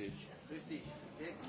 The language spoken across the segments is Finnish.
Richtig. Richtig. Jetzt.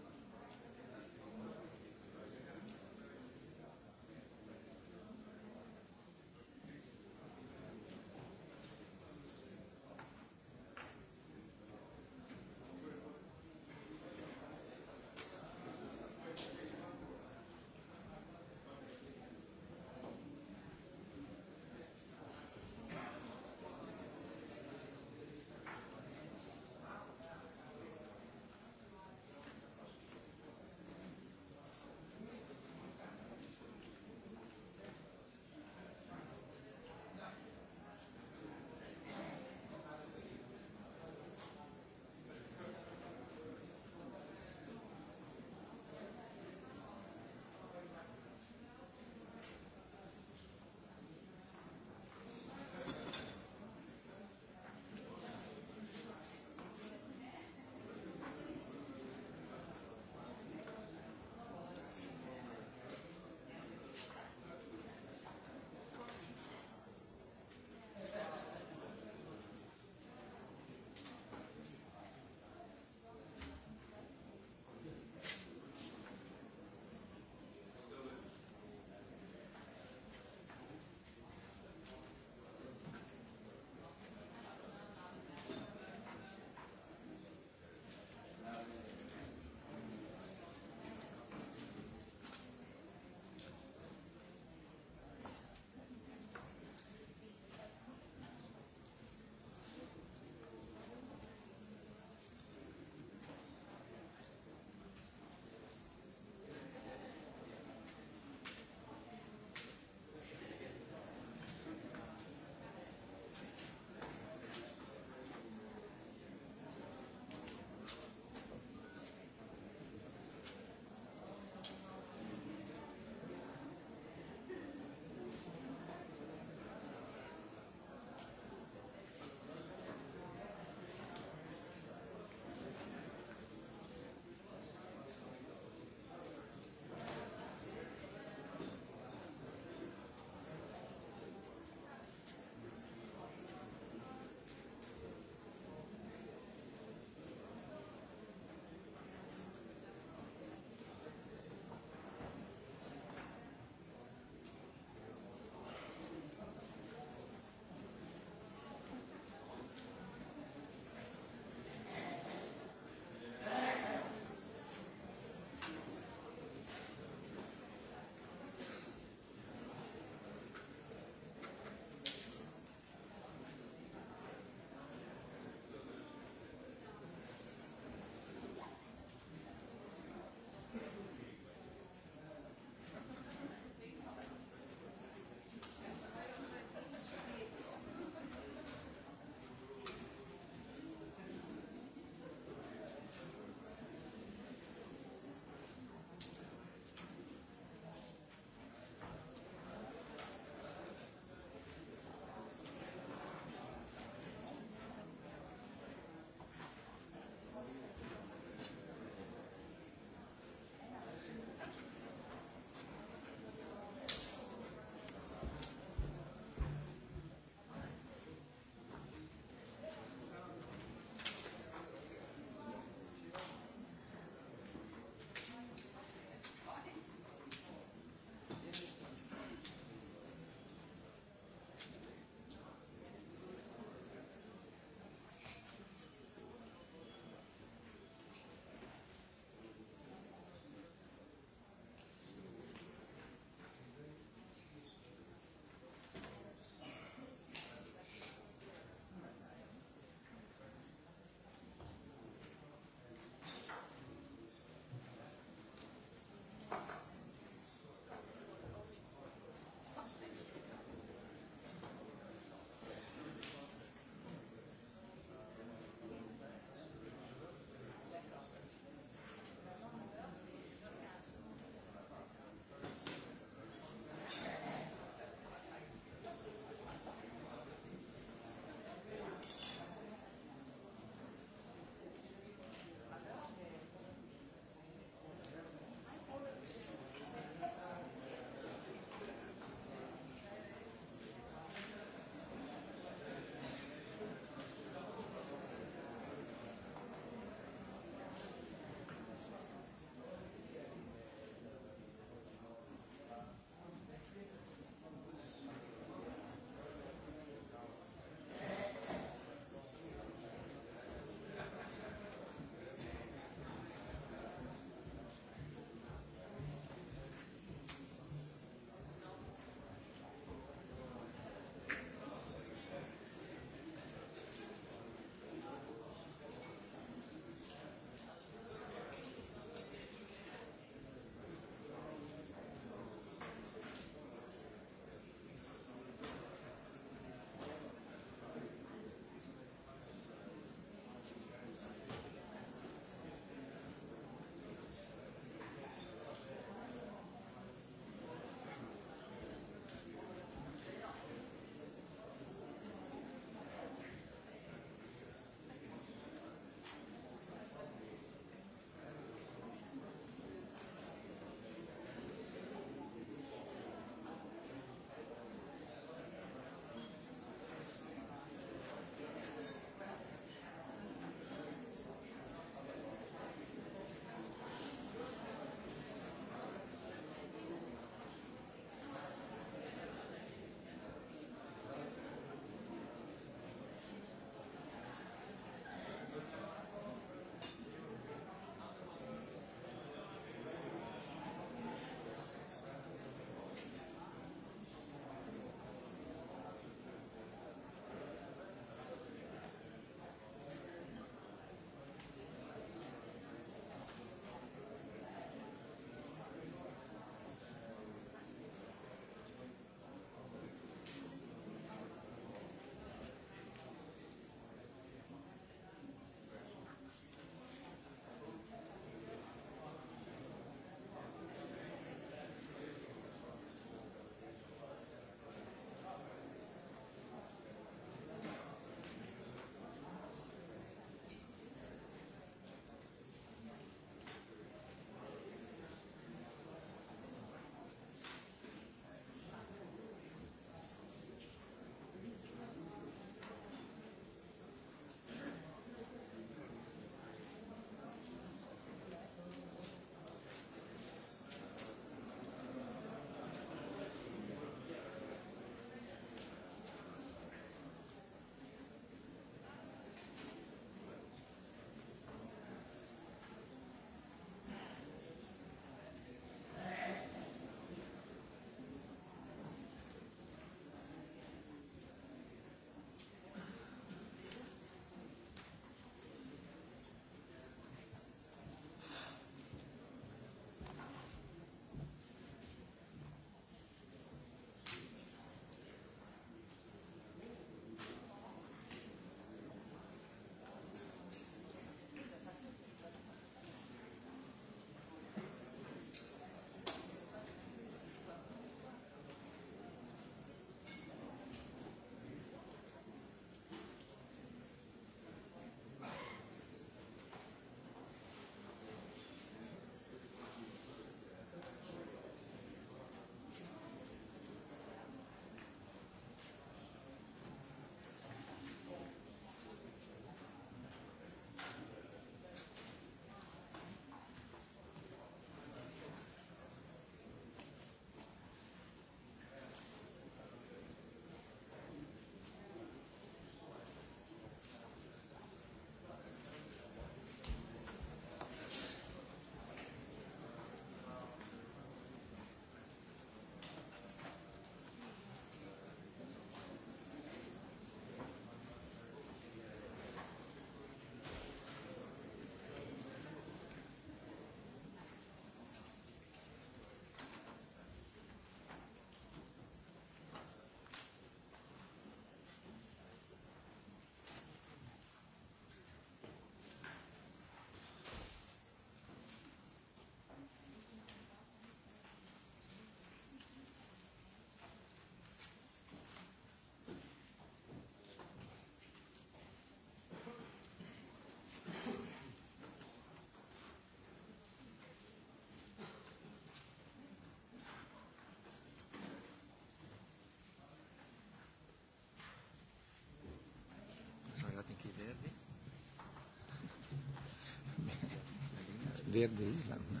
Verde Island. Ne?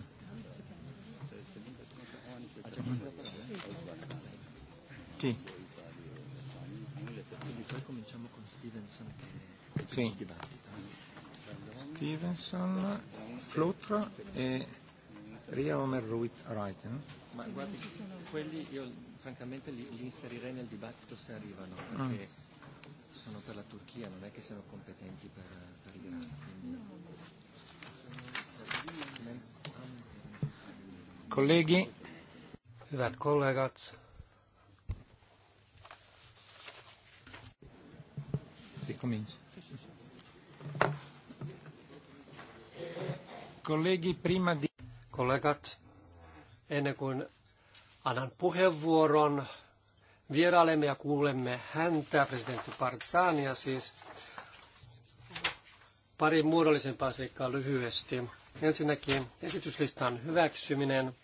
Sì. Quindi poi cominciamo con Stevenson che sì. il dibattito. Stevenson, Flutra e Ria Omer Ruit Wright. No? Ma guardi, quelli io francamente li, li inserirei nel dibattito se arrivano, perché mm. sono per la Turchia, non è che siano competenti per, per l'Iraq. colleghi. Hyvät kollegat. Si prima di... Kollegat, ennen kuin annan puheenvuoron vierailemme ja kuulemme häntä, presidentti Partsania siis, pari muodollisempaa seikkaa lyhyesti. Ensinnäkin esityslistan hyväksyminen.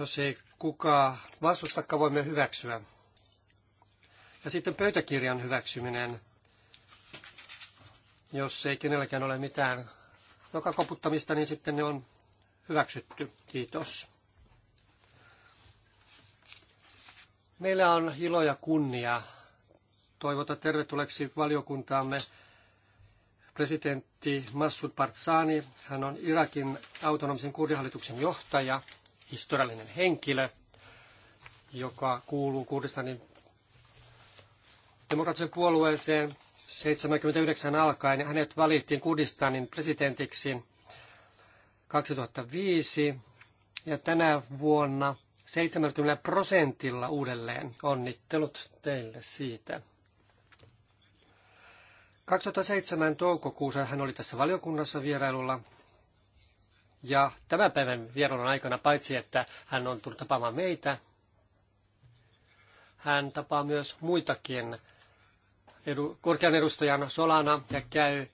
Jos ei kuka vastustakka voimme hyväksyä. Ja sitten pöytäkirjan hyväksyminen, jos ei kenelläkään ole mitään joka koputtamista, niin sitten ne on hyväksytty. Kiitos. Meillä on ilo ja kunnia toivota tervetulleeksi valiokuntaamme presidentti Massoud Partsani. Hän on Irakin autonomisen kurdihallituksen johtaja historiallinen henkilö, joka kuuluu Kurdistanin demokraattisen puolueeseen 79 alkaen. Hänet valittiin Kurdistanin presidentiksi 2005 ja tänä vuonna 70 prosentilla uudelleen. Onnittelut teille siitä. 2007 toukokuussa hän oli tässä valiokunnassa vierailulla ja tämän päivän vierailun aikana, paitsi että hän on tullut tapaamaan meitä, hän tapaa myös muitakin edu, korkean edustajan Solana ja käy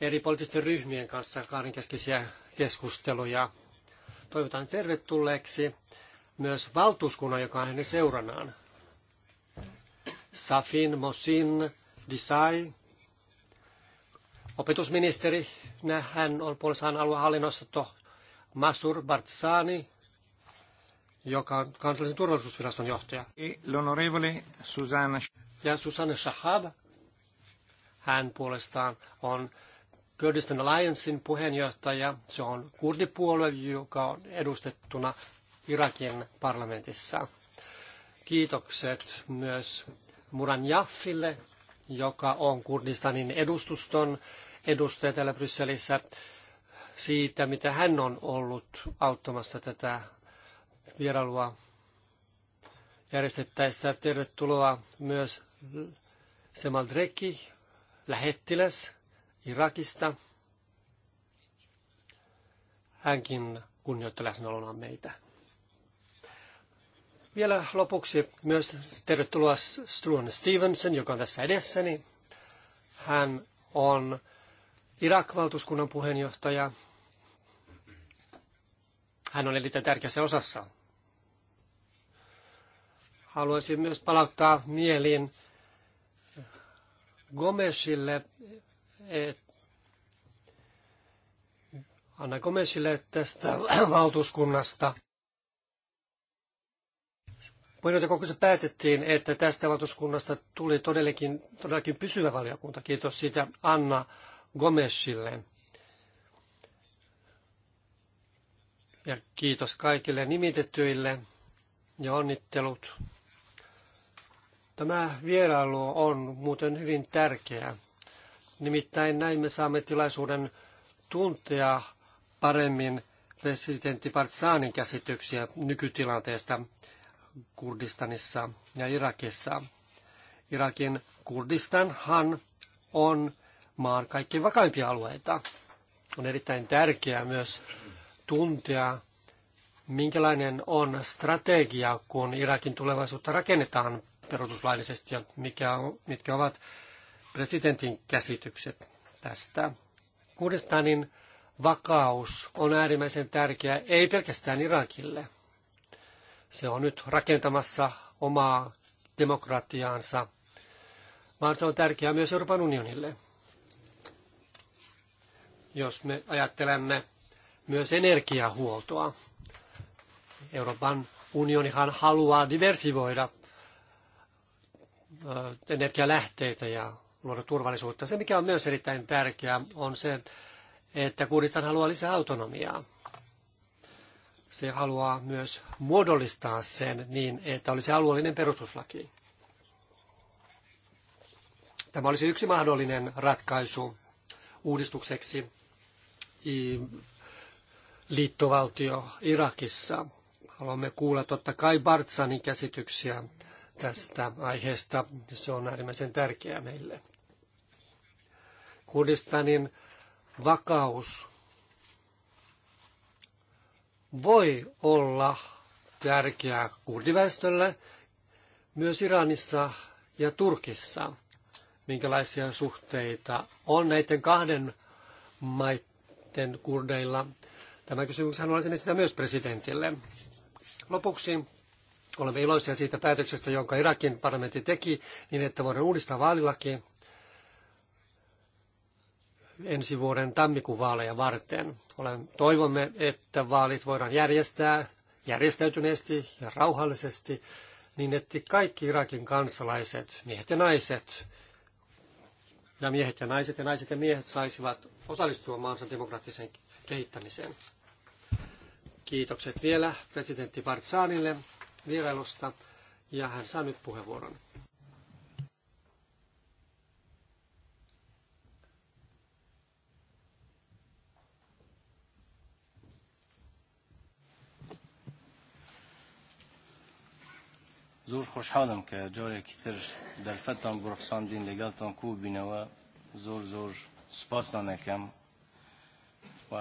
eri poliittisten ryhmien kanssa kahdenkeskisiä keskusteluja. Toivotan tervetulleeksi myös valtuuskunnan, joka on hänen seuranaan. Safin Mosin Disai, opetusministeri, hän on puolestaan aluehallinnossa Masur Bartsani, joka on kansallisen turvallisuusviraston johtaja. L'onorevole Susanna. Ja Susanne Shahab, hän puolestaan on Kurdistan Alliancein puheenjohtaja. Se on kurdipuolue, joka on edustettuna Irakin parlamentissa. Kiitokset myös Muran Jaffille, joka on Kurdistanin edustuston edustaja täällä Brysselissä siitä, mitä hän on ollut auttamassa tätä vierailua järjestettäessä. Tervetuloa myös Semaldreki, lähettiläs Irakista. Hänkin kunnioitti läsnäolona meitä. Vielä lopuksi myös tervetuloa Struan Stevenson, joka on tässä edessäni. Hän on Irak-valtuuskunnan puheenjohtaja. Hän on erittäin tärkeässä osassa. Haluaisin myös palauttaa mieliin Gomesille, Anna Gomesille tästä valtuuskunnasta. Puheenjohtajakokouksessa päätettiin, että tästä valtuuskunnasta tuli todellakin, todellakin pysyvä valiokunta. Kiitos siitä Anna Gomesille. Ja kiitos kaikille nimitettyille ja onnittelut. Tämä vierailu on muuten hyvin tärkeä. Nimittäin näin me saamme tilaisuuden tuntea paremmin presidentti Partsaanin käsityksiä nykytilanteesta Kurdistanissa ja Irakissa. Irakin Kurdistanhan on maan kaikkein vakaimpia alueita. On erittäin tärkeää myös tuntea, minkälainen on strategia, kun Irakin tulevaisuutta rakennetaan perustuslaillisesti ja mikä on, mitkä ovat presidentin käsitykset tästä. Kurdistanin vakaus on äärimmäisen tärkeä, ei pelkästään Irakille. Se on nyt rakentamassa omaa demokratiaansa, vaan se on tärkeää myös Euroopan unionille jos me ajattelemme myös energiahuoltoa. Euroopan unionihan haluaa diversivoida energialähteitä ja luoda turvallisuutta. Se, mikä on myös erittäin tärkeää, on se, että Kurdistan haluaa lisää autonomiaa. Se haluaa myös muodollistaa sen niin, että olisi alueellinen perustuslaki. Tämä olisi yksi mahdollinen ratkaisu uudistukseksi liittovaltio Irakissa. Haluamme kuulla totta kai Bartsanin käsityksiä tästä aiheesta. Se on äärimmäisen tärkeää meille. Kurdistanin vakaus voi olla tärkeää kurdiväestölle myös Iranissa ja Turkissa. Minkälaisia suhteita on näiden kahden sitten kurdeilla. Tämä kysymys haluaisin esittää myös presidentille. Lopuksi olemme iloisia siitä päätöksestä, jonka Irakin parlamentti teki, niin että voidaan uudistaa vaalilaki ensi vuoden tammikuun vaaleja varten. Olen, toivomme, että vaalit voidaan järjestää järjestäytyneesti ja rauhallisesti, niin että kaikki Irakin kansalaiset, miehet ja naiset, ja miehet ja naiset ja naiset ja miehet saisivat osallistua maansa demokraattiseen kehittämiseen. Kiitokset vielä presidentti Bartsaanille vierailusta ja hän saa nyt puheenvuoron. زۆر خۆشحاڵم کە جۆرێکی تر دەرفەتان بڕخساندین لەگەڵتان کوو بینەوە زۆر زۆر سپاسان ئەەکەم و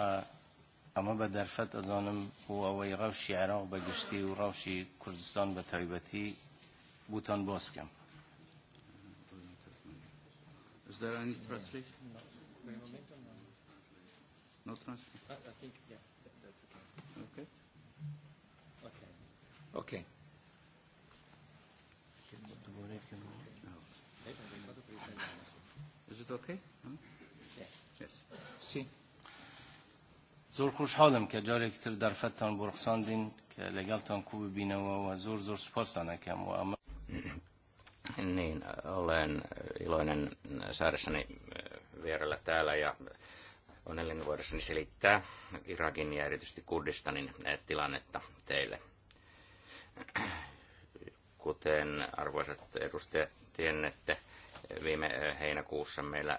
ئەمە بە دەرفەت ئەزانم و ئەوەی ڕەوشی عێراق بەگشتی و ڕەوشی کوردستان بە تایبەتی بوتان باز بکەم Is there any translation? No translation? I think, yeah, that's okay. Okay? Okay. Okay. Is it okay? Hmm? Yes. Yes. Sì. زۆر خوشحاڵم کە جارێکتر دەرفەتتان بۆ ڕخساندین کە لەگەڵتان کو ببینەوەەوە زور زۆر سپاسان ئەەکەم و Niin, olen iloinen saadessani vierellä täällä ja onnellinen e voidessani selittää Irakin ja erityisesti Kurdistanin e tilannetta teille. Kuten arvoisat edustajat tiennette, viime eh, heinäkuussa meillä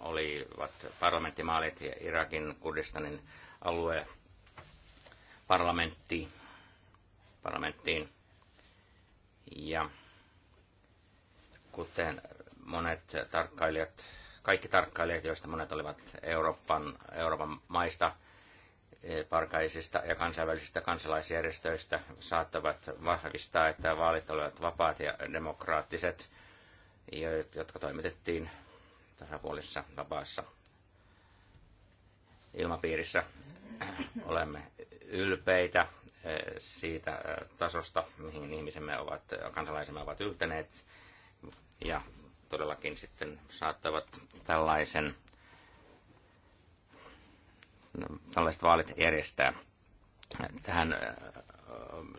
olivat parlamenttimaalit ja Irakin Kurdistanin alue parlamentti, parlamenttiin. Ja kuten monet tarkkailijat, kaikki tarkkailijat, joista monet olivat Euroopan, Euroopan maista – parkaisista ja kansainvälisistä kansalaisjärjestöistä saattavat vahvistaa, että vaalit olivat vapaat ja demokraattiset, jotka toimitettiin tasapuolissa vapaassa ilmapiirissä. Olemme ylpeitä e, siitä e, tasosta, mihin ihmisemme ovat, kansalaisemme ovat yltäneet ja todellakin sitten saattavat tällaisen tällaiset vaalit järjestää. Tähän, äh,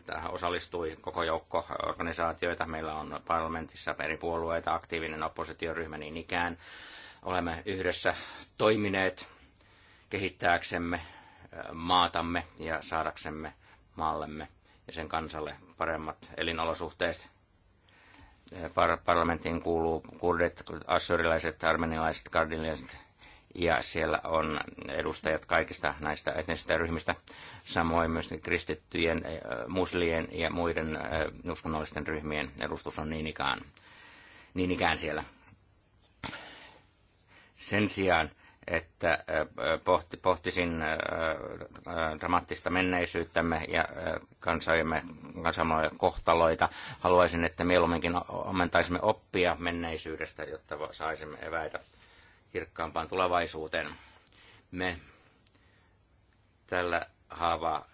tähän osallistui koko joukko organisaatioita. Meillä on parlamentissa eri puolueita, aktiivinen oppositioryhmä niin ikään. Olemme yhdessä toimineet kehittääksemme äh, maatamme ja saadaksemme maallemme ja sen kansalle paremmat elinolosuhteet. Äh, par- parlamenttiin kuuluu kurdit, assyrilaiset, armenialaiset, kardilaiset, ja siellä on edustajat kaikista näistä etnisistä ryhmistä, samoin myös kristittyjen, eh, muslien ja muiden eh, uskonnollisten ryhmien edustus on niin ikään, niin ikään siellä. Sen sijaan, että eh, pohti, pohtisin dramaattista menneisyyttämme ja kansojemme, kansamme kohtaloita. Haluaisin, että mieluumminkin ammentaisimme oppia menneisyydestä, jotta saisimme eväitä kirkkaampaan tulevaisuuteen. Me tällä haava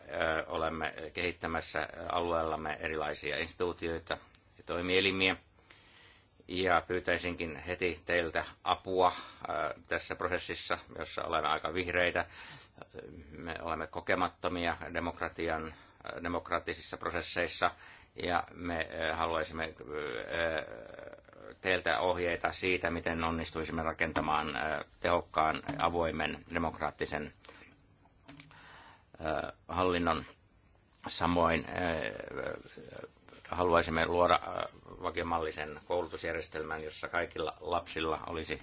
olemme kehittämässä alueellamme erilaisia instituutioita ja toimielimiä. Ja pyytäisinkin heti teiltä apua tässä prosessissa, jossa olemme aika vihreitä. Me olemme kokemattomia demokratian, demokraattisissa prosesseissa ja me äh, haluaisimme äh, teiltä ohjeita siitä, miten onnistuisimme rakentamaan äh, tehokkaan, avoimen, demokraattisen hallinnon. Samoin haluaisimme luoda vakiomallisen koulutusjärjestelmän, jossa kaikilla lapsilla olisi,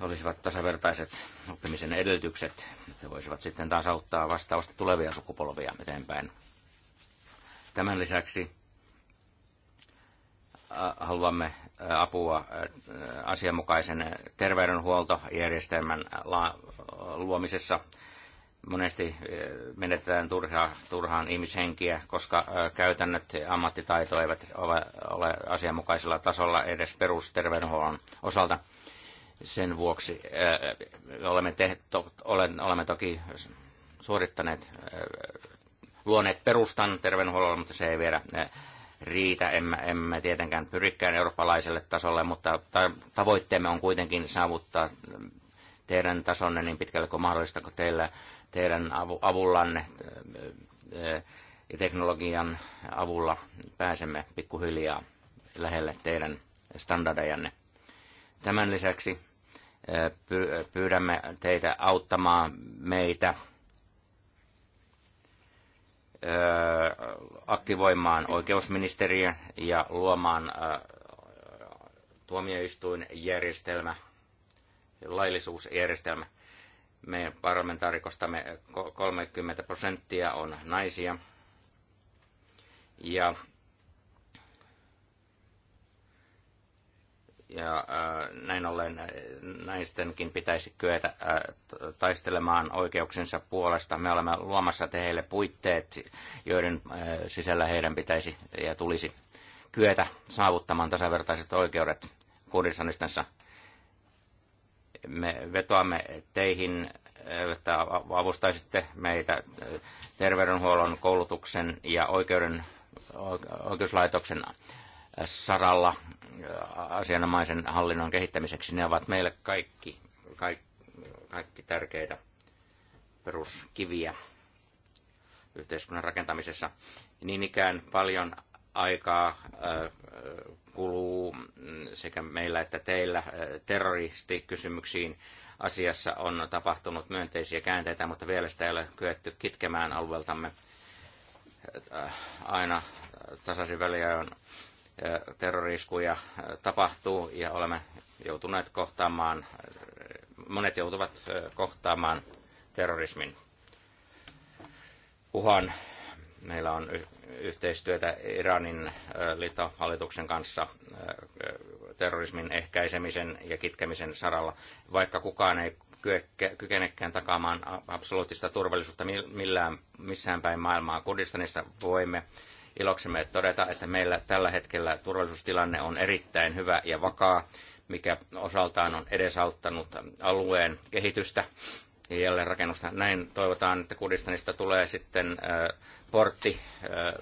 olisivat tasavertaiset oppimisen edellytykset, että voisivat sitten taas auttaa vastausta tulevia sukupolvia eteenpäin. Tämän lisäksi äh, haluamme äh, apua äh, asianmukaisen terveydenhuoltojärjestelmän luomisessa. Monesti menetetään turhaa, turhaan ihmishenkiä, koska käytännöt ja ammattitaito eivät ole, ole asianmukaisella tasolla edes perusterveydenhuollon osalta. Sen vuoksi olemme, te, to, olemme toki suorittaneet luoneet perustan terveydenhuollolle, mutta se ei vielä riitä. Emme, emme tietenkään pyrikään eurooppalaiselle tasolle, mutta tavoitteemme on kuitenkin saavuttaa teidän tasonne niin pitkälle kuin mahdollista, kun teillä, teidän avullanne ja teknologian avulla pääsemme pikkuhiljaa lähelle teidän standardejanne. Tämän lisäksi pyydämme teitä auttamaan meitä aktivoimaan oikeusministeriön ja luomaan tuomioistuinjärjestelmä, laillisuusjärjestelmä. Meidän parlamentaarikostamme 30 prosenttia on naisia. Ja ja äh, näin ollen äh, naistenkin pitäisi kyetä äh, taistelemaan oikeuksensa puolesta. Me olemme luomassa teille puitteet, joiden sisällä heidän pitäisi ja tulisi kyetä saavuttamaan tasavertaiset oikeudet Kurdistanissa. Me vetoamme teihin, että avustaisitte meitä terveydenhuollon, koulutuksen ja oikeuden, oikeuslaitoksen saralla asianomaisen hallinnon kehittämiseksi. Ne ovat meille kaikki, kaikki, kaikki tärkeitä peruskiviä yhteiskunnan rakentamisessa. Niin ikään paljon aikaa kuluu mm, sekä meillä että teillä terroristikysymyksiin. Asiassa on tapahtunut myönteisiä käänteitä, mutta vielä sitä ei ole kyetty kitkemään alueeltamme aina tasaisin on terroriskuja tapahtuu ja olemme joutuneet kohtaamaan, monet joutuvat kohtaamaan terrorismin uhan. Meillä on yhteistyötä Iranin liittohallituksen kanssa terrorismin ehkäisemisen ja kitkemisen saralla, vaikka kukaan ei kykenekään takaamaan absoluuttista turvallisuutta millään, missään päin maailmaa. Kurdistanissa voimme iloksemme todeta, että meillä tällä hetkellä turvallisuustilanne on erittäin hyvä ja vakaa, mikä osaltaan on edesauttanut alueen kehitystä ja jälleenrakennusta. Näin toivotaan, että Kurdistanista tulee sitten portti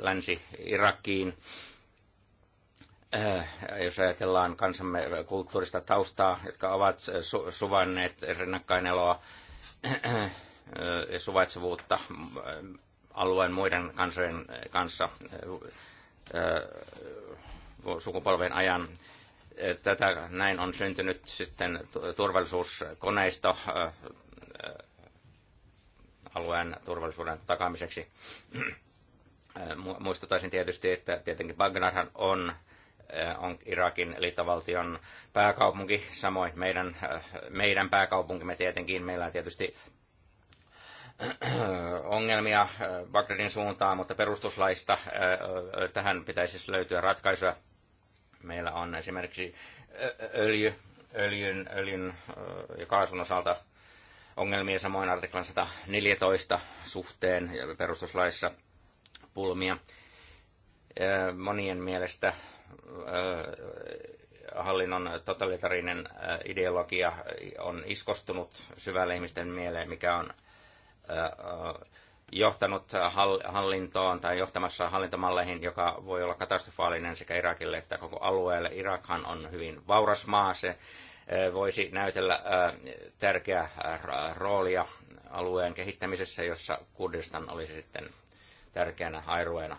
Länsi-Irakiin. Jos ajatellaan kansamme kulttuurista taustaa, jotka ovat suvanneet rinnakkaineloa ja suvaitsevuutta alueen muiden kansojen kanssa sukupolven ajan. Tätä näin on syntynyt sitten turvallisuuskoneisto alueen turvallisuuden takaamiseksi. Muistutaisin tietysti, että tietenkin Bagdadhan on, on Irakin liittovaltion pääkaupunki, samoin meidän, meidän pääkaupunkimme tietenkin. Meillä on tietysti Äh, ongelmia äh, Bagdadin suuntaan, mutta perustuslaista äh, tähän pitäisi siis löytyä ratkaisuja. Meillä on esimerkiksi öljy, öljyn, öljyn ja kaasun osalta ongelmia samoin artiklan 114 suhteen ja perustuslaissa pulmia. Monien mielestä hallinnon totalitarinen ideologia on iskostunut syvälle ihmisten mieleen, mikä on johtanut hallintoon tai johtamassa hallintomalleihin, joka voi olla katastrofaalinen sekä Irakille että koko alueelle. Irakhan on hyvin vauras maa, se voisi näytellä tärkeää roolia alueen kehittämisessä, jossa Kurdistan olisi sitten tärkeänä airueena.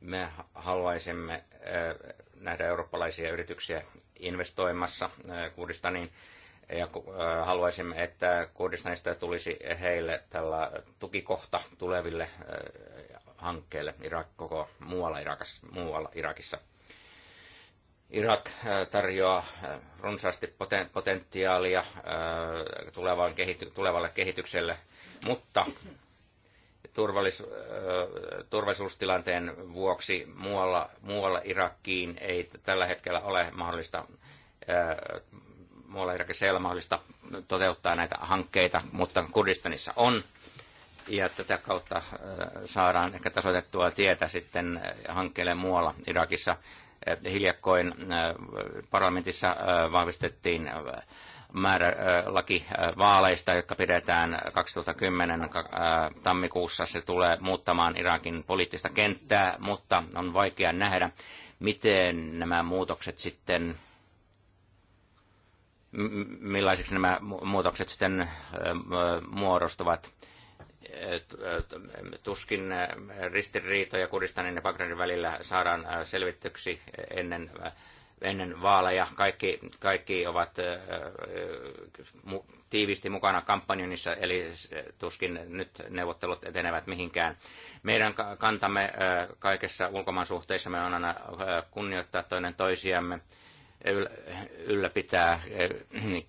Me haluaisimme nähdä eurooppalaisia yrityksiä investoimassa Kurdistaniin ja äh, haluaisimme, että Kurdistanista tulisi heille tällä tukikohta tuleville äh, hankkeille Irak, koko muualla, Irakas, muualla Irakissa. Irak äh, tarjoaa runsaasti potentiaalia tulevalle kehitykselle, mutta turvallisuustilanteen vuoksi muualla, muualla Irakkiin ei tällä hetkellä ole mahdollista muualla Irakissa ei ole mahdollista toteuttaa näitä hankkeita, mutta Kurdistanissa on. Ja tätä kautta äh, saadaan ehkä tasoitettua tietä sitten äh, hankkeelle muualla Irakissa. Äh, hiljakkoin parlamentissa vahvistettiin määrä laki vaaleista, jotka pidetään 2010 tammikuussa. Se tulee muuttamaan Irakin poliittista kenttää, mutta on vaikea nähdä, miten nämä muutokset sitten millaisiksi nämä muutokset sitten muodostuvat. Tuskin ristiriitoja Kurdistanin ja Bagdadin välillä saadaan selvittyksi ennen, ennen vaaleja. Kaikki, kaikki ovat tiivisti mukana kampanjonissa, eli tuskin nyt neuvottelut etenevät mihinkään. Meidän kantamme kaikessa ulkomaan suhteissa me on aina kunnioittaa toinen toisiamme ylläpitää eh,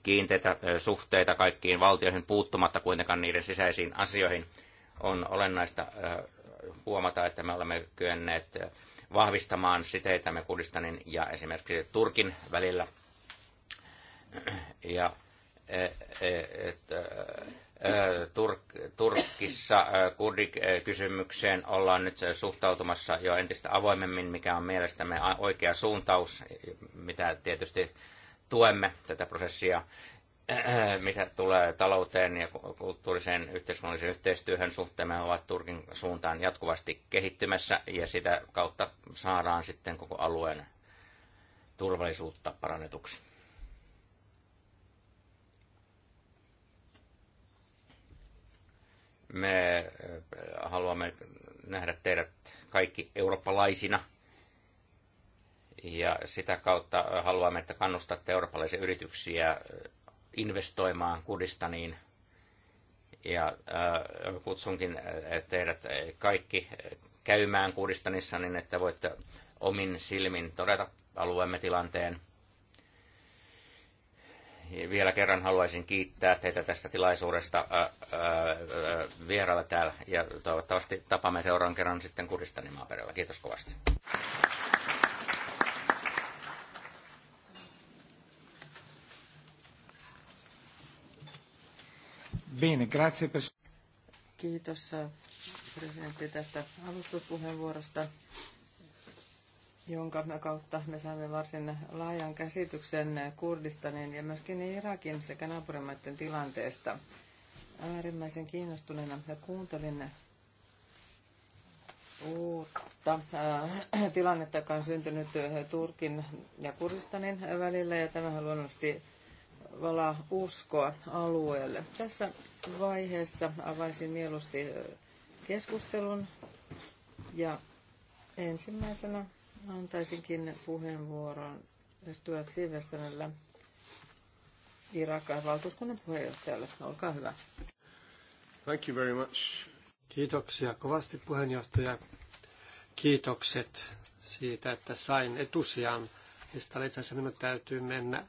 kiinteitä eh, suhteita kaikkiin valtioihin puuttumatta kuitenkaan niiden sisäisiin asioihin, on olennaista eh, huomata, että me olemme kyenneet vahvistamaan siteitämme Kurdistanin ja esimerkiksi Turkin välillä. Ja et, et, Turk- Turkissa kurdikysymykseen ollaan nyt suhtautumassa jo entistä avoimemmin, mikä on mielestämme oikea suuntaus, mitä tietysti tuemme tätä prosessia, mitä tulee talouteen ja kulttuuriseen yhteiskunnalliseen yhteistyöhön suhteemme ovat Turkin suuntaan jatkuvasti kehittymässä ja sitä kautta saadaan sitten koko alueen turvallisuutta parannetuksi. Me äh, haluamme nähdä teidät kaikki eurooppalaisina ja sitä kautta haluamme, että kannustatte eurooppalaisia yrityksiä äh, investoimaan Kurdistaniin. Ja äh, kutsunkin äh, teidät kaikki käymään Kurdistanissa niin, että voitte omin silmin todeta alueemme tilanteen vielä kerran haluaisin kiittää teitä tästä tilaisuudesta vierailla täällä ja toivottavasti tapaamme seuraavan kerran sitten Kuristanin maaperällä. Kiitos kovasti. Bene, grazie per... Kiitos presidentti tästä alustuspuheenvuorosta jonka kautta me saimme varsin laajan käsityksen Kurdistanin ja myöskin Irakin sekä naapurimaiden tilanteesta. Äärimmäisen kiinnostuneena kuuntelin uutta äh, tilannetta, joka on syntynyt Turkin ja Kurdistanin välillä, ja tämähän luonnollisesti valaa uskoa alueelle. Tässä vaiheessa avaisin mieluusti keskustelun, ja ensimmäisenä antaisinkin puheenvuoron Stuart Silvestronille, Irakan valtuuskunnan puheenjohtajalle. Olkaa hyvä. Thank you very much. Kiitoksia kovasti puheenjohtaja. Kiitokset siitä, että sain etusijan. itse asiassa minun täytyy mennä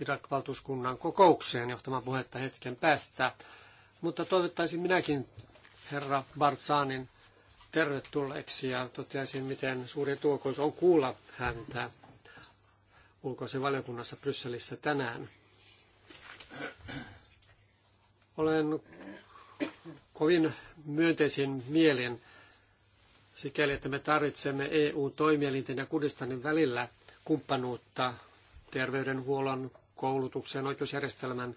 Irak-valtuuskunnan kokoukseen johtamaan puhetta hetken päästä. Mutta toivottaisin minäkin herra Barzanin tervetulleeksi ja toteaisin, miten suuri tuokois on kuulla häntä ulkoisen valiokunnassa Brysselissä tänään. Olen kovin myönteisin mielin sikäli, että me tarvitsemme EU-toimielinten ja Kurdistanin välillä kumppanuutta terveydenhuollon, koulutuksen, oikeusjärjestelmän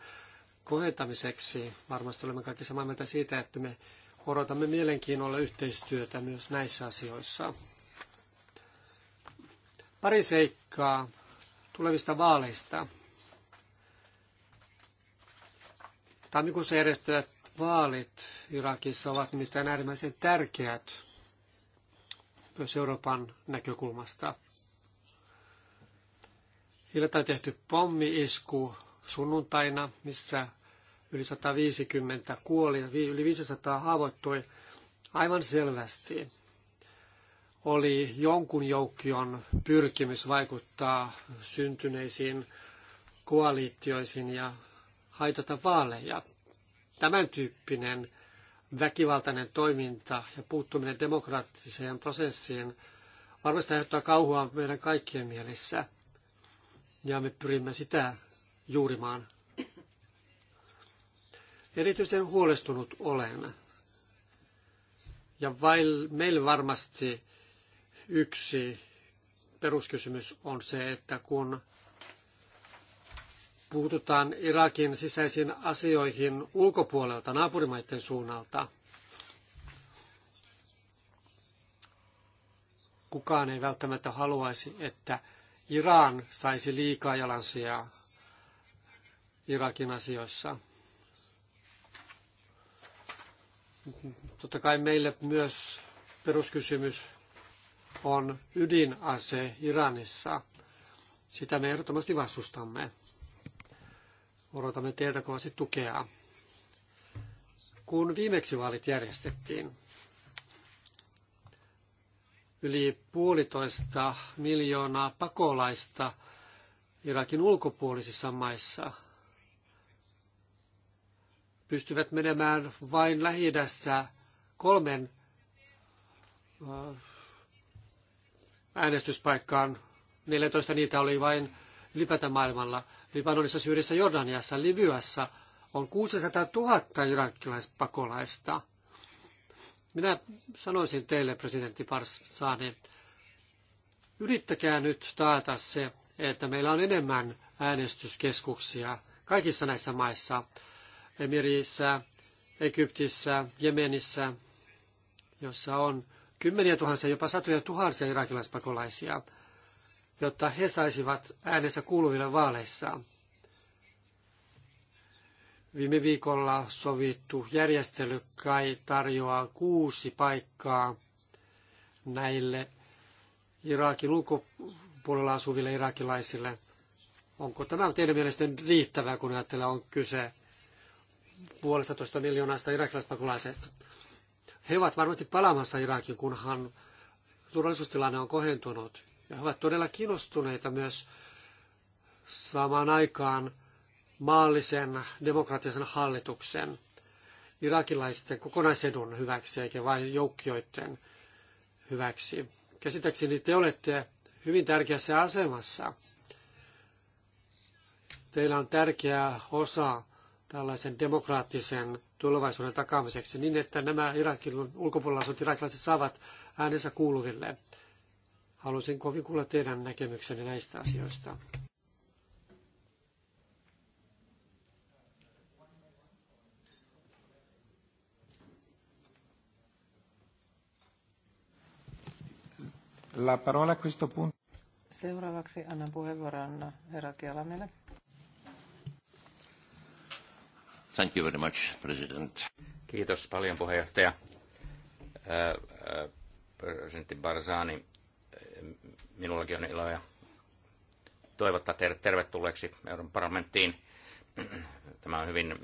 kohentamiseksi. Varmasti olemme kaikki samaa mieltä siitä, että me Odotamme mielenkiinnolla yhteistyötä myös näissä asioissa. Pari seikkaa tulevista vaaleista. Tammikuussa järjestävät vaalit Irakissa ovat nimittäin äärimmäisen tärkeät myös Euroopan näkökulmasta. Hiljattain tehty pommi-isku sunnuntaina, missä yli 150 kuoli ja yli 500 haavoittui aivan selvästi. Oli jonkun joukkion pyrkimys vaikuttaa syntyneisiin koalitioisiin ja haitata vaaleja. Tämän tyyppinen väkivaltainen toiminta ja puuttuminen demokraattiseen prosessiin varmasti aiheuttaa kauhua meidän kaikkien mielissä. Ja me pyrimme sitä juurimaan Erityisen huolestunut olen. Ja vail, meillä varmasti yksi peruskysymys on se, että kun puututaan Irakin sisäisiin asioihin ulkopuolelta, naapurimaiden suunnalta, kukaan ei välttämättä haluaisi, että Iran saisi liikaa jalansijaa Irakin asioissa. Totta kai meille myös peruskysymys on ydinase Iranissa. Sitä me ehdottomasti vastustamme. Odotamme teiltä kovasti tukea. Kun viimeksi vaalit järjestettiin, yli puolitoista miljoonaa pakolaista Irakin ulkopuolisissa maissa – pystyvät menemään vain lähi kolmen äh, äänestyspaikkaan. 14 niitä oli vain ylipäätään maailmalla. Libanonissa, Syyriassa, Jordaniassa, Libyassa on 600 000 irakilaispakolaista. Minä sanoisin teille, presidentti Parsani. yrittäkää nyt taata se, että meillä on enemmän äänestyskeskuksia kaikissa näissä maissa. Emirissä, Egyptissä, Jemenissä, jossa on kymmeniä tuhansia, jopa satoja tuhansia irakilaispakolaisia, jotta he saisivat äänensä kuuluville vaaleissa. Viime viikolla sovittu järjestely kai tarjoaa kuusi paikkaa näille Irakin ulkopuolella asuville irakilaisille. Onko tämä teidän mielestänne riittävää, kun ajattelee on kyse puolestatoista miljoonasta irakilaispakolaisesta. He ovat varmasti palaamassa Irakiin, kunhan turvallisuustilanne on kohentunut. Ja he ovat todella kiinnostuneita myös saamaan aikaan maallisen demokraattisen hallituksen irakilaisten kokonaisedun hyväksi, eikä vain joukkioiden hyväksi. Käsittääkseni te olette hyvin tärkeässä asemassa. Teillä on tärkeä osa tällaisen demokraattisen tulevaisuuden takaamiseksi niin, että nämä Irakin ulkopuolella asut irakilaiset saavat äänensä kuuluville. Haluaisin kovin kuulla teidän näkemyksenne näistä asioista. La parola a questo punto. Seuraavaksi annan puheenvuoron herra Kialamille. Thank you very much, President. Kiitos paljon puheenjohtaja. Presidentti Barzani, minullakin on ilo ja toivottaa teidät tervetulleeksi Euroopan parlamenttiin. Tämä on hyvin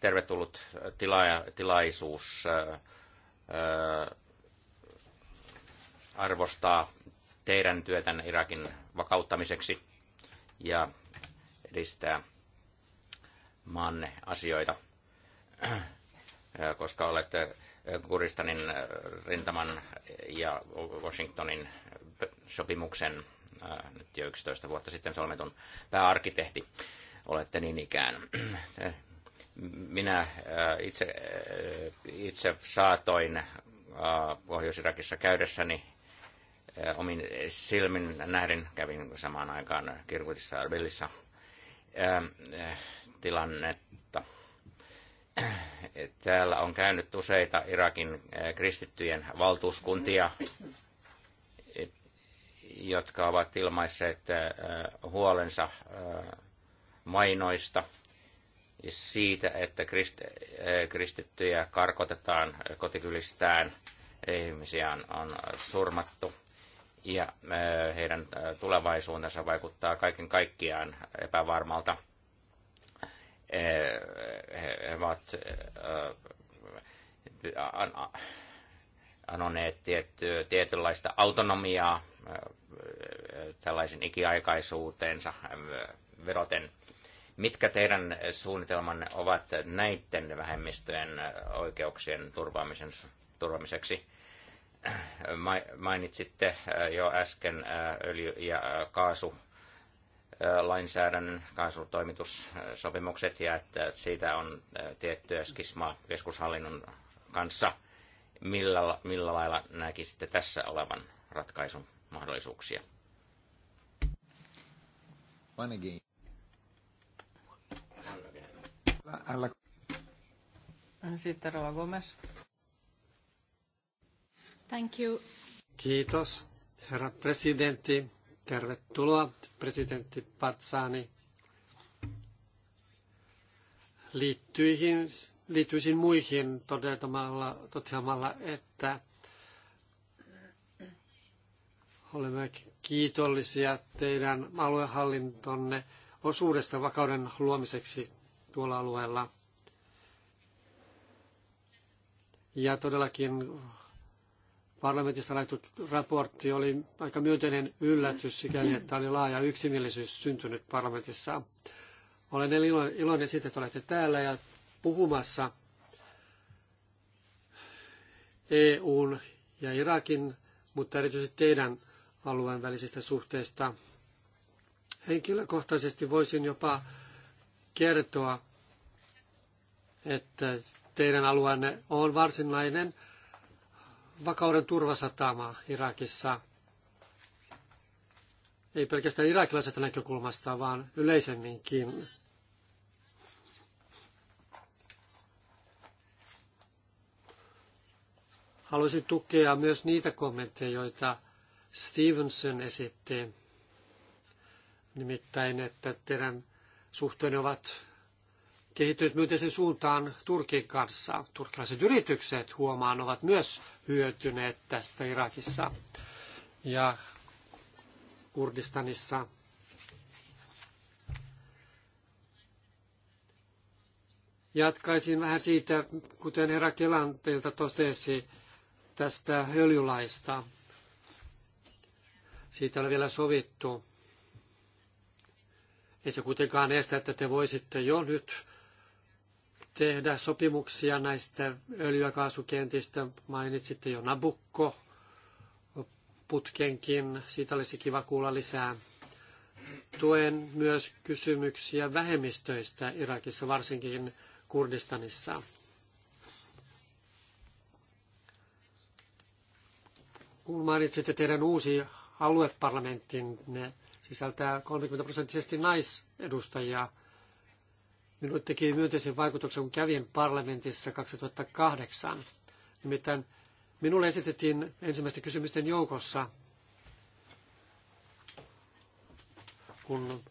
tervetullut tila- tilaisuus arvostaa teidän työtänne Irakin vakauttamiseksi ja edistää maanne asioita, koska olette Kuristanin rintaman ja Washingtonin sopimuksen äh, nyt jo 11 vuotta sitten solmetun pääarkkitehti olette niin ikään. Minä äh, itse, äh, itse saatoin Pohjois-Irakissa käydessäni omin silmin nähden, kävin samaan aikaan Kirkutissa ja tilannetta. Täällä on käynyt useita Irakin kristittyjen valtuuskuntia, jotka ovat ilmaisseet huolensa mainoista siitä, että kristittyjä karkotetaan kotikylistään, ihmisiä on surmattu ja heidän tulevaisuutensa vaikuttaa kaiken kaikkiaan epävarmalta – Eh, he ovat eh, anoneet tietty, tietynlaista autonomiaa eh, tällaisen ikiaikaisuuteensa veroten. Mitkä teidän suunnitelmanne ovat näiden vähemmistöjen oikeuksien turvaamiseksi? Mainitsitte jo äsken öljy- ja kaasu lainsäädännön kaasutoimitussopimukset ja että siitä on tiettyä skismaa keskushallinnon kanssa. Millä, millä lailla näkisitte tässä olevan ratkaisun mahdollisuuksia? Sitten Rova Gomez. Thank you. Kiitos, herra presidentti. Tervetuloa, presidentti Partsani. Liittyihin, liittyisin muihin toteamalla, toteamalla, että olemme kiitollisia teidän aluehallintonne osuudesta vakauden luomiseksi tuolla alueella. Ja todellakin parlamentista laittu raportti oli aika myönteinen yllätys, sikäli että oli laaja yksimielisyys syntynyt parlamentissa. Olen iloinen siitä, että olette täällä ja puhumassa EUn ja Irakin, mutta erityisesti teidän alueen välisistä suhteista. Henkilökohtaisesti voisin jopa kertoa, että teidän alueenne on varsinainen vakauden turvasatama Irakissa. Ei pelkästään irakilaisesta näkökulmasta, vaan yleisemminkin. Haluaisin tukea myös niitä kommentteja, joita Stevenson esitti. Nimittäin, että teidän suhteenne ovat kehittynyt myönteisen suuntaan Turkin kanssa. Turkilaiset yritykset huomaan ovat myös hyötyneet tästä Irakissa ja Kurdistanissa. Jatkaisin vähän siitä, kuten herra Kelanteilta totesi, tästä öljylaista. Siitä on vielä sovittu. Ei se kuitenkaan estä, että te voisitte jo nyt tehdä sopimuksia näistä öljy- ja kaasukentistä. Mainitsitte jo Nabukko putkenkin. Siitä olisi kiva kuulla lisää. Tuen myös kysymyksiä vähemmistöistä Irakissa, varsinkin Kurdistanissa. Kun mainitsitte teidän uusi ne sisältää 30 prosenttisesti naisedustajia, Minulle teki myönteisen vaikutuksen, kun kävin parlamentissa 2008. Nimittäin minulle esitettiin ensimmäisten kysymysten joukossa, kun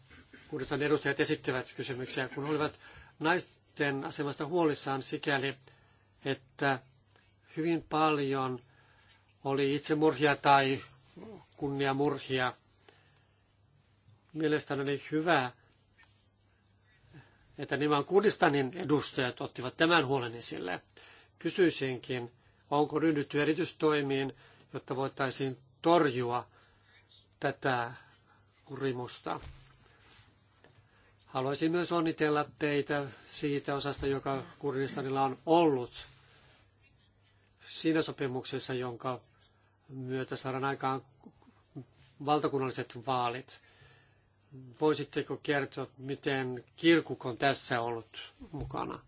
uudestaan edustajat esittivät kysymyksiä, kun olivat naisten asemasta huolissaan sikäli, että hyvin paljon oli itsemurhia tai kunniamurhia. Mielestäni oli hyvä, että nimenomaan Kurdistanin edustajat ottivat tämän huolen esille. Kysyisinkin, onko ryhdytty erityistoimiin, jotta voitaisiin torjua tätä kurimusta. Haluaisin myös onnitella teitä siitä osasta, joka Kurdistanilla on ollut siinä sopimuksessa, jonka myötä saadaan aikaan valtakunnalliset vaalit voisitteko kertoa, miten kirkuk on tässä ollut mukana?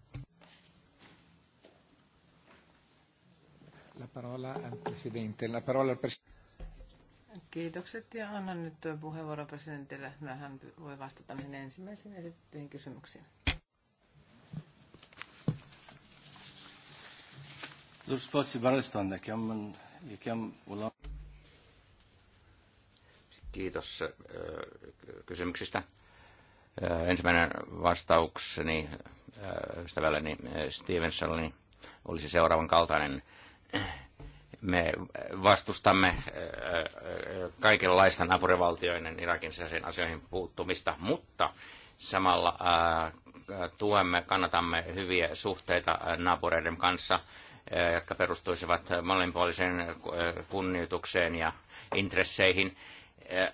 La parola al presidente. La parola al pres- Kiitokset ja annan nyt puheenvuoron presidentille. Hän voi vastata näihin ensimmäisiin esitettyihin kysymyksiin. Kiitos, passi barristan, Kiitos kysymyksistä. Ensimmäinen vastaukseni ystävälleni Stevensonille olisi seuraavan kaltainen. Me vastustamme kaikenlaista naapurivaltioiden Irakin sisäisiin asioihin puuttumista, mutta samalla tuemme, kannatamme hyviä suhteita naapureiden kanssa, jotka perustuisivat molempuoliseen kunnioitukseen ja intresseihin. Äh,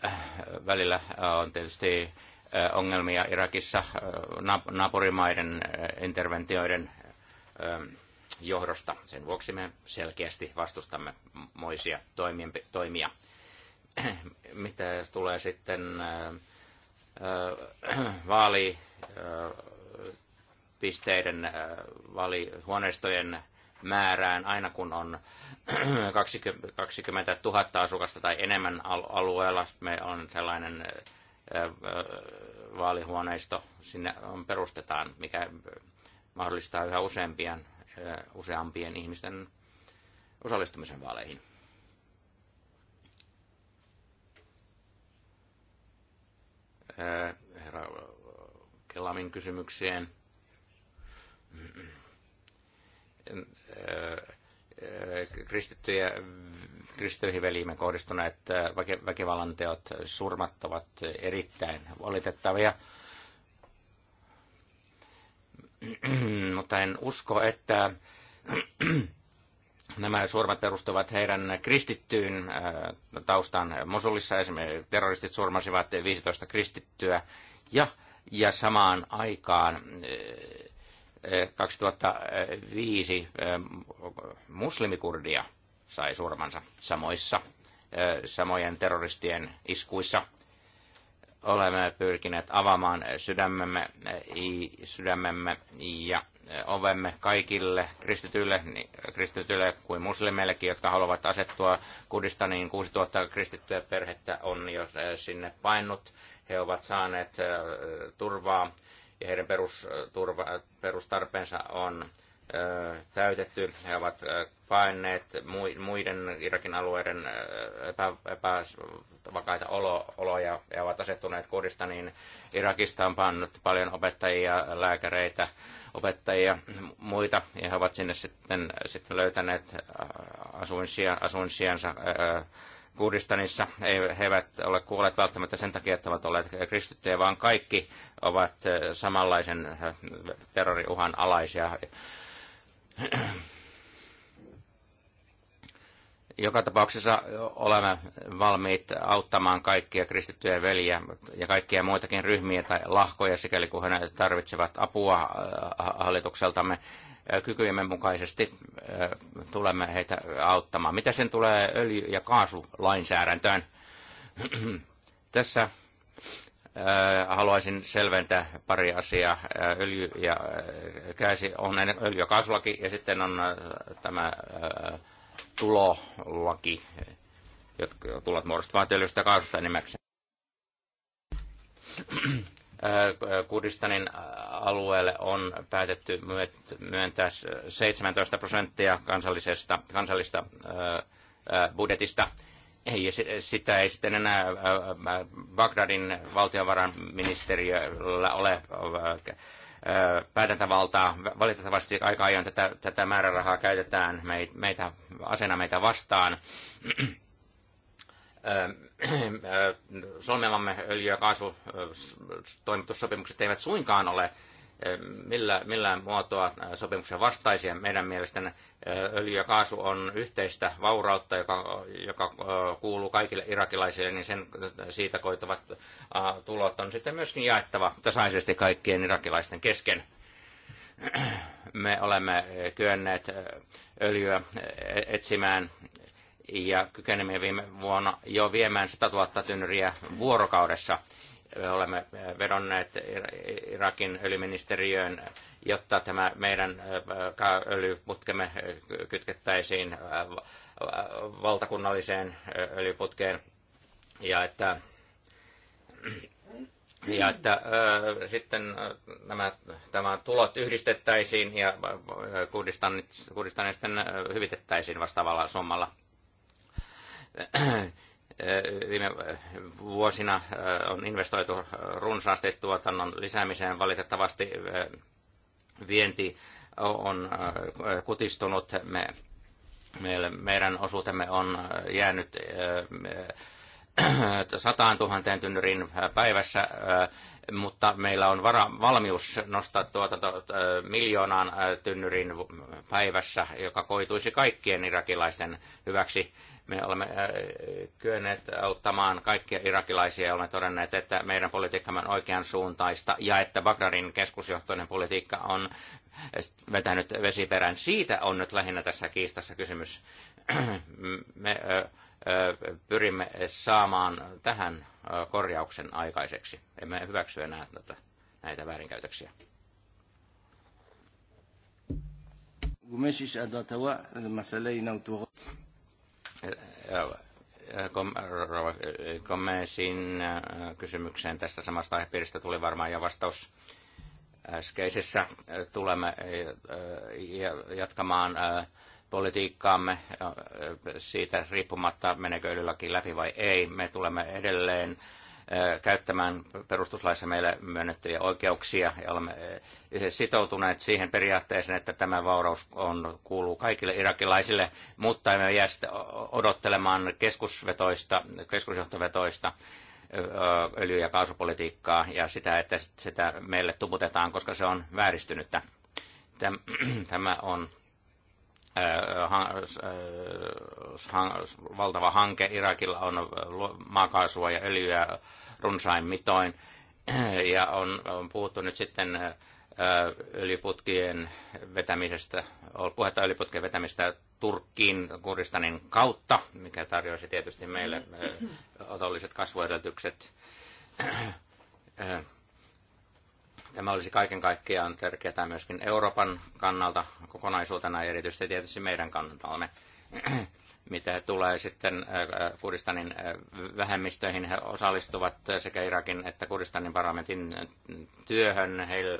välillä äh, on tietysti äh, ongelmia Irakissa naapurimaiden interventioiden ähm, johdosta. Sen vuoksi me selkeästi vastustamme moisia toimia. Mitä tulee sitten vaalipisteiden, vaalihuoneistojen määrään aina kun on 20 000 asukasta tai enemmän alueella. Me on sellainen vaalihuoneisto, sinne on, perustetaan, mikä mahdollistaa yhä useampien, useampien ihmisten osallistumisen vaaleihin. Herra Kelamin kysymykseen kristittyjä, kristittyihin veliimme kohdistuneet väkivallan teot, surmat ovat erittäin valitettavia. Mutta en usko, että nämä surmat perustuvat heidän kristittyyn taustaan. Mosulissa esimerkiksi terroristit surmasivat 15 kristittyä ja, ja samaan aikaan 2005 eh, muslimikurdia sai surmansa samoissa eh, samojen terroristien iskuissa. Olemme pyrkineet avaamaan sydämemme, eh, sydämemme ja ovemme kaikille kristityille, niin kristityille kuin muslimeillekin, jotka haluavat asettua Kurdistaniin. 6000 kristittyä perhettä on jo sinne painut. He ovat saaneet turvaa ja heidän perusturva, perustarpeensa on täytetty. He ovat paineet muiden Irakin alueiden epä, epävakaita olo, oloja ja ovat asettuneet niin Irakista on pannut paljon opettajia, lääkäreitä, opettajia, muita, ja he ovat sinne sitten, sitten löytäneet asuinsijansa Kurdistanissa he eivät ole kuolleet välttämättä sen takia, että ovat olleet kristittyjä, vaan kaikki ovat eh, samanlaisen eh, terroriuhan alaisia. Joka tapauksessa olemme valmiit auttamaan kaikkia kristittyjä veljiä ja kaikkia muitakin ryhmiä tai lahkoja, sikäli kun he tarvitsevat apua eh, hallitukseltamme kykyjemme mukaisesti tulemme heitä auttamaan. Mitä sen tulee öljy- ja kaasulainsäädäntöön? Tässä haluaisin selventää pari asiaa. Öljy ja käsi on öljy- ja kaasulaki ja sitten on tämä tulolaki, jotka tulot muodostuvat öljystä ja kaasusta enimmäkseen Äh, Kurdistanin alueelle on päätetty myöntää 17 prosenttia kansallisesta, kansallista äh, äh, budjetista. Ei, sitä ei sitten enää Bagdadin valtiovarainministeriöllä ole päätäntävaltaa. Valitettavasti aika ajoin tätä, tätä määrärahaa käytetään meitä, asena meitä vastaan. Öö, solmimamme öljy- ja kaasutoimitussopimukset eivät suinkaan ole öö, millä, millään muotoa öö, sopimuksen vastaisia. Meidän mielestämme öljy ja kaasu on yhteistä vaurautta, joka, joka kuuluu kaikille irakilaisille, niin sen, siitä koituvat tulot on sitten myöskin jaettava tasaisesti kaikkien irakilaisten kesken. Me olemme kyenneet öljyä etsimään ja kykenemme viime vuonna jo viemään 100 000 tynnyriä vuorokaudessa. Olemme vedonneet Irakin öljyministeriöön, jotta tämä meidän öljyputkemme kytkettäisiin valtakunnalliseen öljyputkeen ja että, ja että äh, sitten nämä, tämä tulot yhdistettäisiin ja Kurdistanit, sitten hyvitettäisiin vastaavalla summalla viime vuosina on investoitu runsaasti tuotannon lisäämiseen. Valitettavasti vienti on kutistunut. Me, meidän osuutemme on jäänyt sataan tuhanteen tynnyrin päivässä, mutta meillä on vara, valmius nostaa tuotanto miljoonaan tynnyrin päivässä, joka koituisi kaikkien irakilaisten hyväksi. Me olemme kyenneet auttamaan kaikkia irakilaisia ja olemme todenneet, että meidän politiikkamme on oikean suuntaista ja että Bagdadin keskusjohtoinen politiikka on vetänyt vesiperän. Siitä on nyt lähinnä tässä kiistassa kysymys. Me pyrimme saamaan tähän korjauksen aikaiseksi. Emme hyväksy enää tätä, näitä väärinkäytöksiä. Gomesin äh, kysymykseen tästä samasta aihepiiristä tuli varmaan jo vastaus äskeisessä. Äh, tulemme äh, jatkamaan politiikkaamme siitä riippumatta, meneekö ylilaki läpi vai ei. Me tulemme edelleen käyttämään perustuslaissa meille myönnettyjä oikeuksia ja olemme siis sitoutuneet siihen periaatteeseen, että tämä vauraus on, kuuluu kaikille irakilaisille, mutta emme jää sitä odottelemaan keskusvetoista, keskusjohtovetoista öljy- ja kaasupolitiikkaa ja sitä, että sitä meille tuputetaan, koska se on vääristynyttä. Tämä on Äh, äh, äh, valtava hanke. Irakilla on maakaasua ja öljyä runsain mitoin. Ja on, on puhuttu nyt sitten öljyputkien vetämisestä, puhetta öljyputkien vetämistä Turkkiin Kurdistanin kautta, mikä tarjoisi tietysti meille otolliset kasvuedellytykset Tämä olisi kaiken kaikkiaan tärkeää myöskin Euroopan kannalta kokonaisuutena ja erityisesti tietysti meidän kannaltamme. Mitä tulee sitten äh, äh, Kurdistanin äh, vähemmistöihin, he osallistuvat sekä Irakin että Kurdistanin parlamentin työhön heillä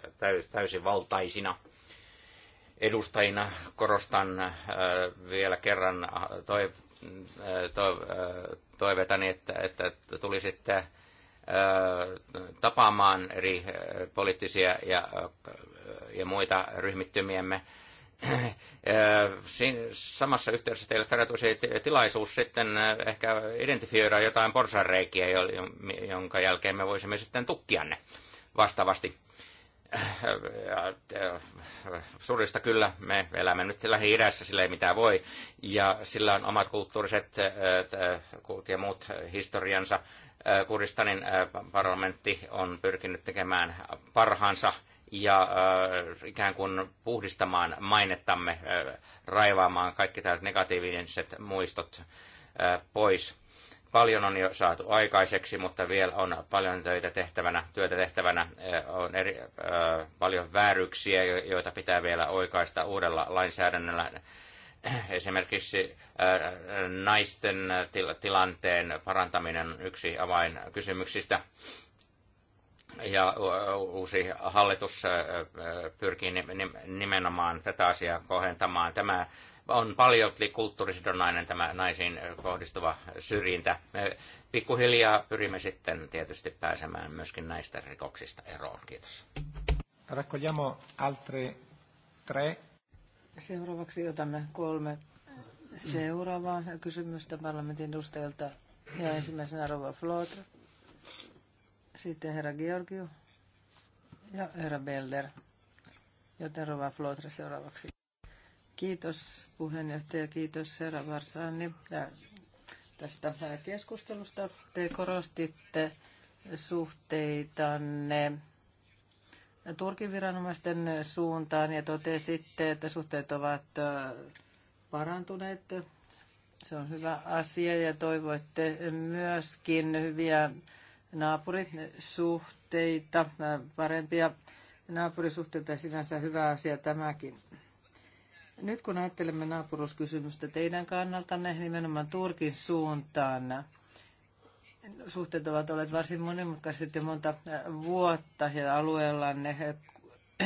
täysin valtaisina edustajina. Korostan vielä kerran toiv- toiv- toivetani, että, että tulisitte tapaamaan eri poliittisia ja, ja muita ryhmittymiemme. Siinä samassa yhteydessä teille tarjoutuisi tilaisuus sitten ehkä identifioida jotain porsanreikiä, jonka jälkeen me voisimme sitten tukkia ne vastaavasti. Surista kyllä, me elämme nyt lähi-idässä, sillä ei mitään voi, ja sillä on omat kulttuuriset ja muut historiansa, Kurdistanin parlamentti on pyrkinyt tekemään parhaansa ja ikään kuin puhdistamaan mainettamme, raivaamaan kaikki tällaiset negatiiviset muistot pois. Paljon on jo saatu aikaiseksi, mutta vielä on paljon töitä tehtävänä, työtä tehtävänä, on eri, paljon vääryksiä, joita pitää vielä oikaista uudella lainsäädännöllä Esimerkiksi äh, naisten tilanteen parantaminen on yksi avainkysymyksistä. Ja uusi hallitus pyrkii nimenomaan tätä asiaa kohentamaan. Tämä on paljon kulttuurisidonnainen tämä naisiin kohdistuva syrjintä. Me pikkuhiljaa pyrimme sitten tietysti pääsemään myöskin näistä rikoksista eroon. Kiitos. Raccogliamo altre tre Seuraavaksi otamme kolme seuraavaa kysymystä parlamentin edustajalta. Ja ensimmäisenä Rova Flotra, sitten herra Georgio ja herra Belder. Joten Rova Flotra seuraavaksi. Kiitos puheenjohtaja, kiitos herra Varsani tästä keskustelusta. Te korostitte suhteitanne Turkin viranomaisten suuntaan ja totesitte, että suhteet ovat parantuneet. Se on hyvä asia ja toivoitte myöskin hyviä naapurisuhteita, parempia naapurisuhteita sinänsä hyvä asia tämäkin. Nyt kun ajattelemme naapuruuskysymystä teidän kannaltanne, nimenomaan Turkin suuntaan, suhteet ovat olleet varsin monimutkaiset jo monta vuotta ja alueellanne,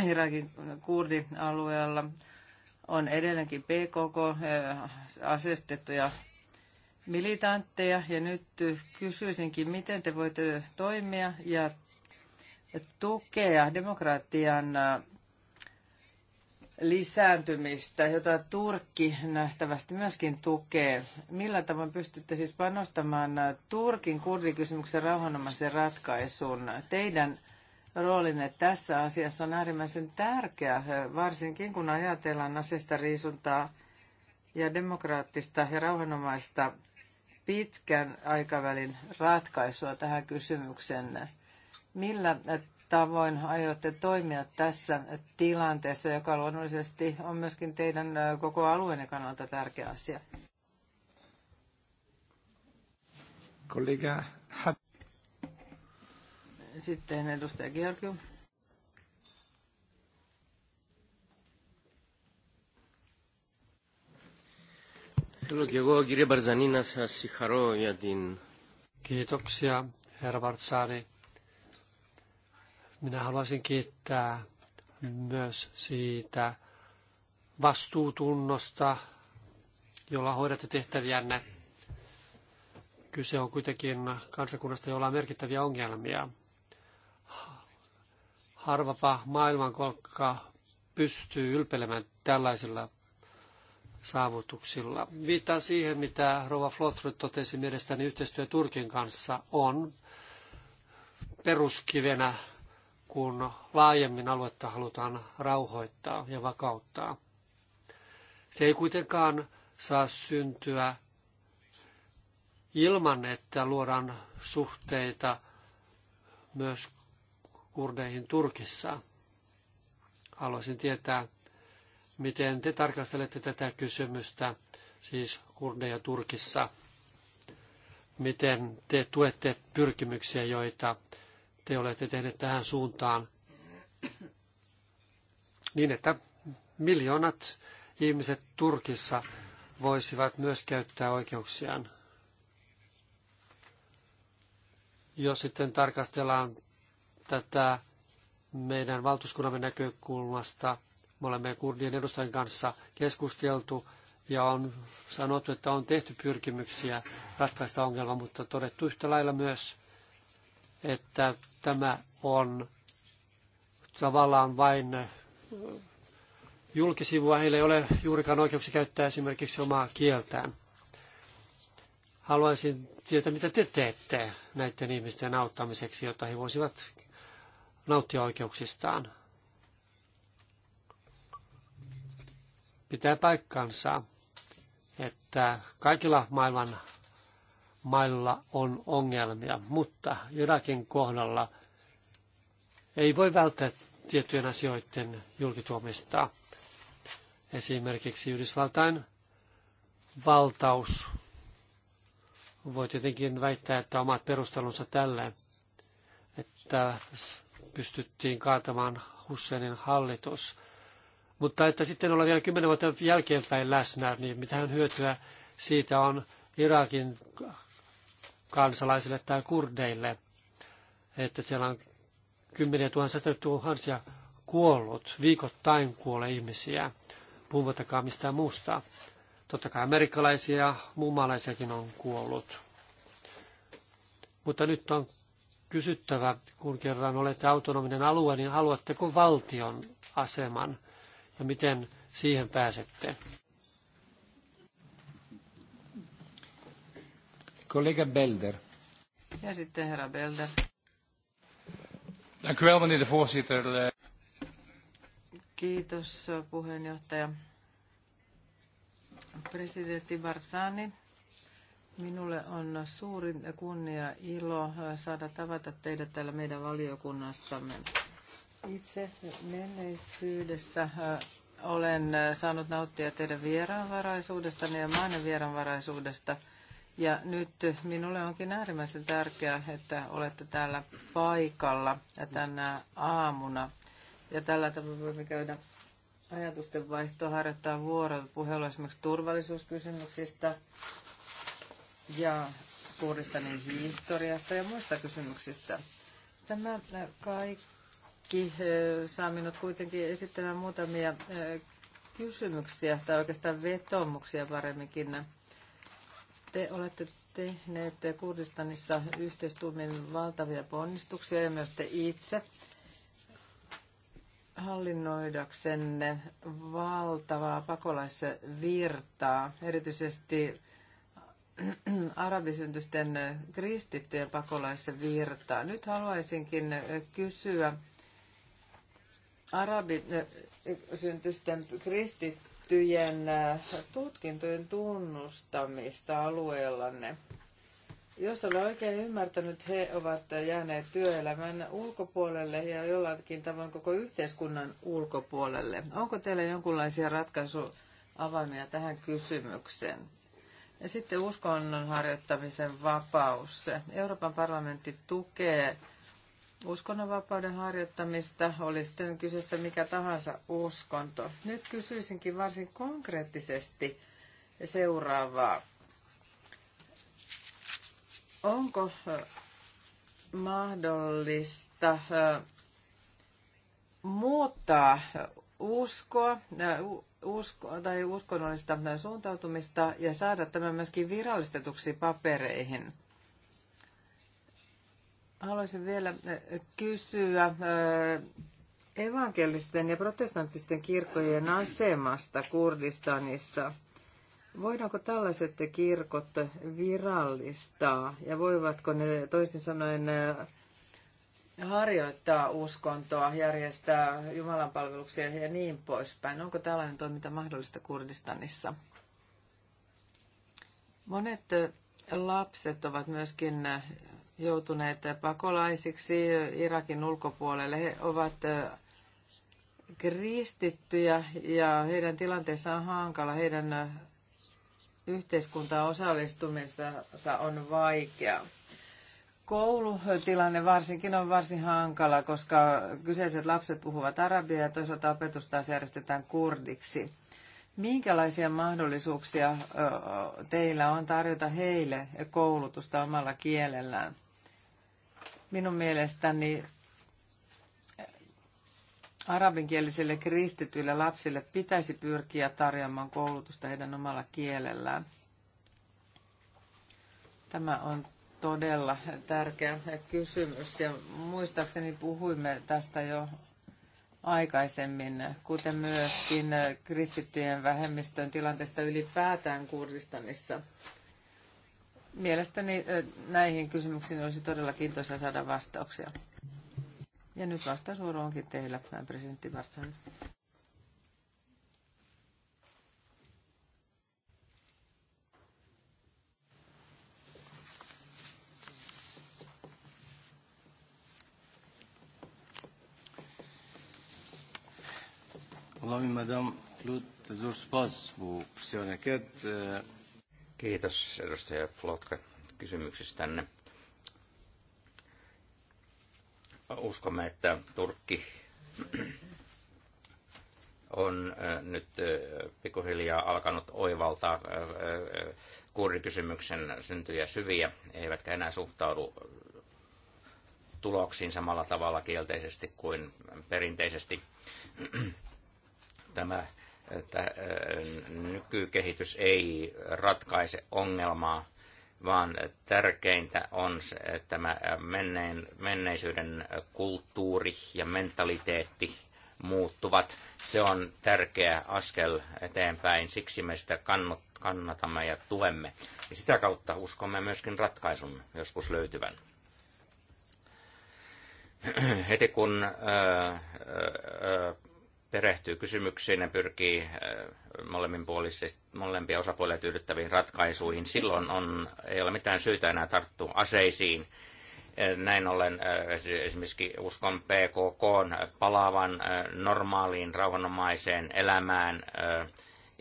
Irakin kurdialueella, on edelleenkin PKK asestettuja militantteja. Ja nyt kysyisinkin, miten te voitte toimia ja tukea demokratian lisääntymistä, jota Turkki nähtävästi myöskin tukee. Millä tavoin pystytte siis panostamaan Turkin kurdikysymyksen rauhanomaisen ratkaisuun? Teidän roolinne tässä asiassa on äärimmäisen tärkeä, varsinkin kun ajatellaan asiasta riisuntaa ja demokraattista ja rauhanomaista pitkän aikavälin ratkaisua tähän kysymykseen. Millä tavoin aiotte toimia tässä tilanteessa, joka luonnollisesti on myöskin teidän koko alueenne kannalta tärkeä asia? Kollega Sitten edustaja Georgiou. Kiitoksia, herra Barzani. Minä haluaisin kiittää myös siitä vastuutunnosta, jolla hoidatte tehtäviänne. Kyse on kuitenkin kansakunnasta, jolla on merkittäviä ongelmia. Harvapa maailmankolkka pystyy ylpelemään tällaisilla saavutuksilla. Viittaan siihen, mitä Rova Flotrud totesi mielestäni yhteistyö Turkin kanssa on peruskivenä kun laajemmin aluetta halutaan rauhoittaa ja vakauttaa. Se ei kuitenkaan saa syntyä ilman, että luodaan suhteita myös kurdeihin Turkissa. Haluaisin tietää, miten te tarkastelette tätä kysymystä, siis kurdeja Turkissa. Miten te tuette pyrkimyksiä, joita te olette tehneet tähän suuntaan niin, että miljoonat ihmiset Turkissa voisivat myös käyttää oikeuksiaan. Jos sitten tarkastellaan tätä meidän valtuuskunnamme näkökulmasta, me olemme kurdien edustajien kanssa keskusteltu ja on sanottu, että on tehty pyrkimyksiä ratkaista ongelmaa, mutta todettu yhtä lailla myös, että tämä on tavallaan vain julkisivua. Heillä ei ole juurikaan oikeuksia käyttää esimerkiksi omaa kieltään. Haluaisin tietää, mitä te teette näiden ihmisten auttamiseksi, jotta he voisivat nauttia oikeuksistaan. Pitää paikkansa, että kaikilla maailman mailla on ongelmia, mutta Irakin kohdalla ei voi välttää tiettyjen asioiden julkituomista. Esimerkiksi Yhdysvaltain valtaus. Voi tietenkin väittää, että omat perustelunsa tälle, että pystyttiin kaatamaan Husseinin hallitus. Mutta että sitten olla vielä kymmenen vuotta jälkeenpäin läsnä, niin mitään hyötyä siitä on Irakin kansalaisille tai kurdeille, että siellä on kymmeniä tuhansia, tuhansia kuollut, viikoittain kuolee ihmisiä, puhumattakaan mistään muusta. Totta kai amerikkalaisia ja muumalaisiakin on kuollut. Mutta nyt on kysyttävä, kun kerran olette autonominen alue, niin haluatteko valtion aseman ja miten siihen pääsette? Kollega Belder. Ja sitten herra Belder. Dank u wel, meneer de voorzitter. Eh, Kiitos puheenjohtaja. Presidentti Barzani, minulle on suuri kunnia ilo eh, saada tavata teidät täällä meidän valiokunnassamme. Itse menneisyydessä eh, olen saanut nauttia teidän vieraanvaraisuudestanne ja maan vieraanvaraisuudesta – ja nyt minulle onkin äärimmäisen tärkeää, että olette täällä paikalla ja tänä aamuna. Ja tällä tavalla voimme käydä ajatusten vaihtoa, harjoittaa puhelua esimerkiksi turvallisuuskysymyksistä ja Kurdistanin historiasta ja muista kysymyksistä. Tämä kaikki e, saa minut kuitenkin esittämään muutamia e, kysymyksiä tai oikeastaan vetomuksia paremminkin te olette tehneet Kurdistanissa yhteistuumin valtavia ponnistuksia ja myös te itse hallinnoidaksenne valtavaa pakolaisvirtaa, erityisesti arabisyntysten kristittyjen pakolaisvirtaa. Nyt haluaisinkin kysyä arabisyntysten kristittyjen tiettyjen äh, tutkintojen tunnustamista alueellanne. Jos olen oikein ymmärtänyt, he ovat jääneet työelämän ulkopuolelle ja jollakin tavoin koko yhteiskunnan ulkopuolelle. Onko teillä jonkinlaisia ratkaisuavaimia tähän kysymykseen? Ja sitten uskonnon harjoittamisen vapaus. Euroopan parlamentti tukee uskonnonvapauden harjoittamista, oli sitten kyseessä mikä tahansa uskonto. Nyt kysyisinkin varsin konkreettisesti seuraavaa. Onko mahdollista muuttaa uskoa, usko, tai uskonnollista suuntautumista ja saada tämä myöskin virallistetuksi papereihin. Haluaisin vielä äh, kysyä äh, evankelisten ja protestanttisten kirkkojen asemasta Kurdistanissa. Voidaanko tällaiset kirkot virallistaa ja voivatko ne toisin sanoen äh, harjoittaa uskontoa, järjestää jumalanpalveluksia ja niin poispäin? Onko tällainen toiminta mahdollista Kurdistanissa? Monet lapset ovat myöskin joutuneet pakolaisiksi Irakin ulkopuolelle. He ovat kristittyjä ja heidän tilanteensa on hankala. Heidän yhteiskuntaan osallistumisensa on vaikea. Koulutilanne varsinkin on varsin hankala, koska kyseiset lapset puhuvat arabiaa ja toisaalta opetus taas järjestetään kurdiksi. Minkälaisia mahdollisuuksia teillä on tarjota heille koulutusta omalla kielellään? Minun mielestäni arabinkielisille kristityille lapsille pitäisi pyrkiä tarjoamaan koulutusta heidän omalla kielellään. Tämä on todella tärkeä kysymys ja muistaakseni puhuimme tästä jo aikaisemmin, kuten myöskin kristittyjen vähemmistön tilanteesta ylipäätään Kurdistanissa. Mielestäni näihin kysymyksiin olisi todella kiintoisa saada vastauksia. Ja nyt vastausvuoro onkin teillä, presidentti Vartsan. Olemme Madame فلوت Zurspas, سباز Kiitos edustaja Flotka kysymyksistänne. Uskomme, että Turkki on nyt pikkuhiljaa alkanut oivaltaa kurdikysymyksen syntyjä syviä, eivätkä enää suhtaudu tuloksiin samalla tavalla kielteisesti kuin perinteisesti. Tämä että äh, nykykehitys ei ratkaise ongelmaa, vaan tärkeintä on se, että tämä äh, menneen, menneisyyden kulttuuri ja mentaliteetti muuttuvat. Se on tärkeä askel eteenpäin, siksi me sitä kannatamme ja tuemme. Ja sitä kautta uskomme myöskin ratkaisun joskus löytyvän heti kun äh, perehtyy kysymyksiin ja pyrkii äh, siis molempia osapuolia tyydyttäviin ratkaisuihin, silloin on, ei ole mitään syytä enää tarttua aseisiin. Näin ollen äh, esimerkiksi uskon PKK palaavan äh, normaaliin rauhanomaiseen elämään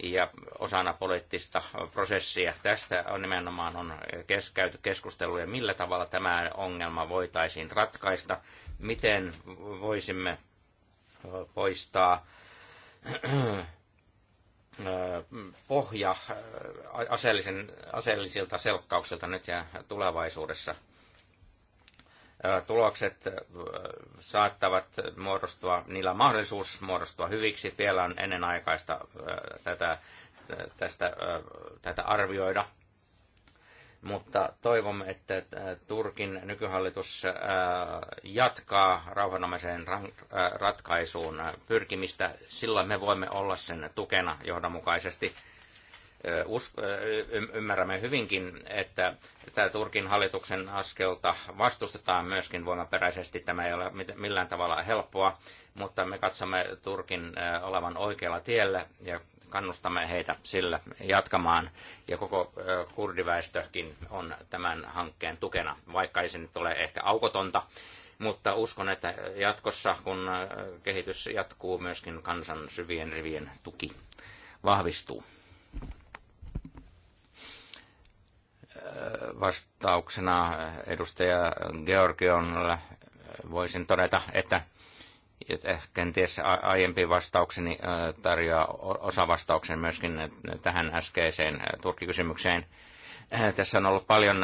ja osana poliittista prosessia. Tästä on nimenomaan on keskäyty keskusteluja, millä tavalla tämä ongelma voitaisiin ratkaista, miten voisimme poistaa pohja aseellisen, aseellisilta selkkauksilta nyt ja tulevaisuudessa. Tulokset saattavat muodostua, niillä on mahdollisuus muodostua hyviksi. Vielä on ennenaikaista tätä, tästä, tätä arvioida – mutta toivomme, että äh, Turkin nykyhallitus äh, jatkaa rauhanomaiseen äh, ratkaisuun pyrkimistä. Silloin me voimme olla sen tukena johdonmukaisesti. Ymmärrämme hyvinkin, että tämä Turkin hallituksen askelta vastustetaan myöskin voimaperäisesti. Tämä ei ole millään tavalla helppoa, mutta me katsomme Turkin olevan oikealla tiellä ja kannustamme heitä sillä jatkamaan. Ja koko kurdiväestökin on tämän hankkeen tukena, vaikka ei se nyt ole ehkä aukotonta. Mutta uskon, että jatkossa, kun kehitys jatkuu, myöskin kansan syvien rivien tuki vahvistuu. Vastauksena edustaja Georgionlle voisin todeta, että kenties aiempi vastaukseni tarjoaa osavastauksen myöskin tähän äskeiseen Turkikysymykseen. Tässä on ollut paljon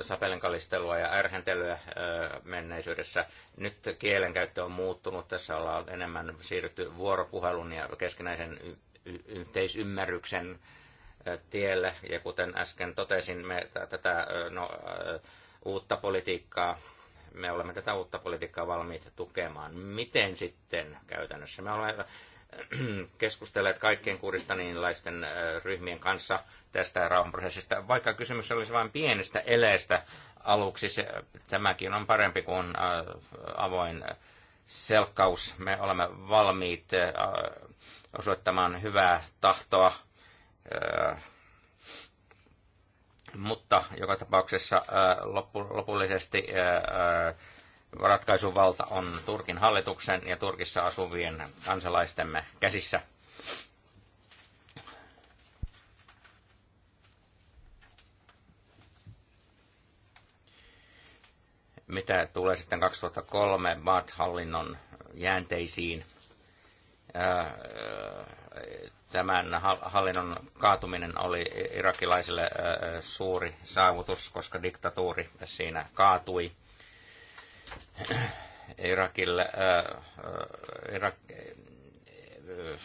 sapelinkalistelua ja ärhentelyä menneisyydessä. Nyt kielenkäyttö on muuttunut. Tässä ollaan enemmän siirrytty vuoropuhelun ja keskinäisen yhteisymmärryksen tielle. Ja kuten äsken totesin, me tätä no, uutta politiikkaa me olemme tätä uutta politiikkaa valmiit tukemaan. Miten sitten käytännössä? Me olemme äh, keskustelleet kaikkien kuristanilaisten äh, ryhmien kanssa tästä rauhanprosessista. Vaikka kysymys olisi vain pienestä eleestä aluksi, se, tämäkin on parempi kuin äh, avoin selkkaus. Me olemme valmiit osoittamaan hyvää tahtoa mutta joka tapauksessa äh, loppu, lopullisesti äh, äh, ratkaisuvalta on Turkin hallituksen ja Turkissa asuvien kansalaistemme käsissä. mitä tulee sitten 2003 Bad-hallinnon jäänteisiin, ää, ää, tämän hallinnon kaatuminen oli irakilaisille suuri saavutus, koska diktatuuri siinä kaatui. Irakille, Irak,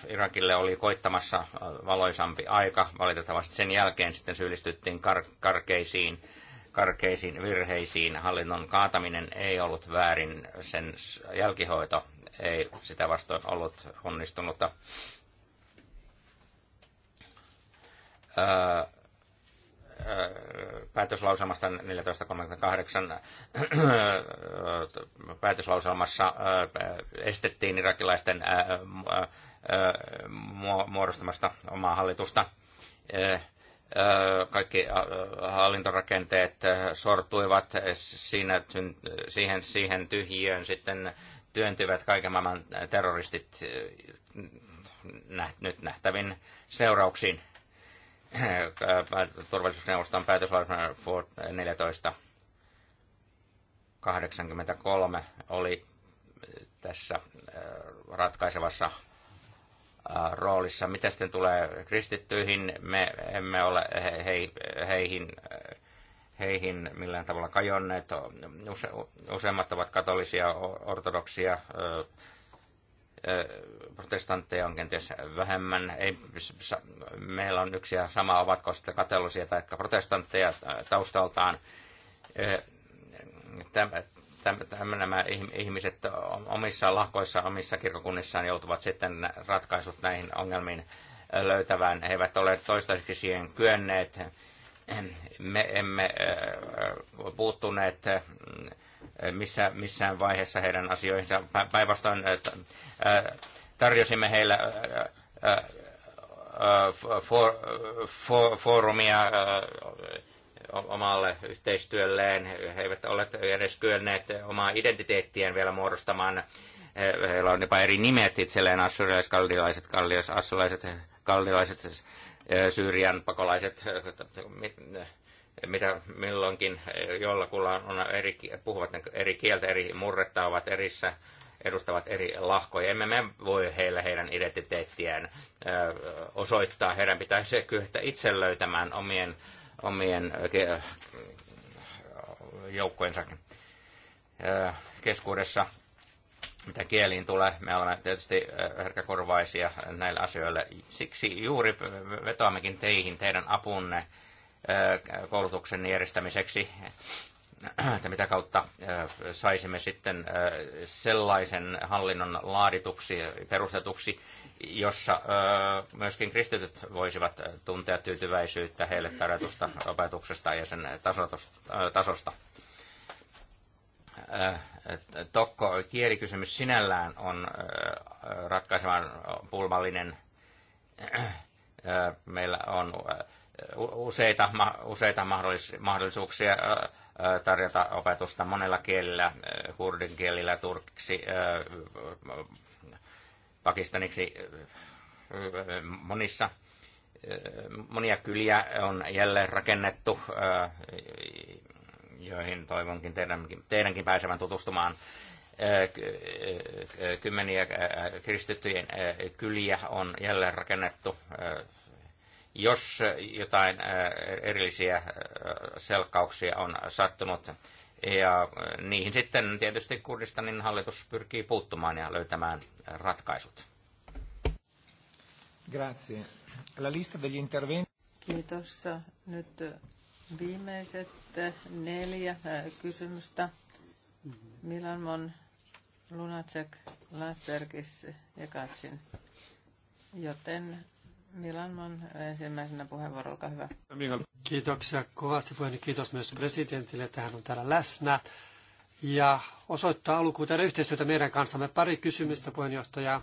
Irakille oli koittamassa valoisampi aika. Valitettavasti sen jälkeen sitten syyllistyttiin kar- karkeisiin, karkeisiin virheisiin. Hallinnon kaataminen ei ollut väärin, sen jälkihoito ei sitä vastoin ollut onnistunutta. päätöslauselmasta 1438 äh, päätöslauselmassa äh, estettiin irakilaisten äh, muodostamasta omaa hallitusta. Kaikki hallintorakenteet sortuivat siinä, siihen, siihen tyhjiöön sitten työntyvät kaiken maailman terroristit nyt nähtävin seurauksiin. Äh, äh, turvallisuusneuvoston päätöslauselma 14 83 oli äh, tässä ratkaisevassa roolissa. Mitä sitten tulee kristittyihin, me emme ole he, heihin, heihin millään tavalla kajonneet. Use, useimmat ovat katolisia, ortodoksia, protestantteja on kenties vähemmän. Ei, meillä on yksi ja sama, ovatko sitten katolisia tai protestantteja taustaltaan. Tämä, nämä ihmiset omissa lahkoissa, omissa kirkokunnissaan joutuvat sitten ratkaisut näihin ongelmiin löytävään. He eivät ole toistaiseksi siihen kyenneet. Me emme puuttuneet Eh, missä, missään vaiheessa heidän asioihinsa. Päinvastoin eh, eh, tarjosimme heille for, for, foorumia omalle yhteistyölleen. He eivät ole edes kyenneet omaa identiteettiään vielä muodostamaan. Heillä on jopa eri nimet itselleen, assurilaiset, kaldilaiset, kallias, assurilaiset, kaldilaiset, syyrian pakolaiset, mitä milloinkin jollakulla on eri, puhuvat eri kieltä, eri murretta, ovat erissä, edustavat eri lahkoja. Emme me voi heillä heidän identiteettiään osoittaa. Heidän pitäisi kyllä itse löytämään omien, omien joukkojensa keskuudessa mitä kieliin tulee. Me olemme tietysti herkäkorvaisia näille asioille. Siksi juuri vetoammekin teihin, teidän apunne koulutuksen järjestämiseksi, että mitä kautta saisimme sitten sellaisen hallinnon laadituksi, perustetuksi, jossa myöskin kristityt voisivat tuntea tyytyväisyyttä heille tarjotusta opetuksesta ja sen tasosta. Tokko kielikysymys sinällään on ratkaisevan pulmallinen. Meillä on useita, useita mahdollisuuksia tarjota opetusta monella kielellä, kurdin kielillä, turkiksi, pakistaniksi, monissa monia kyliä on jälleen rakennettu, joihin toivonkin teidänkin, teidänkin pääsevän tutustumaan. Kymmeniä kristittyjen kyliä on jälleen rakennettu jos äh, jotain äh, erillisiä äh, selkkauksia on sattunut, ja niihin sitten tietysti Kurdistanin hallitus pyrkii puuttumaan ja löytämään ratkaisut. Grazie. La lista degli interventi... Kiitos. Nyt viimeiset neljä kysymystä. Milan Mon, Lunacek, Lansbergis ja Katsin. Joten Vilanman ensimmäisenä puheenvuoro, olkaa hyvä. Kiitoksia kovasti puheen. Kiitos myös presidentille, että hän on täällä läsnä. Ja osoittaa alkuun tätä yhteistyötä meidän kanssamme. Pari kysymystä puheenjohtaja.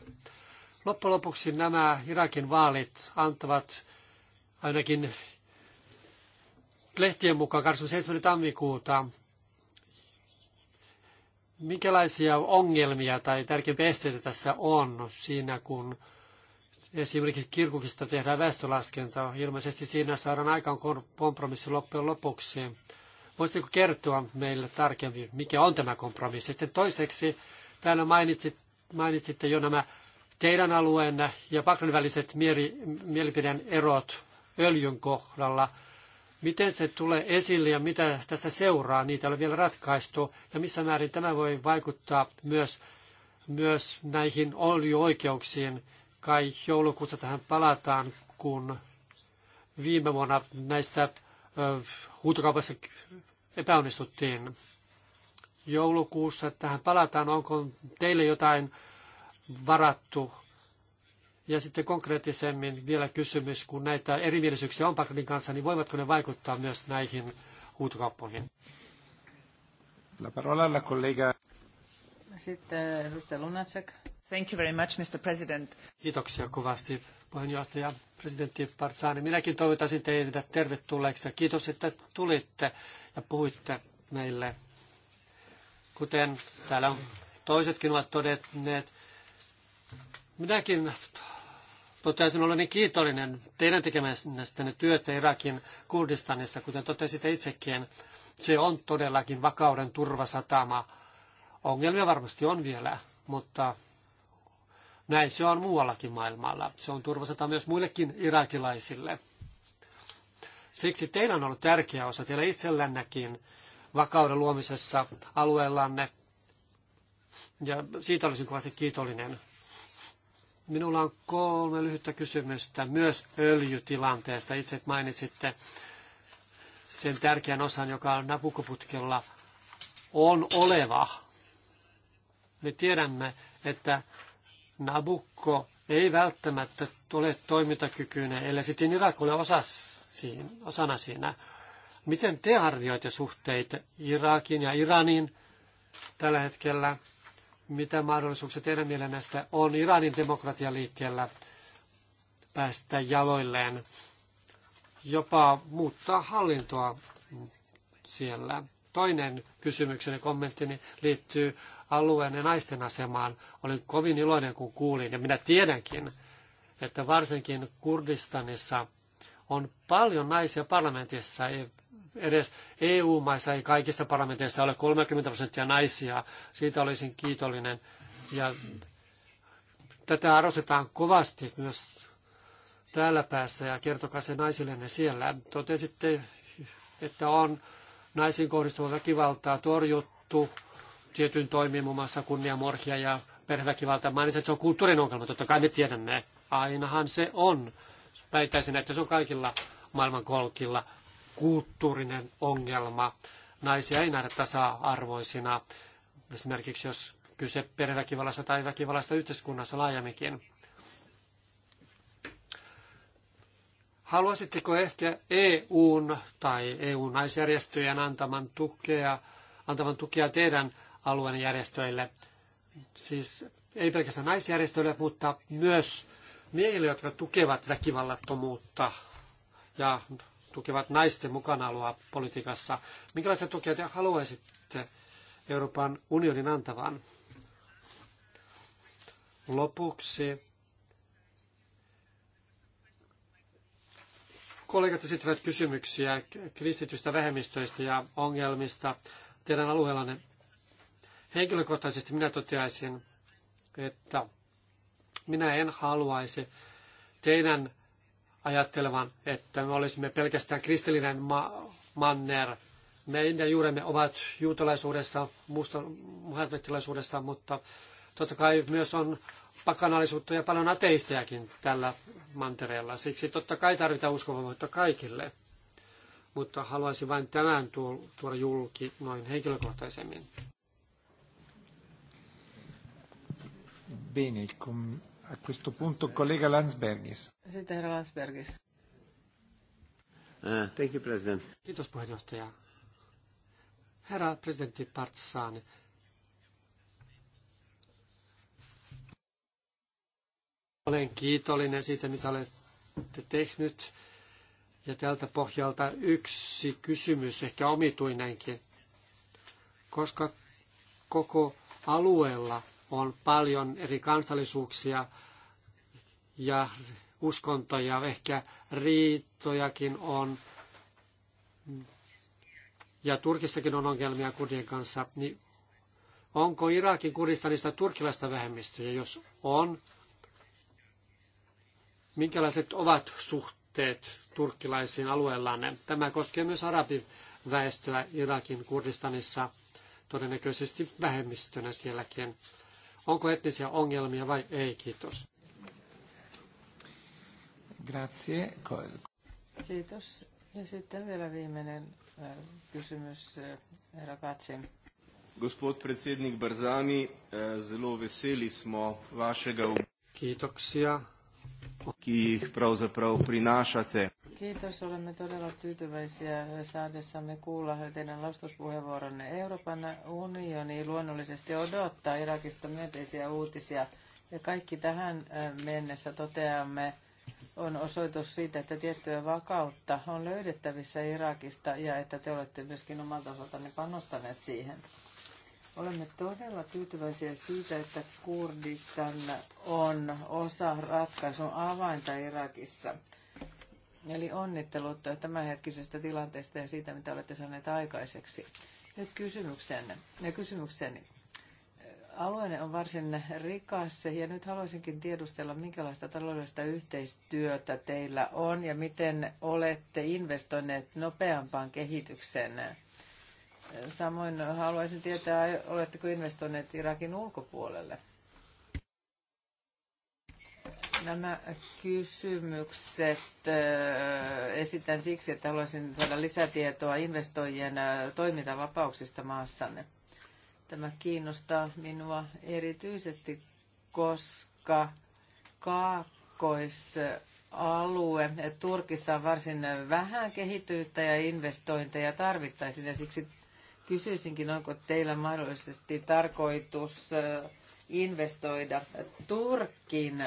Loppujen lopuksi nämä Irakin vaalit antavat ainakin lehtien mukaan 27. tammikuuta minkälaisia ongelmia tai tärkeimpiä esteitä tässä on siinä, kun esimerkiksi kirkukista tehdään väestölaskentaa. Ilmeisesti siinä saadaan aikaan kompromissi loppujen lopuksi. Voisitteko kertoa meille tarkemmin, mikä on tämä kompromissi? Sitten toiseksi, täällä mainitsit, mainitsitte jo nämä teidän alueenne ja Pakran väliset mieli, mielipideen erot öljyn kohdalla. Miten se tulee esille ja mitä tästä seuraa, niitä ei ole vielä ratkaistu. Ja missä määrin tämä voi vaikuttaa myös, myös näihin öljyoikeuksiin, kai joulukuussa tähän palataan, kun viime vuonna näissä huutokaupassa epäonnistuttiin. Joulukuussa tähän palataan, onko teille jotain varattu? Ja sitten konkreettisemmin vielä kysymys, kun näitä erimielisyyksiä on Bagdadin kanssa, niin voivatko ne vaikuttaa myös näihin huutokauppoihin? La parola alla collega. Sitten edustaja Lunacek. Thank you very much, Mr. President. Kiitoksia kovasti, puheenjohtaja, presidentti Partsaani. Minäkin toivotaisin teidät tervetulleeksi ja kiitos, että tulitte ja puhuitte meille. Kuten täällä on toisetkin ovat todenneet, minäkin totesin niin kiitollinen teidän tekemästänne työtä Irakin Kurdistanissa, kuten totesitte itsekin. Se on todellakin vakauden turvasatama. Ongelmia varmasti on vielä, mutta näin se on muuallakin maailmalla. Se on turvasata myös muillekin irakilaisille. Siksi teillä on ollut tärkeä osa, teillä itsellännekin, vakauden luomisessa alueellanne. Ja siitä olisin kovasti kiitollinen. Minulla on kolme lyhyttä kysymystä myös öljytilanteesta. Itse mainitsitte sen tärkeän osan, joka on napukoputkella on oleva. Me tiedämme, että Nabukko ei välttämättä ole toimintakykyinen, ellei sitten Irak ole osana siinä. Miten te arvioitte suhteita Irakin ja Iranin tällä hetkellä? Mitä mahdollisuuksia teidän mielestä on Iranin demokratialiikkeellä päästä jaloilleen, jopa muuttaa hallintoa siellä? Toinen kysymykseni, kommenttini liittyy alueen ja naisten asemaan. Olin kovin iloinen, kun kuulin, ja minä tiedänkin, että varsinkin Kurdistanissa on paljon naisia parlamentissa. edes EU-maissa ei kaikissa parlamenteissa ole 30 prosenttia naisia. Siitä olisin kiitollinen. Ja tätä arvostetaan kovasti myös täällä päässä ja kertokaa se naisillenne siellä. Totesitte, että on naisiin kohdistuvaa väkivaltaa torjuttu tietyn toimiin, muun muassa morhia ja perheväkivalta. Mä että se on kulttuurin ongelma, totta kai me tiedämme. Ainahan se on. Väittäisin, että se on kaikilla kolkilla kulttuurinen ongelma. Naisia ei nähdä tasa-arvoisina, esimerkiksi jos kyse perheväkivallasta tai väkivallasta yhteiskunnassa laajemminkin. Haluaisitteko ehkä EUn tai EU-naisjärjestöjen antaman tukea, antavan tukea teidän alueen järjestöille, siis ei pelkästään naisjärjestöille, mutta myös miehille, jotka tukevat väkivallattomuutta ja tukevat naisten mukanaoloa politiikassa. Minkälaisia tukea te haluaisitte Euroopan unionin antavan? Lopuksi kollegat esittävät kysymyksiä kristitystä vähemmistöistä ja ongelmista teidän alueellanne. Henkilökohtaisesti minä toteaisin, että minä en haluaisi teidän ajattelevan, että me olisimme pelkästään kristillinen ma- manner. Meidän juuremme ovat juutalaisuudessa, muusta muhammettilaisuudessa, mutta totta kai myös on pakanallisuutta ja paljon ateistejakin tällä mantereella. Siksi totta kai tarvitaan uskonvoimatta kaikille. Mutta haluaisin vain tämän tuoda julki noin henkilökohtaisemmin. Bene, com, a questo punto collega Landsbergis. Sitten herra Landsbergis. Uh, Kiitos puheenjohtaja. Herra presidentti Partsaani, Olen kiitollinen siitä, mitä olette tehnyt. Ja tältä pohjalta yksi kysymys, ehkä omituinenkin. Koska koko alueella on paljon eri kansallisuuksia ja uskontoja, ehkä riitojakin on. Ja Turkissakin on ongelmia kurdien kanssa. Niin onko Irakin Kurdistanista turkilaista vähemmistöjä? Jos on, minkälaiset ovat suhteet turkkilaisiin alueellanne? Tämä koskee myös arabiväestöä Irakin Kurdistanissa, todennäköisesti vähemmistönä sielläkin onko etnisiä ongelmia vai ei. Kiitos. Grazie. Kiitos. Ja sitten vielä viimeinen äh, kysymys, äh, herra Katsin. Gospod predsednik Barzani, äh, zelo veseli smo vašega... Kiitoksia, Kiitos, olemme todella tyytyväisiä saadessamme kuulla teidän laustuspuheenvuoronne. Euroopan unioni luonnollisesti odottaa Irakista myönteisiä uutisia ja kaikki tähän mennessä toteamme on osoitus siitä, että tiettyä vakautta on löydettävissä Irakista ja että te olette myöskin omalta osaltanne panostaneet siihen. Olemme todella tyytyväisiä siitä, että Kurdistan on osa ratkaisun avainta Irakissa. Eli onnittelut tämänhetkisestä tilanteesta ja siitä, mitä olette saaneet aikaiseksi. Nyt kysymyksenne. Ja kysymykseni. Alueenne on varsin rikas ja nyt haluaisinkin tiedustella, minkälaista taloudellista yhteistyötä teillä on ja miten olette investoineet nopeampaan kehitykseen Samoin haluaisin tietää, oletteko investoineet Irakin ulkopuolelle? Nämä kysymykset äh, esitän siksi, että haluaisin saada lisätietoa investoijien äh, toimintavapauksista maassanne. Tämä kiinnostaa minua erityisesti, koska kaakkoisalue Turkissa on varsin vähän kehittynyttä ja investointeja tarvittaisiin ja siksi Kysyisinkin, onko teillä mahdollisesti tarkoitus investoida Turkkiin,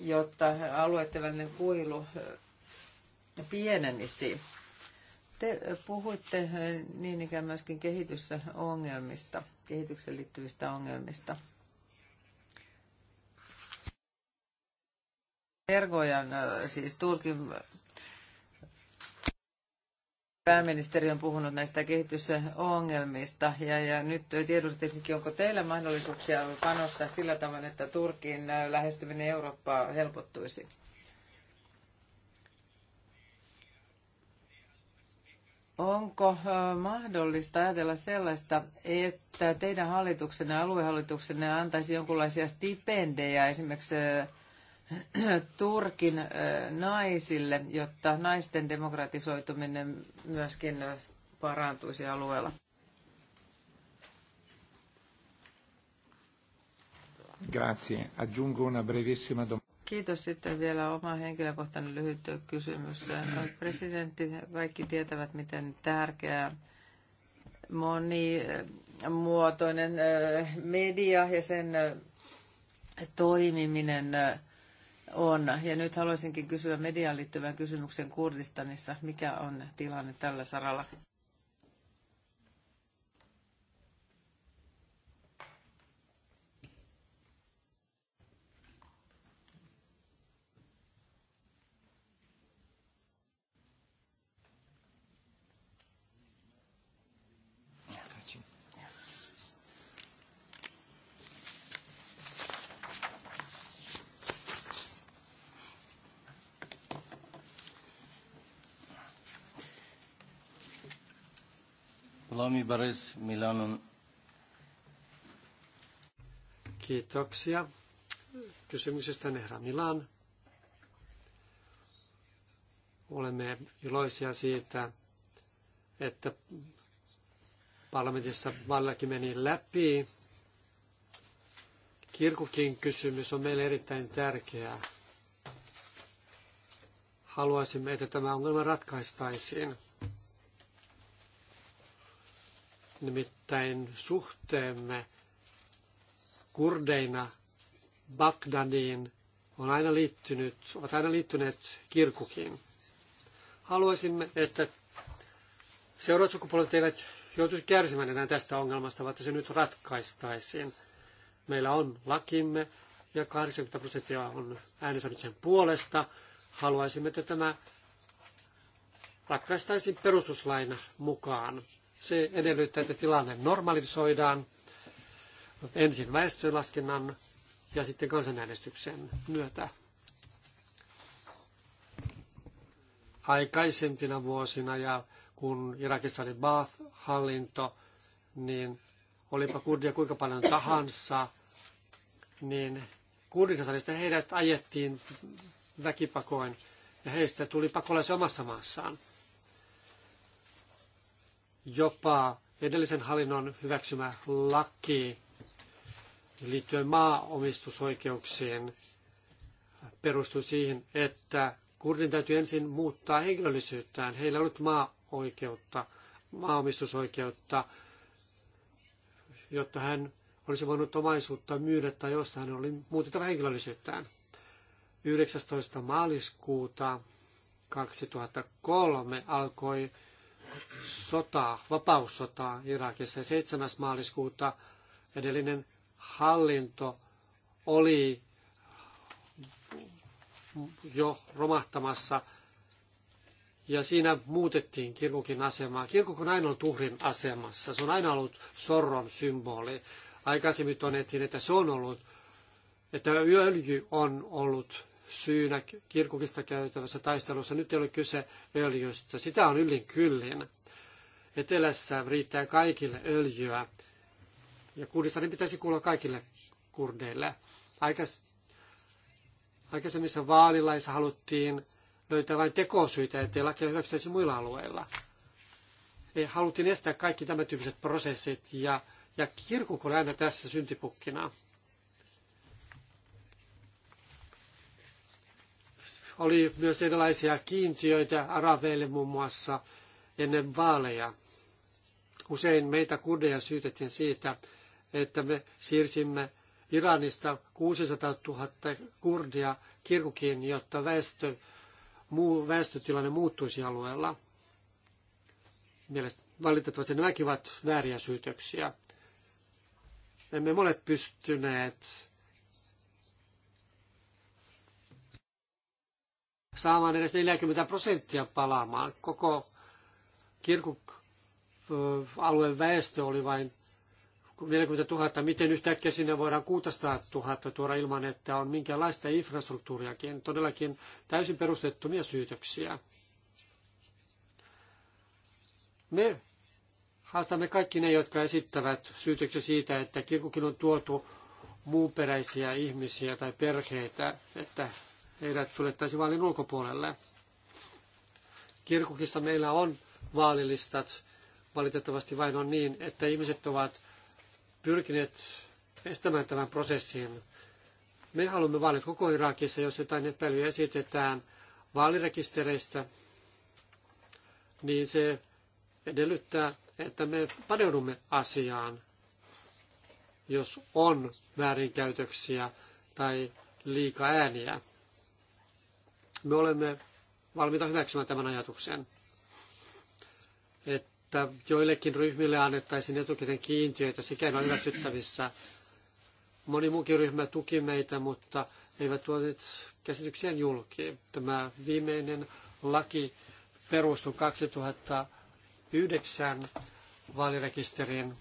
jotta alueiden välinen kuilu pienenisi? Te puhuitte niin ikään myöskin kehitysongelmista, kehitykseen liittyvistä ongelmista. Ergojan, siis Turkin Pääministeri on puhunut näistä kehitysongelmista ja, ja nyt tiedustelisinkin, onko teillä mahdollisuuksia panostaa sillä tavoin, että Turkin lähestyminen Eurooppaa helpottuisi? Onko mahdollista ajatella sellaista, että teidän hallituksenne ja aluehallituksenne antaisi jonkinlaisia stipendejä esimerkiksi Turkin naisille, jotta naisten demokratisoituminen myöskin parantuisi alueella? Grazie. Aggiungo una brevissima Kiitos. Sitten vielä oma henkilökohtainen lyhyt kysymys. No, presidentti, kaikki tietävät, miten tärkeää monimuotoinen media ja sen toimiminen on. Ja nyt haluaisinkin kysyä mediaan liittyvän kysymyksen Kurdistanissa. Mikä on tilanne tällä saralla? Suomi Bares Milanon. Kiitoksia kysymyksestä Milan. Olemme iloisia siitä, että parlamentissa vallakin meni läpi. Kirkukin kysymys on meille erittäin tärkeää. Haluaisimme, että tämä ongelma ratkaistaisiin. nimittäin suhteemme kurdeina Bagdadiin on aina liittynyt, ovat aina liittyneet kirkukin. Haluaisimme, että seuraavat sukupolvet eivät joutuisi kärsimään enää tästä ongelmasta, vaan että se nyt ratkaistaisiin. Meillä on lakimme ja 80 prosenttia on äänestänyt sen puolesta. Haluaisimme, että tämä ratkaistaisiin perustuslain mukaan. Se edellyttää, että tilanne normalisoidaan ensin väestönlaskennan ja sitten kansanäänestyksen myötä. Aikaisempina vuosina ja kun Irakissa oli Baath-hallinto, niin olipa kurdia kuinka paljon tahansa, niin kurdikasalista heidät ajettiin väkipakoin ja heistä tuli pakolaisia omassa maassaan jopa edellisen hallinnon hyväksymä laki liittyen maaomistusoikeuksiin perustui siihen, että kurdin täytyy ensin muuttaa henkilöllisyyttään. Heillä ei ollut maa-oikeutta, maaomistusoikeutta, jotta hän olisi voinut omaisuutta myydä tai josta hän oli muutettava henkilöllisyyttään. 19. maaliskuuta 2003 alkoi sota, vapaussota Irakissa. 7. maaliskuuta edellinen hallinto oli jo romahtamassa ja siinä muutettiin kirkukin asemaa. Kirkuk on aina ollut uhrin asemassa. Se on aina ollut sorron symboli. Aikaisemmin todettiin, että se on ollut, että öljy on ollut syynä kirkukista käytävässä taistelussa. Nyt ei ole kyse öljystä. Sitä on yllin kyllin. Etelässä riittää kaikille öljyä. Ja Kurdistanin pitäisi kuulla kaikille kurdeille. Aikas, aikaisemmissa vaalilaissa haluttiin löytää vain tekosyitä, ettei lakia hyväksyttäisi muilla alueilla. Ei, haluttiin estää kaikki tämän tyyppiset prosessit ja, ja kirkukon aina tässä syntipukkina. Oli myös erilaisia kiintiöitä arabeille muun muassa ennen vaaleja. Usein meitä kurdeja syytettiin siitä, että me siirsimme Iranista 600 000 kurdia kirkukiin, jotta väestö, muu väestötilanne muuttuisi alueella. Mielestäni valitettavasti nämäkin ovat vääriä syytöksiä. Emme ole pystyneet saamaan edes 40 prosenttia palaamaan. Koko kirkkoalueen väestö oli vain 40 000. Miten yhtäkkiä sinne voidaan 600 000 tuoda ilman, että on minkäänlaista infrastruktuuriakin? Todellakin täysin perustettomia syytöksiä. Me haastamme kaikki ne, jotka esittävät syytöksiä siitä, että kirkukin on tuotu muuperäisiä ihmisiä tai perheitä, että heidät suljettaisiin vaalin ulkopuolelle. Kirkukissa meillä on vaalilistat. Valitettavasti vain on niin, että ihmiset ovat pyrkineet estämään tämän prosessin. Me haluamme vaalit koko Irakissa, jos jotain epäilyä esitetään vaalirekistereistä, niin se edellyttää, että me paneudumme asiaan, jos on väärinkäytöksiä tai liika ääniä me olemme valmiita hyväksymään tämän ajatuksen, että joillekin ryhmille annettaisiin etukäteen kiintiöitä, sikäli on hyväksyttävissä. Moni muukin ryhmä tuki meitä, mutta eivät tuoneet käsityksiään julki. Tämä viimeinen laki perustui 2009 vaalirekisteriin.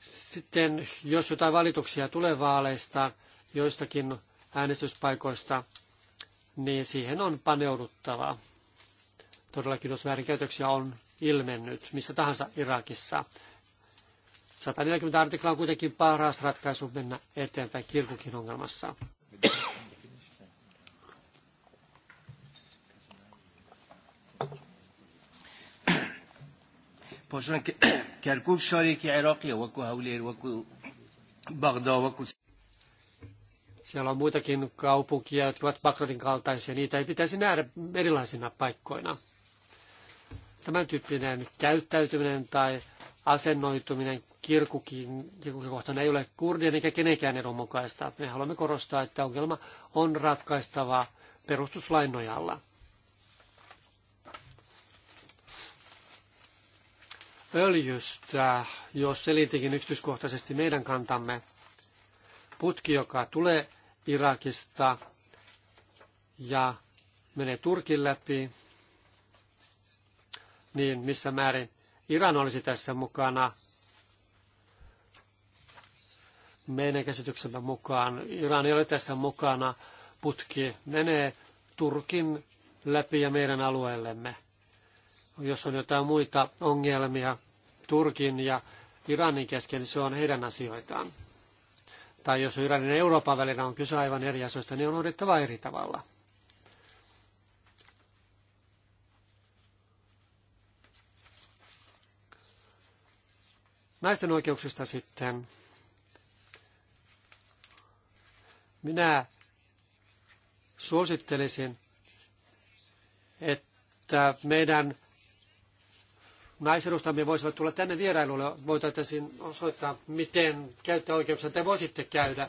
Sitten jos jotain valituksia tulee vaaleista joistakin äänestyspaikoista, niin siihen on paneuduttava. Todellakin, jos väärinkäytöksiä on ilmennyt missä tahansa Irakissa. 140 artikla on kuitenkin paras ratkaisu mennä eteenpäin kirkukin ongelmassa. پاشان کرکوک شاری که عراقی وکو هولی وکو بغدا siellä on muitakin kaupunkia, jotka ovat Bagdadin kaltaisia. Niitä ei pitäisi nähdä erilaisina paikkoina. Tämän tyyppinen käyttäytyminen tai asennoituminen kirkukin, kohtaan ei ole kurdien eikä kenenkään edun mukaista. Me haluamme korostaa, että ongelma on ratkaistava perustuslain nojalla. öljystä, jos selitinkin yksityiskohtaisesti meidän kantamme. Putki, joka tulee Irakista ja menee Turkin läpi, niin missä määrin Iran olisi tässä mukana. Meidän käsityksemme mukaan Iran ei ole tässä mukana. Putki menee Turkin läpi ja meidän alueellemme. Jos on jotain muita ongelmia Turkin ja Iranin kesken, niin se on heidän asioitaan tai jos Iranin ja Euroopan välillä on kyse aivan eri asioista, niin on hoidettava eri tavalla. Naisten oikeuksista sitten. Minä suosittelisin, että meidän naisedustamme voisivat tulla tänne vierailulle, voitaisiin osoittaa, miten käyttöoikeuksia te voisitte käydä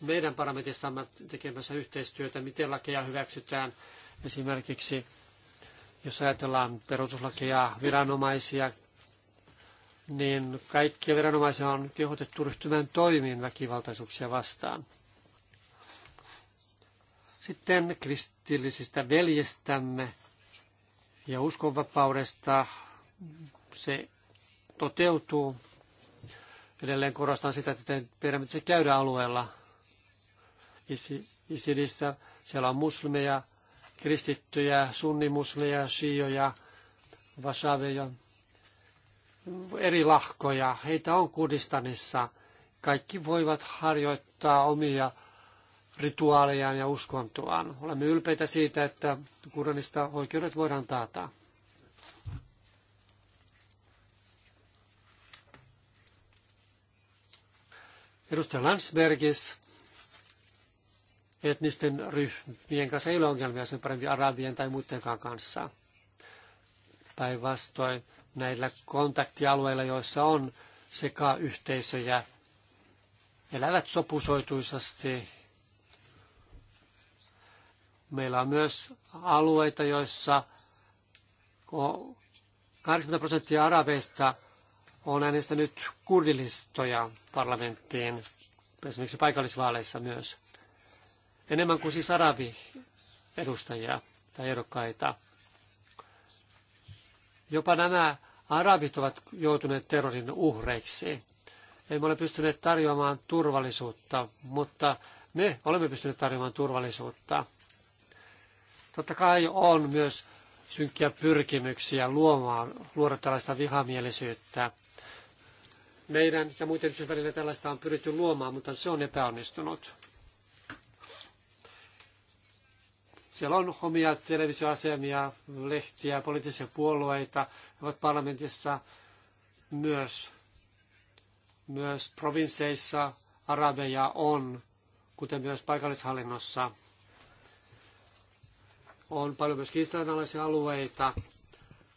meidän parlamentissamme tekemässä yhteistyötä, miten lakeja hyväksytään esimerkiksi, jos ajatellaan perustuslakeja, viranomaisia, niin kaikkia viranomaisia on kehotettu ryhtymään toimiin väkivaltaisuuksia vastaan. Sitten kristillisistä veljestämme ja uskonvapaudesta se toteutuu. Edelleen korostan sitä, että meidän se käydä alueella. Isidissä. siellä on muslimeja, kristittyjä, sunnimuslimeja, shioja, vasaveja, eri lahkoja. Heitä on Kurdistanissa. Kaikki voivat harjoittaa omia rituaalejaan ja uskontoaan. Olemme ylpeitä siitä, että Kurdanista oikeudet voidaan taata. Edustaja Landsbergis, etnisten ryhmien kanssa ei ole ongelmia sen paremmin arabien tai muidenkaan kanssa. Päinvastoin näillä kontaktialueilla, joissa on sekä yhteisöjä, elävät sopusoituisasti. Meillä on myös alueita, joissa 80 prosenttia arabeista on äänestänyt kurdilistoja parlamenttiin, esimerkiksi paikallisvaaleissa myös, enemmän kuin siis arabi edustajia tai ehdokkaita. Jopa nämä arabit ovat joutuneet terrorin uhreiksi. Emme ole pystyneet tarjoamaan turvallisuutta, mutta me olemme pystyneet tarjoamaan turvallisuutta. Totta kai on myös synkkiä pyrkimyksiä luomaan, luoda tällaista vihamielisyyttä meidän ja muiden välillä tällaista on pyritty luomaan, mutta se on epäonnistunut. Siellä on omia televisioasemia, lehtiä, poliittisia puolueita, he ovat parlamentissa myös. Myös provinseissa arabeja on, kuten myös paikallishallinnossa. On paljon myös kiistanalaisia alueita,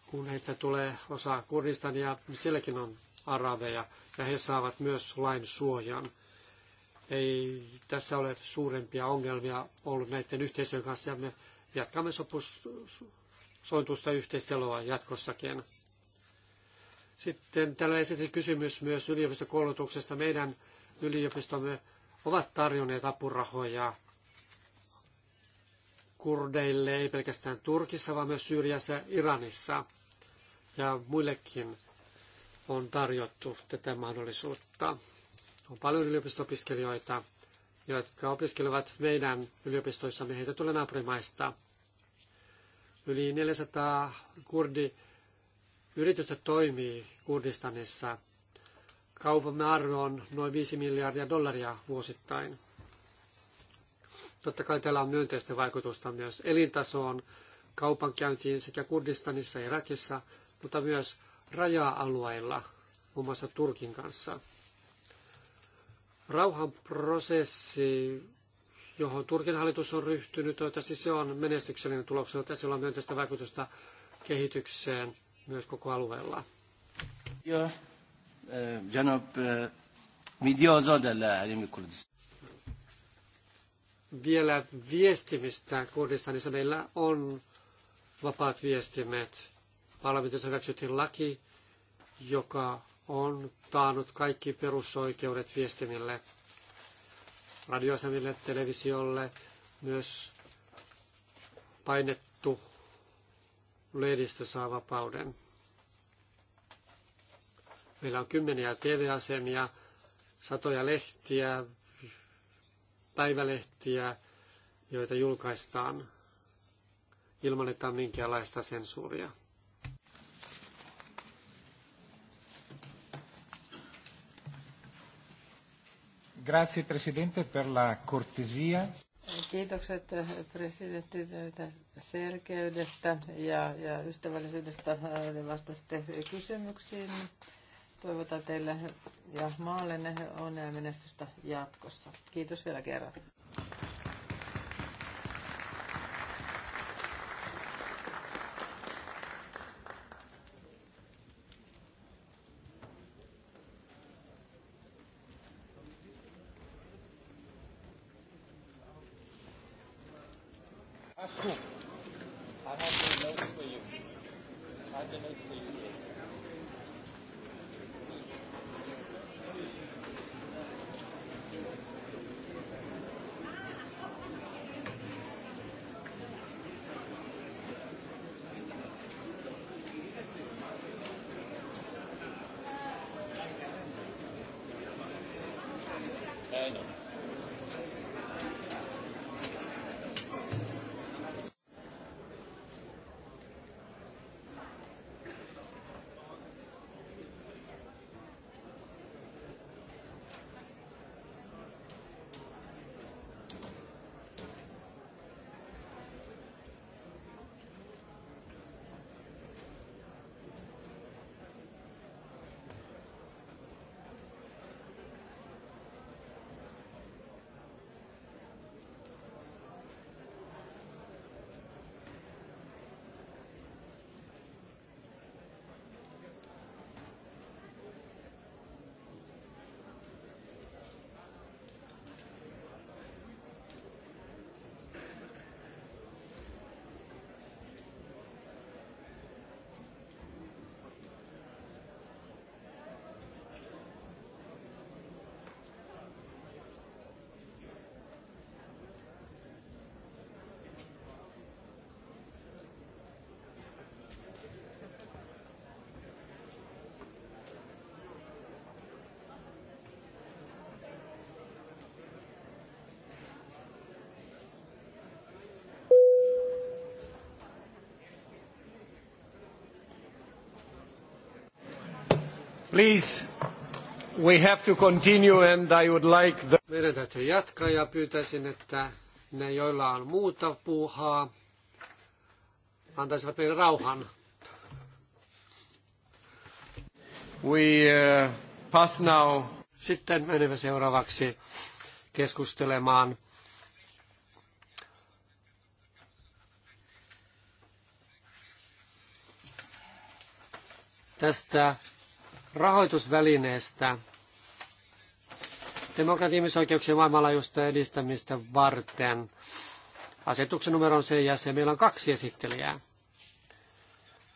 kun heistä tulee osa Kurdistania, niin sielläkin on arabeja ja he saavat myös lain suojan. Ei tässä ole suurempia ongelmia ollut näiden yhteisöjen kanssa ja me jatkamme sopusointuista yhteiseloa jatkossakin. Sitten täällä esitin kysymys myös yliopistokoulutuksesta. Meidän yliopistomme ovat tarjonneet apurahoja kurdeille, ei pelkästään Turkissa, vaan myös Syyriassa ja Iranissa ja muillekin on tarjottu tätä mahdollisuutta. On paljon yliopistopiskelijoita, jotka opiskelevat meidän yliopistoissamme. Heitä tulee naapurimaista. Yli 400 kurdi yritystä toimii Kurdistanissa. Kaupamme arvo on noin 5 miljardia dollaria vuosittain. Totta kai tällä on myönteistä vaikutusta myös elintasoon, kaupankäyntiin sekä Kurdistanissa ja Irakissa, mutta myös raja-alueilla, muun muassa Turkin kanssa. Rauhanprosessi, johon Turkin hallitus on ryhtynyt, toivottavasti se on menestyksellinen tuloksena. Tässä on myönteistä vaikutusta kehitykseen myös koko alueella. Eh, Janob, eh, vielä viestimistä Kurdistanissa. Meillä on vapaat viestimet. Parlamentissa hyväksyttiin laki, joka on taannut kaikki perusoikeudet viestimille, radioasemille, televisiolle, myös painettu lehdistö saa vapauden. Meillä on kymmeniä TV-asemia, satoja lehtiä, päivälehtiä, joita julkaistaan ilman, että on minkäänlaista sensuuria. Grazie presidente per la cortesia. Kiitokset presidentti selkeydestä ja, ja ystävällisyydestä äh, vastasitte kysymyksiin. Toivotan teille ja maallenne onnea menestystä jatkossa. Kiitos vielä kerran. Please, we have to continue and I would like the... Meidän täytyy jatkaa ja pyytäisin, että ne, joilla on muuta puuhaa, antaisivat meidän rauhan. We uh, pass now. Sitten menemme seuraavaksi keskustelemaan tästä rahoitusvälineestä demokratian ihmisoikeuksien maailmanlaajuista edistämistä varten. Asetuksen numero on se ja se. Meillä on kaksi esittelijää.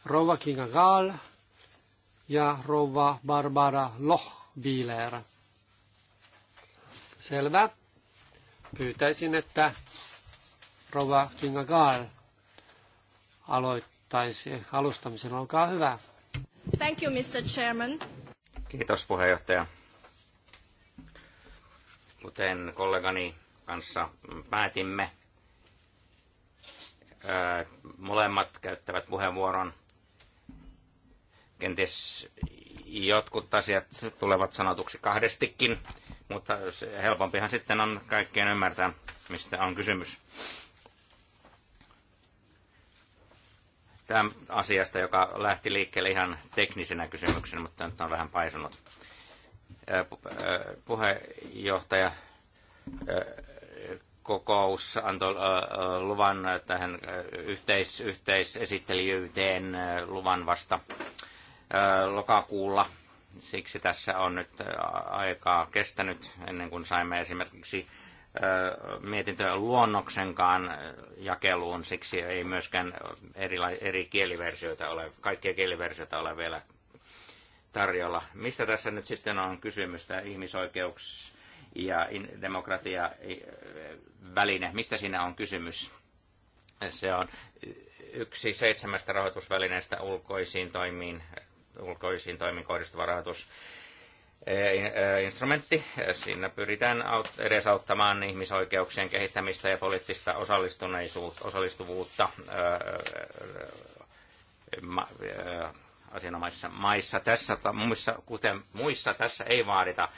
Rouva Kinga Gaal ja rouva Barbara Lohbiler. Selvä. Pyytäisin, että rouva Kinga Gaal aloittaisi alustamisen. Olkaa hyvä. Thank you, Mr. Chairman. Kiitos puheenjohtaja. Kuten kollegani kanssa päätimme, molemmat käyttävät puheenvuoron. Kenties jotkut asiat tulevat sanotuksi kahdestikin, mutta helpompihan sitten on kaikkien ymmärtää, mistä on kysymys. tämän asiasta, joka lähti liikkeelle ihan teknisenä kysymyksenä, mutta nyt on vähän paisunut. Puheenjohtaja kokous antoi luvan tähän yhteis, yhteisesittelijyyteen luvan vasta lokakuulla. Siksi tässä on nyt aikaa kestänyt ennen kuin saimme esimerkiksi mietintöjen luonnoksenkaan jakeluun, siksi ei myöskään eri, eri kieliversioita ole, kaikkia kieliversioita ole vielä tarjolla. Mistä tässä nyt sitten on kysymys, tämä ihmisoikeuksia ja demokratia väline, mistä siinä on kysymys? Se on yksi seitsemästä rahoitusvälineestä ulkoisiin toimiin, ulkoisiin toimiin kohdistuva rahoitus Eh, instrumentti. Siinä pyritään edesauttamaan ihmisoikeuksien kehittämistä ja poliittista osallistuneisuutta, osallistuvuutta eh, eh, asianomaisissa maissa. Tässä, muissa, kuten muissa tässä ei vaadita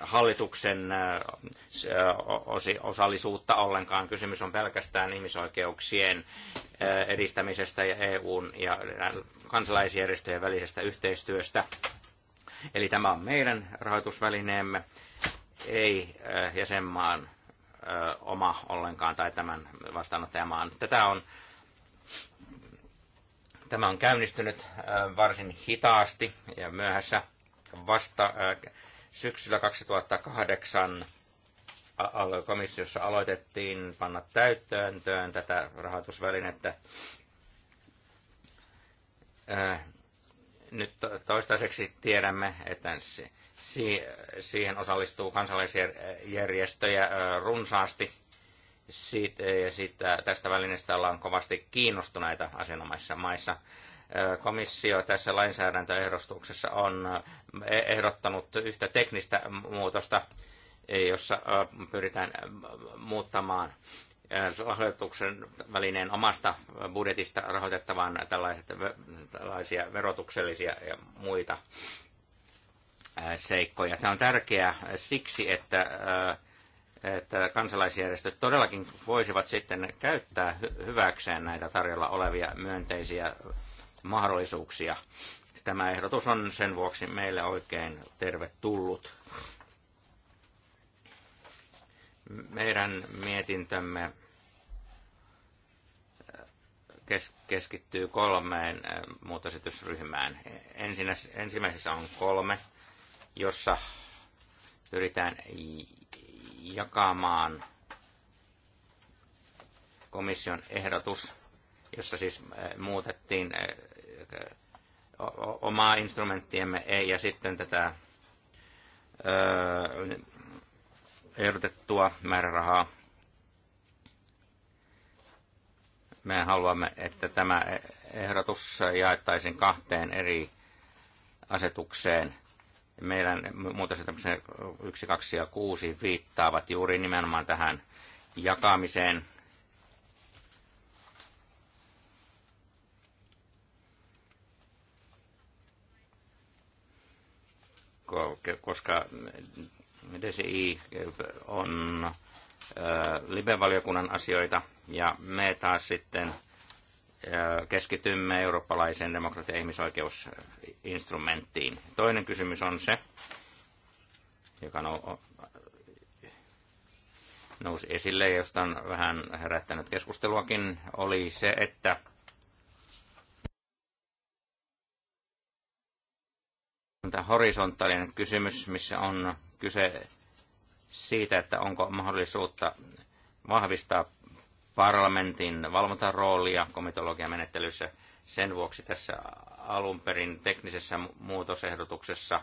hallituksen osallisuutta ollenkaan. Kysymys on pelkästään ihmisoikeuksien edistämisestä ja EUn ja kansalaisjärjestöjen välisestä yhteistyöstä Eli tämä on meidän rahoitusvälineemme, ei äh, jäsenmaan äh, oma ollenkaan tai tämän vastaanottajamaan. Tätä on, tämä on käynnistynyt äh, varsin hitaasti ja myöhässä vasta syksyllä 2008 komissiossa aloitettiin panna täyttöön tätä rahoitusvälinettä nyt toistaiseksi tiedämme, että siihen osallistuu kansalaisjärjestöjä runsaasti. ja siitä, tästä välineestä ollaan kovasti kiinnostuneita asianomaisissa maissa komissio tässä lainsäädäntöehdostuksessa on ehdottanut yhtä teknistä muutosta, jossa pyritään muuttamaan rahoituksen välineen omasta budjetista rahoitettavaan tällaiset, tällaisia verotuksellisia ja muita seikkoja. Se on tärkeää siksi, että, että kansalaisjärjestöt todellakin voisivat sitten käyttää hyväkseen näitä tarjolla olevia myönteisiä mahdollisuuksia. Tämä ehdotus on sen vuoksi meille oikein tervetullut meidän mietintömme äh, keskittyy kolmeen äh, muutositysryhmään. ensimmäisessä on kolme, jossa pyritään jakamaan komission ehdotus, jossa siis äh, muutettiin omaa instrumenttiemme ja sitten tätä ehdotettua määrärahaa. Me haluamme, että tämä ehdotus jaettaisiin kahteen eri asetukseen. Meidän muutosehdotuksen 1, 2 ja 6 viittaavat juuri nimenomaan tähän jakamiseen. koska DCI on live-valiokunnan asioita ja me taas sitten keskitymme eurooppalaiseen demokratia- ja ihmisoikeusinstrumenttiin. Toinen kysymys on se, joka no, nousi esille, josta on vähän herättänyt keskusteluakin, oli se, että tämä horisontaalinen kysymys, missä on kyse siitä, että onko mahdollisuutta vahvistaa parlamentin valvontaroolia komitologiamenettelyssä. Sen vuoksi tässä alun perin teknisessä muutosehdotuksessa,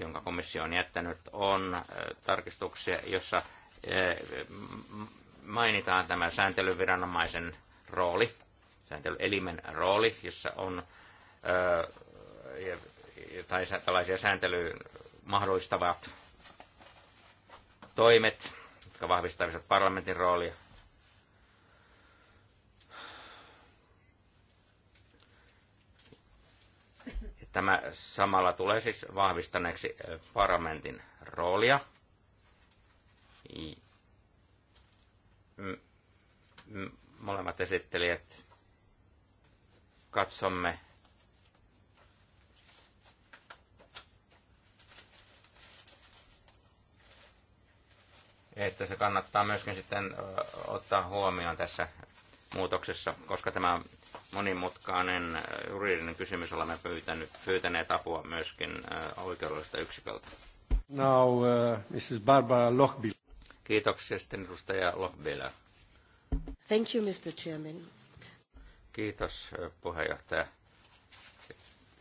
jonka komissio on jättänyt, on tarkistuksia, jossa mainitaan tämä sääntelyviranomaisen rooli, sääntelyelimen rooli, jossa on tai tällaisia sääntelyyn mahdollistavat toimet, jotka vahvistavat parlamentin roolia. Tämä samalla tulee siis vahvistaneeksi eh, parlamentin roolia. Molemmat esittelijät katsomme että se kannattaa myöskin sitten ottaa huomioon tässä muutoksessa, koska tämä monimutkainen juridinen kysymys, olemme pyytänyt, pyytäneet apua myöskin oikeudellista yksiköltä. Now, uh, Mrs. Barbara Lochbill. Kiitoksia sitten edustaja Lochbiller. Thank you, Mr. Chairman. Kiitos puheenjohtaja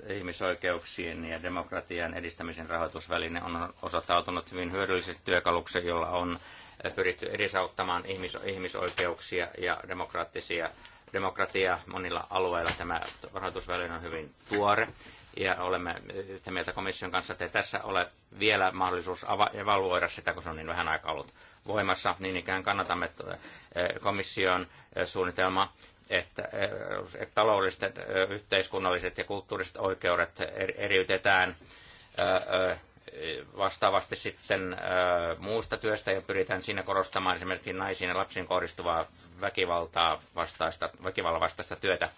ihmisoikeuksien ja demokratian edistämisen rahoitusväline on osoittautunut hyvin hyödylliseksi työkaluksi, jolla on pyritty edesauttamaan ihmis- ihmisoikeuksia ja demokraattisia demokratiaa monilla alueilla. Tämä rahoitusväline on hyvin tuore ja olemme yhtä mieltä komission kanssa, että ei tässä ole vielä mahdollisuus evaluoida sitä, kun se on niin vähän aikaa ollut voimassa. Niin ikään kannatamme eh, komission eh, suunnitelmaa että, että taloudelliset, yhteiskunnalliset ja kulttuuriset oikeudet eriytetään vastaavasti sitten muusta työstä ja pyritään siinä korostamaan esimerkiksi naisiin ja lapsiin kohdistuvaa väkivaltaa vastaista, väkivallan vastaista työtä.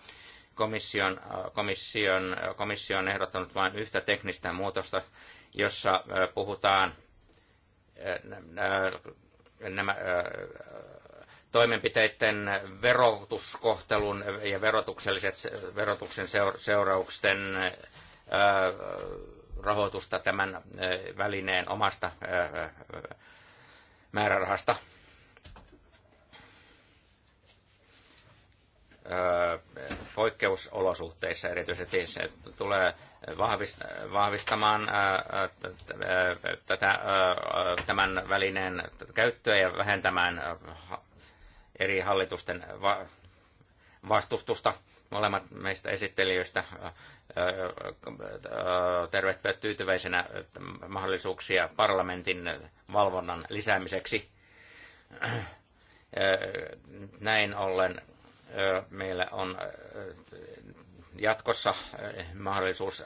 Komission, komission, komissio on ehdottanut vain yhtä teknistä muutosta, jossa puhutaan nämä toimenpiteiden verotuskohtelun ja verotukselliset, verotuksen seurausten rahoitusta tämän välineen omasta määrärahasta. poikkeusolosuhteissa erityisesti se tulee vahvistamaan tätä, tämän välineen käyttöä ja vähentämään eri hallitusten va- vastustusta. Molemmat meistä esittelijöistä tervehtivät tyytyväisenä mahdollisuuksia parlamentin valvonnan lisäämiseksi. Näin ollen meillä on jatkossa mahdollisuus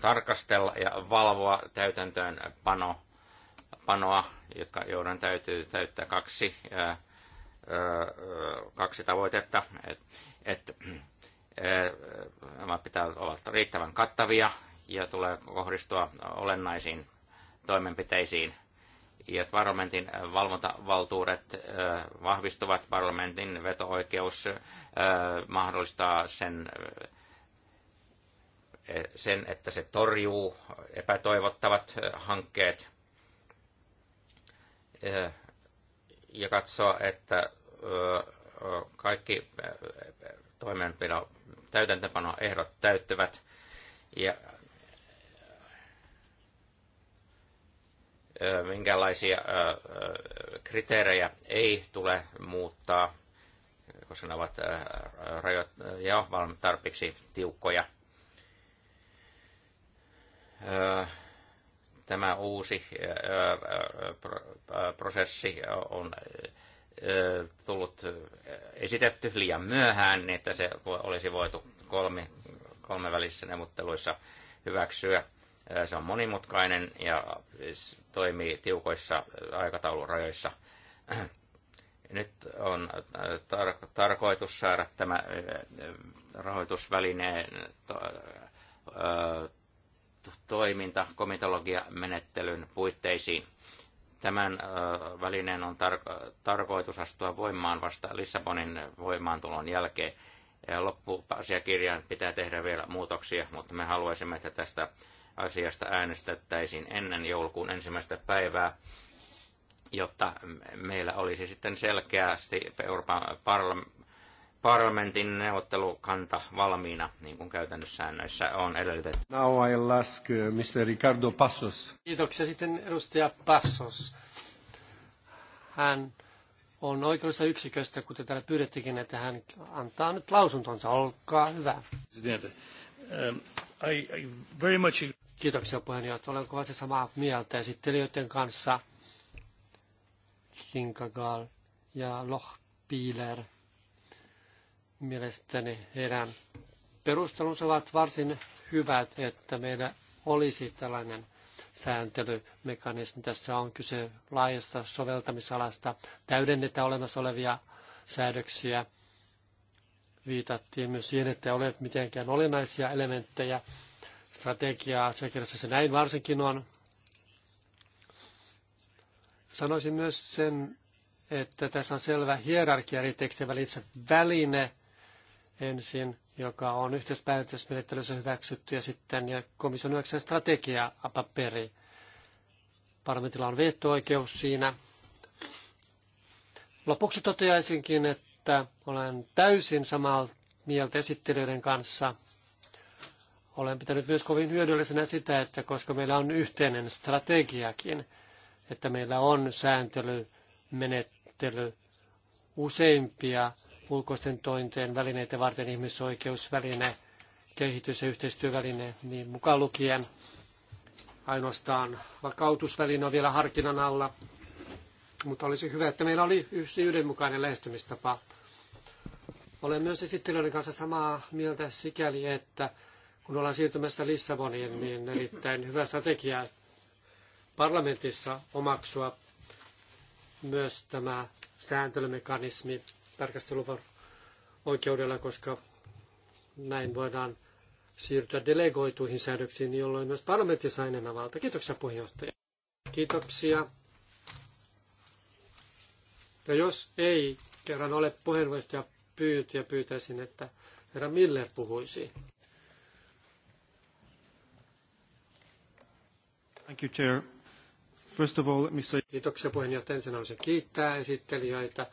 tarkastella ja valvoa täytäntöön pano, panoa, jotka, joudun täytyy täyttää kaksi kaksi tavoitetta, että et, nämä pitää olla riittävän kattavia ja tulee kohdistua olennaisiin toimenpiteisiin. Ja parlamentin valvontavaltuudet vahvistuvat, parlamentin veto-oikeus mahdollistaa sen, sen, että se torjuu epätoivottavat hankkeet – ja katsoa, että kaikki toimeenpano, täytäntöpanoehdot täyttyvät. Ja minkälaisia kriteerejä ei tule muuttaa, koska ne ovat rajoit jo tarpeeksi tiukkoja Tämä uusi prosessi on tullut esitetty liian myöhään, niin että se olisi voitu kolme, kolme välisissä neuvotteluissa hyväksyä. Se on monimutkainen ja toimii tiukoissa aikataulurajoissa. Nyt on tar- tarkoitus saada tämä rahoitusvälineen toiminta komitologiamenettelyn puitteisiin. Tämän välineen on tar- tarkoitus astua voimaan vasta Lissabonin voimaantulon jälkeen. Loppuasiakirjaan pitää tehdä vielä muutoksia, mutta me haluaisimme, että tästä asiasta äänestettäisiin ennen joulukuun ensimmäistä päivää, jotta meillä olisi sitten selkeästi Euroopan parlamentin neuvottelukanta valmiina, niin kuin säännöissä on edellytetty. Now I ask uh, Mr. Ricardo Passos. Kiitoksia sitten edustaja Passos. Hän on oikeudessa yksiköstä, kuten täällä pyydettikin, että hän antaa nyt lausuntonsa. Olkaa hyvä. Um, Kiitoksia puheenjohtaja. Olen kovasti samaa mieltä esittelijöiden kanssa. Kinkagal ja Lohpiiler – Mielestäni heidän perustelunsa ovat varsin hyvät, että meillä olisi tällainen sääntelymekanismi. Tässä on kyse laajasta soveltamisalasta, täydennetä olemassa olevia säädöksiä. Viitattiin myös siihen, että ei ole mitenkään olennaisia elementtejä strategiaa asiakirjassa. Se näin varsinkin on. Sanoisin myös sen, että tässä on selvä hierarkia eri tekstien välissä väline – ensin, joka on yhteispäätösmenettelyssä hyväksytty, ja sitten ja komission strategia paperi. Parlamentilla on veto-oikeus siinä. Lopuksi toteaisinkin, että olen täysin samaa mieltä esittelyiden kanssa. Olen pitänyt myös kovin hyödyllisenä sitä, että koska meillä on yhteinen strategiakin, että meillä on sääntelymenettely useimpia ulkoisten tointeen välineitä varten ihmisoikeusväline, kehitys- ja yhteistyöväline, niin mukaan lukien ainoastaan vakautusväline on vielä harkinnan alla. Mutta olisi hyvä, että meillä oli yksi yhdenmukainen lähestymistapa. Olen myös esittelijöiden kanssa samaa mieltä sikäli, että kun ollaan siirtymässä Lissaboniin, niin erittäin hyvä strategia parlamentissa omaksua myös tämä sääntelymekanismi tarkasteluvan oikeudella, koska näin voidaan siirtyä delegoituihin säädöksiin, jolloin myös parlamentti saa enemmän valtaa. Kiitoksia puheenjohtaja. Kiitoksia. Ja jos ei kerran ole puheenjohtaja pyyntöjä, pyytäisin, että herra Miller puhuisi. Thank you, Chair. First of all, let me say... Kiitoksia puheenjohtaja. Ensin haluaisin kiittää esittelijöitä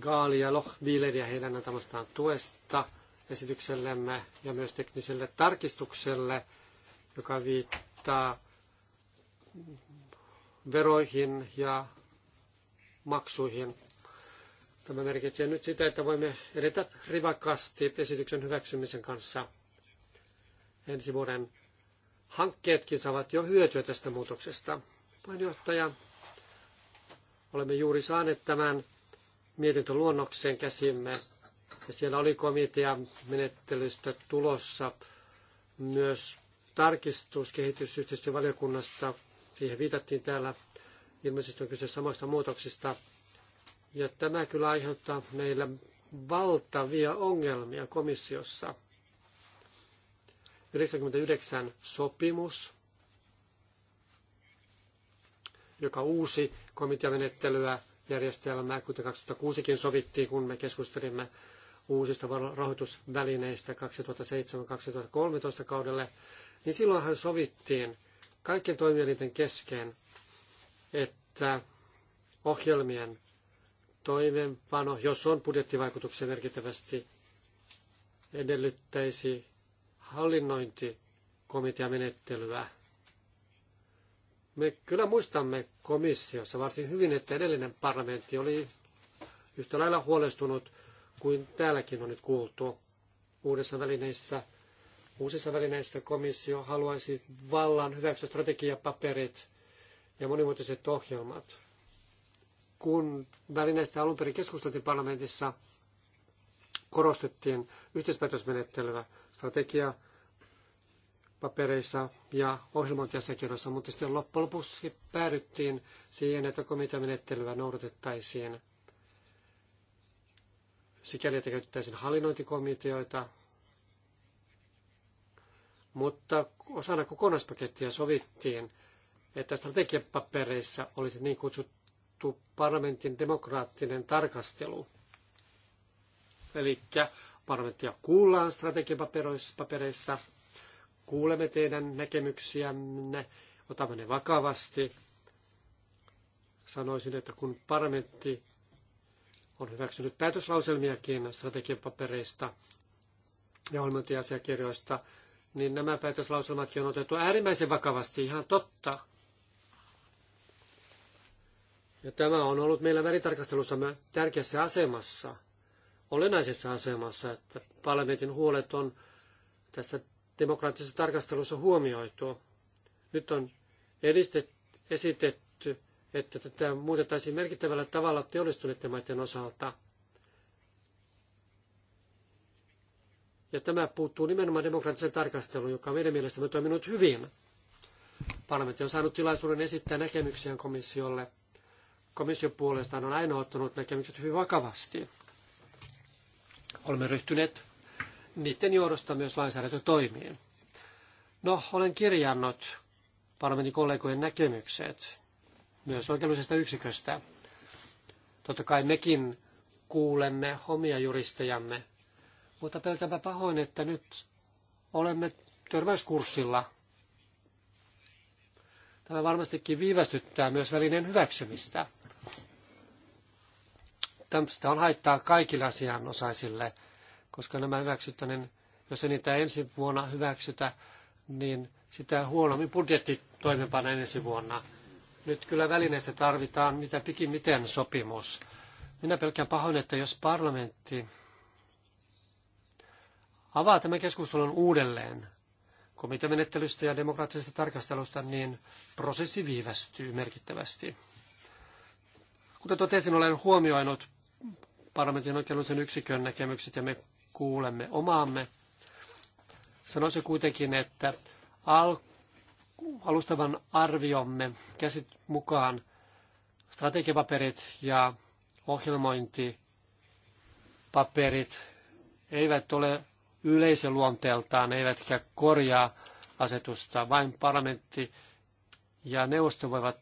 Gaali ja Lochbieler ja heidän antamastaan tuesta esityksellemme ja myös tekniselle tarkistukselle, joka viittaa veroihin ja maksuihin. Tämä merkitsee nyt sitä, että voimme edetä rivakasti esityksen hyväksymisen kanssa. Ensi vuoden hankkeetkin saavat jo hyötyä tästä muutoksesta. Puheenjohtaja, olemme juuri saaneet tämän mietintöluonnokseen käsimme. Ja siellä oli komitea menettelystä tulossa myös tarkistus kehitysyhteistyövaliokunnasta. Siihen viitattiin täällä. Ilmeisesti on kyse samoista muutoksista. Ja tämä kyllä aiheuttaa meillä valtavia ongelmia komissiossa. 99 sopimus, joka uusi komiteamenettelyä järjestelmää, kuten 2006kin sovittiin, kun me keskustelimme uusista rahoitusvälineistä 2007-2013 kaudelle, niin silloinhan sovittiin kaikkien toimielinten kesken, että ohjelmien toimeenpano, jos on budjettivaikutuksia merkittävästi, edellyttäisi hallinnointikomiteamenettelyä. Me kyllä muistamme komissiossa varsin hyvin, että edellinen parlamentti oli yhtä lailla huolestunut kuin täälläkin on nyt kuultu. Uudessa välineissä, uusissa välineissä komissio haluaisi vallan hyväksyä strategiapaperit ja monimuotoiset ohjelmat. Kun välineistä alun perin keskusteltiin parlamentissa, korostettiin yhteispäätösmenettelyä strategia papereissa ja ohjelmointiasiakirjoissa, mutta sitten loppujen lopuksi päädyttiin siihen, että komiteamenettelyä noudatettaisiin. Sikäli, että käytettäisiin hallinnointikomiteoita, mutta osana kokonaispakettia sovittiin, että strategiapapereissa olisi niin kutsuttu parlamentin demokraattinen tarkastelu. Eli parlamenttia kuullaan strategiapapereissa, kuulemme teidän näkemyksiänne, otamme ne vakavasti. Sanoisin, että kun parlamentti on hyväksynyt päätöslauselmiakin strategiapapereista ja ohjelmointiasiakirjoista, niin nämä päätöslauselmatkin on otettu äärimmäisen vakavasti, ihan totta. Ja tämä on ollut meillä väritarkastelussamme tärkeässä asemassa, olennaisessa asemassa, että parlamentin huolet on tässä demokraattisessa tarkastelussa huomioitu. Nyt on esitetty, että tätä muutettaisiin merkittävällä tavalla teollistuneiden maiden osalta. Ja tämä puuttuu nimenomaan demokraattiseen tarkasteluun, joka on meidän mielestämme toiminut hyvin. Parlamentti on saanut tilaisuuden esittää näkemyksiään komissiolle. Komissio puolestaan on aina ottanut näkemykset hyvin vakavasti. Olemme ryhtyneet niiden johdosta myös lainsäädäntö toimii. No, olen kirjannut parlamentin kollegojen näkemykset myös oikeudellisesta yksiköstä. Totta kai mekin kuulemme omia juristejamme, mutta pelkäänpä pahoin, että nyt olemme törmäyskurssilla. Tämä varmastikin viivästyttää myös välineen hyväksymistä. Tämä on haittaa kaikille asianosaisille – koska nämä niin jos ei niitä ensi vuonna hyväksytä, niin sitä huonommin budjetti toimenpana ensi vuonna. Nyt kyllä välineistä tarvitaan mitä pikimiten sopimus. Minä pelkään pahoin, että jos parlamentti avaa tämän keskustelun uudelleen komiteamenettelystä ja demokraattisesta tarkastelusta, niin prosessi viivästyy merkittävästi. Kuten totesin, olen huomioinut parlamentin oikeudellisen yksikön näkemykset ja me kuulemme omaamme. Sanoisin kuitenkin, että al- alustavan arviomme käsit mukaan strategiapaperit ja ohjelmointipaperit eivät ole yleisöluonteeltaan, eivätkä korjaa asetusta. Vain parlamentti ja neuvosto voivat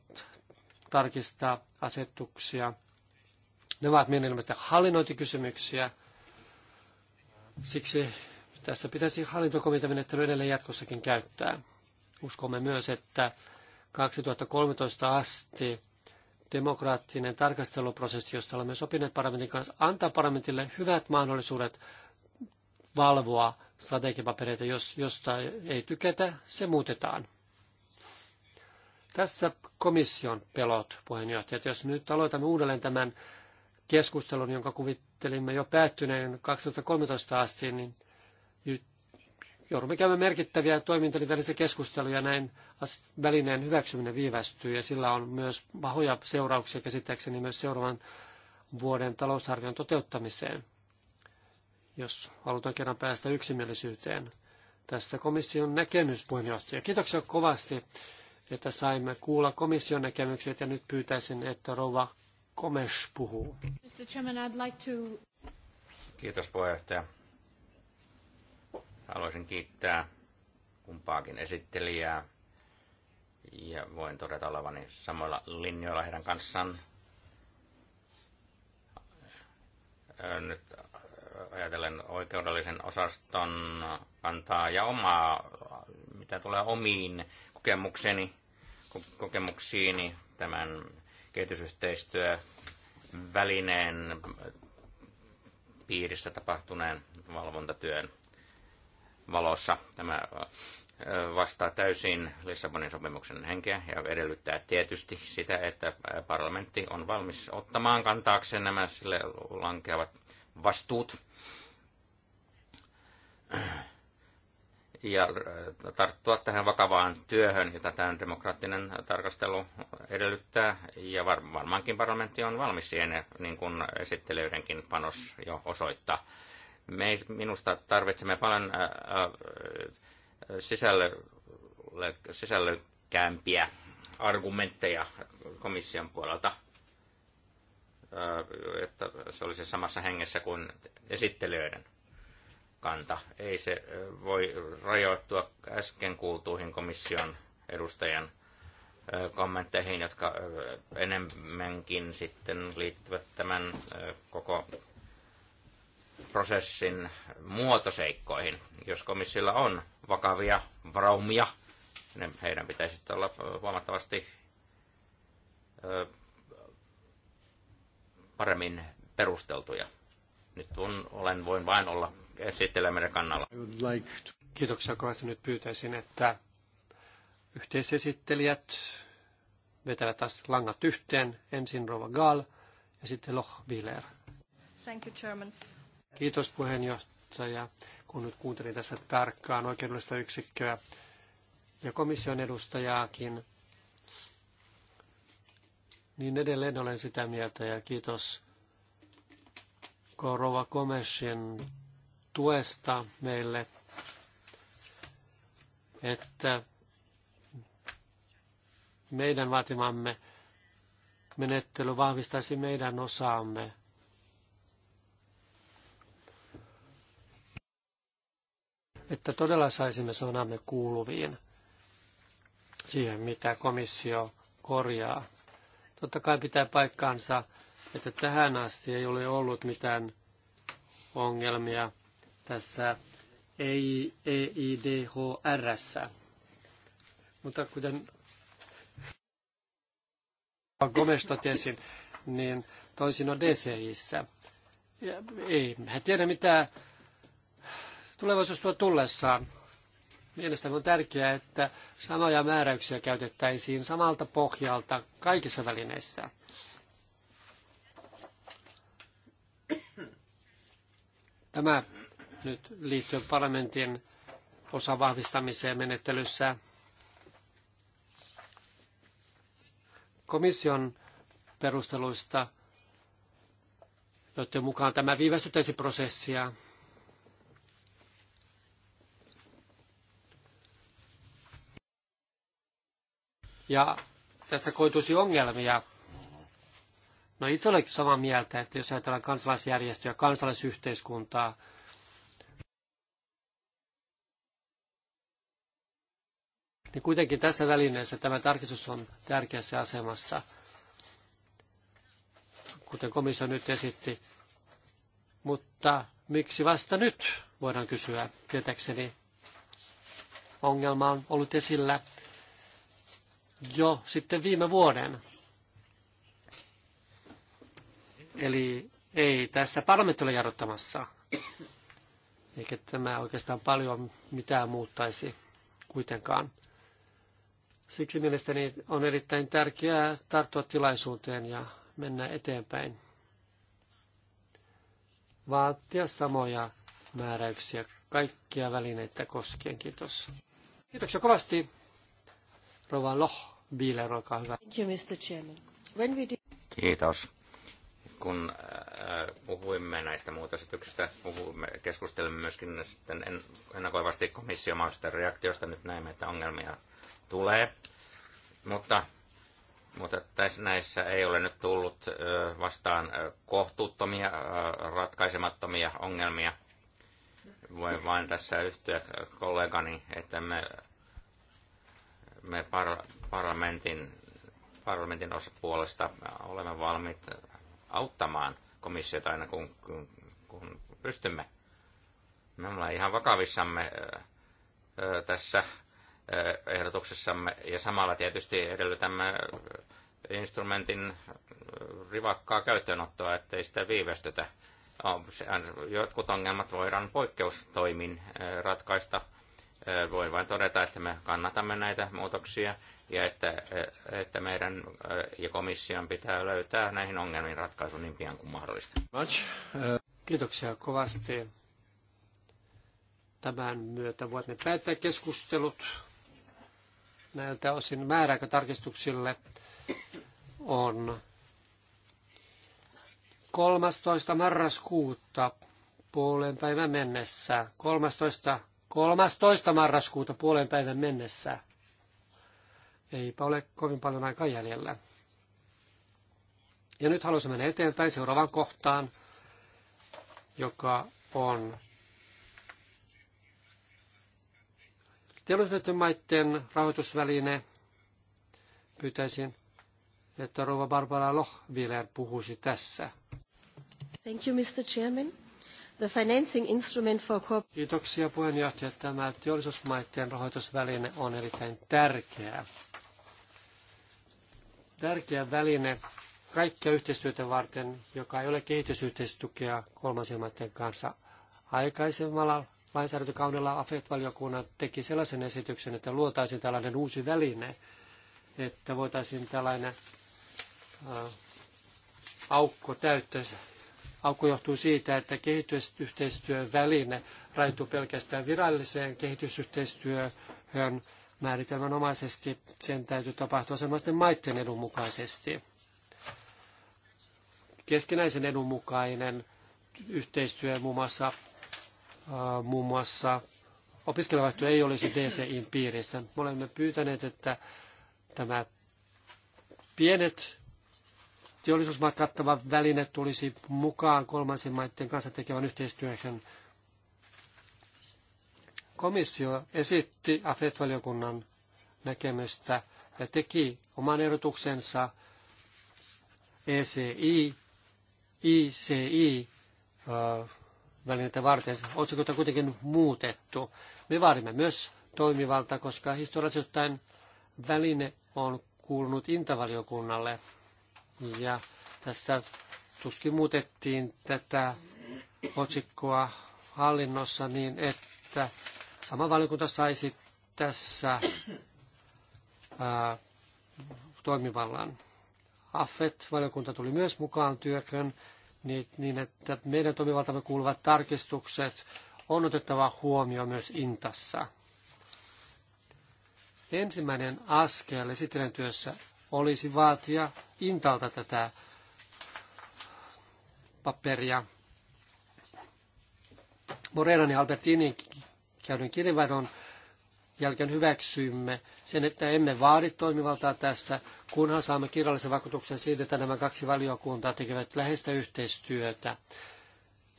tarkistaa asetuksia. Ne ovat mielestäni hallinnointikysymyksiä, Siksi tässä pitäisi hallintokomiteamenettely edelleen jatkossakin käyttää. Uskomme myös, että 2013 asti demokraattinen tarkasteluprosessi, josta olemme sopineet parlamentin kanssa, antaa parlamentille hyvät mahdollisuudet valvoa strategiapapereita, jos jostain ei tykätä, se muutetaan. Tässä komission pelot, puheenjohtajat. Jos nyt aloitamme uudelleen tämän keskustelun, jonka kuvit, ajattelimme jo päättyneen 2013 asti, niin joudumme käymään merkittäviä toimintojen välisiä keskusteluja näin välineen hyväksyminen viivästyy ja sillä on myös pahoja seurauksia käsittääkseni myös seuraavan vuoden talousarvion toteuttamiseen, jos halutaan kerran päästä yksimielisyyteen. Tässä komission näkemys, puheenjohtaja. Kiitoksia kovasti, että saimme kuulla komission näkemykset ja nyt pyytäisin, että rouva Komes puhuu. Mr. Chairman, I'd like to... Kiitos puheenjohtaja. Haluaisin kiittää kumpaakin esittelijää ja voin todeta olevani samoilla linjoilla heidän kanssaan. Nyt ajatellen oikeudellisen osaston kantaa ja omaa, mitä tulee omiin kokemukseni, kokemuksiini tämän kehitysyhteistyövälineen välineen piirissä tapahtuneen valvontatyön valossa. Tämä vastaa täysin Lissabonin sopimuksen henkeä ja edellyttää tietysti sitä, että parlamentti on valmis ottamaan kantaakseen nämä sille lankeavat vastuut ja äh, tarttua tähän vakavaan työhön, jota tämä demokraattinen tarkastelu edellyttää. Ja var, varmaankin parlamentti on valmis siihen, niin kuin esittelyidenkin panos jo osoittaa. Me minusta tarvitsemme paljon äh, äh, ää, ää, argumentteja komission puolelta, ää, että se olisi samassa hengessä kuin esittelijöiden kanta. Ei se voi rajoittua äsken kuultuihin komission edustajan kommentteihin, jotka enemmänkin sitten liittyvät tämän koko prosessin muotoseikkoihin. Jos komissiolla on vakavia varaumia, niin heidän pitäisi olla huomattavasti paremmin perusteltuja nyt on, olen, voin vain olla esittelemällä kannalla. Kiitoksia kovasti. Nyt pyytäisin, että yhteisesittelijät vetävät taas langat yhteen. Ensin Rova Gaal ja sitten Loch Wieler. Thank you, Chairman. Kiitos puheenjohtaja, kun nyt kuuntelin tässä tarkkaan oikeudellista yksikköä ja komission edustajaakin. Niin edelleen olen sitä mieltä ja kiitos Korova Komesin tuesta meille, että meidän vaatimamme menettely vahvistaisi meidän osaamme. Että todella saisimme sanamme kuuluviin siihen, mitä komissio korjaa. Totta kai pitää paikkaansa että tähän asti ei ole ollut mitään ongelmia tässä EIDHR. E Mutta kuten Gomes totesin, niin toisin on DCIssä. Ei mä tiedä, mitä tulevaisuus tuo tullessaan. Mielestäni on tärkeää, että samoja määräyksiä käytettäisiin samalta pohjalta kaikissa välineissä. Tämä nyt liittyy parlamentin osan vahvistamiseen menettelyssä. Komission perusteluista, joiden mukaan tämä viivästyttäisi prosessia. Ja tästä koituisi ongelmia No itse olen samaa mieltä, että jos ajatellaan kansalaisjärjestöjä, kansalaisyhteiskuntaa, niin kuitenkin tässä välineessä tämä tarkistus on tärkeässä asemassa, kuten komissio nyt esitti. Mutta miksi vasta nyt, voidaan kysyä tietäkseni. Ongelma on ollut esillä jo sitten viime vuoden Eli ei tässä parlamentti ole jarruttamassa. Eikä tämä oikeastaan paljon mitään muuttaisi kuitenkaan. Siksi mielestäni on erittäin tärkeää tarttua tilaisuuteen ja mennä eteenpäin. Vaatia samoja määräyksiä kaikkia välineitä koskien. Kiitos. Kiitoksia kovasti. Rova Loh, Bieler, olkaa hyvä. Thank you, Mr. Chairman. When we did... Kiitos kun äh, puhuimme näistä muutosityksistä, puhuimme, keskustelimme myöskin sitten ennakoivasti komissiomaisesta reaktiosta. Nyt näemme, että ongelmia tulee, mutta, mutta tässä, näissä ei ole nyt tullut äh, vastaan äh, kohtuuttomia, ratkaisemattomia ongelmia. Voin vain tässä yhtyä kollegani, että me, me par, parlamentin parlamentin osapuolesta olemme valmiit auttamaan komissiota aina kun, kun, kun pystymme. Me ollaan ihan vakavissamme tässä ehdotuksessamme ja samalla tietysti edellytämme instrumentin rivakkaa käyttöönottoa, ettei sitä viivästytä. No, jotkut ongelmat voidaan poikkeustoimin ratkaista. Voin vain todeta, että me kannatamme näitä muutoksia ja että, että meidän äh, ja komission pitää löytää näihin ongelmiin ratkaisu niin pian kuin mahdollista. Kiitoksia kovasti. Tämän myötä voimme päättää keskustelut näiltä osin määräaikatarkistuksille on 13. marraskuuta puolen päivän mennessä. 13. 13. marraskuuta puolen päivän mennessä. Eipä ole kovin paljon aikaa jäljellä. Ja nyt haluaisin mennä eteenpäin seuraavaan kohtaan, joka on teollisuuden maiden rahoitusväline. Pyytäisin, että rouva Barbara Lohviler puhuisi tässä. Thank you, Mr. Chairman. The financing instrument for Kiitoksia puheenjohtaja. Tämä teollisuusmaiden rahoitusväline on erittäin tärkeä tärkeä väline kaikkea yhteistyötä varten, joka ei ole kehitysyhteistukea kolmansien maiden kanssa. Aikaisemmalla lainsäädäntökaudella AFET-valiokunnan teki sellaisen esityksen, että luotaisiin tällainen uusi väline, että voitaisiin tällainen äh, aukko täyttää. Aukko johtuu siitä, että kehitysyhteistyön väline rajoittuu pelkästään viralliseen kehitysyhteistyöhön, määritelmänomaisesti. Sen täytyy tapahtua sellaisten maiden edun mukaisesti. Keskinäisen edun mukainen yhteistyö muun muassa, muun muassa opiskelijavaihto ei olisi DCIn piirissä. Me olemme pyytäneet, että tämä pienet teollisuusmaat kattava väline tulisi mukaan kolmansien maiden kanssa tekevän yhteistyöhön Komissio esitti AFET-valiokunnan näkemystä ja teki oman ehdotuksensa ECI, ICI välineitä varten. Otsikot on kuitenkin muutettu. Me vaadimme myös toimivalta, koska historiallisesti väline on kuulunut intavaliokunnalle. Ja tässä tuskin muutettiin tätä otsikkoa hallinnossa niin, että sama valiokunta saisi tässä ää, toimivallan. AFET-valiokunta tuli myös mukaan työkön niin, niin, että meidän toimivaltamme kuuluvat tarkistukset on otettava huomioon myös Intassa. Ensimmäinen askel esittelen työssä olisi vaatia Intalta tätä paperia. Morenan ja Albertinin käydyn kielenvaihdon jälkeen hyväksyimme sen, että emme vaadi toimivaltaa tässä, kunhan saamme kirjallisen vakuutuksen siitä, että nämä kaksi valiokuntaa tekevät läheistä yhteistyötä.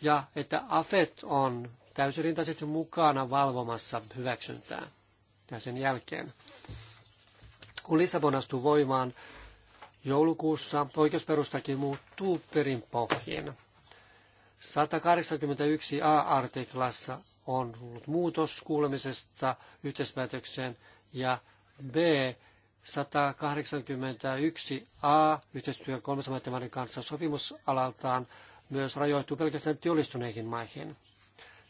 Ja että AFET on täysirintaisesti mukana valvomassa hyväksyntää ja sen jälkeen. Kun Lissabon astuu voimaan joulukuussa, oikeusperustakin muuttuu perin pohjin. 181a artiklassa on ollut muutos kuulemisesta yhteispäätökseen ja B 181 A yhteistyö kolmessa maiden kanssa sopimusalaltaan myös rajoittuu pelkästään työllistyneisiin maihin.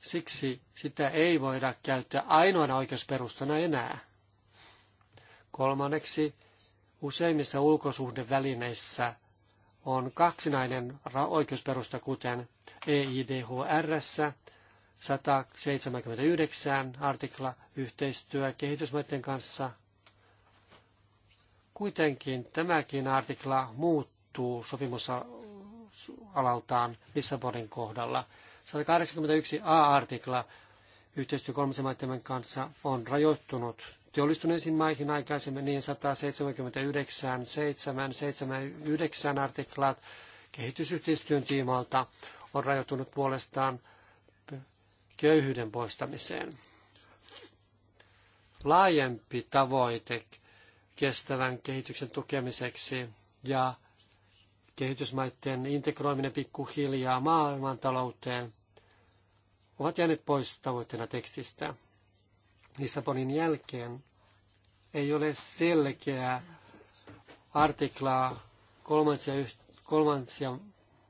Siksi sitä ei voida käyttää ainoana oikeusperustana enää. Kolmanneksi, useimmissa ulkosuhdevälineissä on kaksinainen oikeusperusta, kuten EIDHR 179 artikla yhteistyö kehitysmaiden kanssa. Kuitenkin tämäkin artikla muuttuu sopimusalaltaan Lissabonin kohdalla. 181a-artikla yhteistyö kolmisen maiden kanssa on rajoittunut teollistuneisiin maihin aikaisemmin niin 179, 7, 79 artiklat kehitysyhteistyön tiimalta on rajoittunut puolestaan köyhyyden poistamiseen. Laajempi tavoite kestävän kehityksen tukemiseksi ja kehitysmaiden integroiminen pikkuhiljaa maailmantalouteen ovat jääneet pois tavoitteena tekstistä. Lissabonin jälkeen ei ole selkeää artiklaa kolmansia, kolmansia,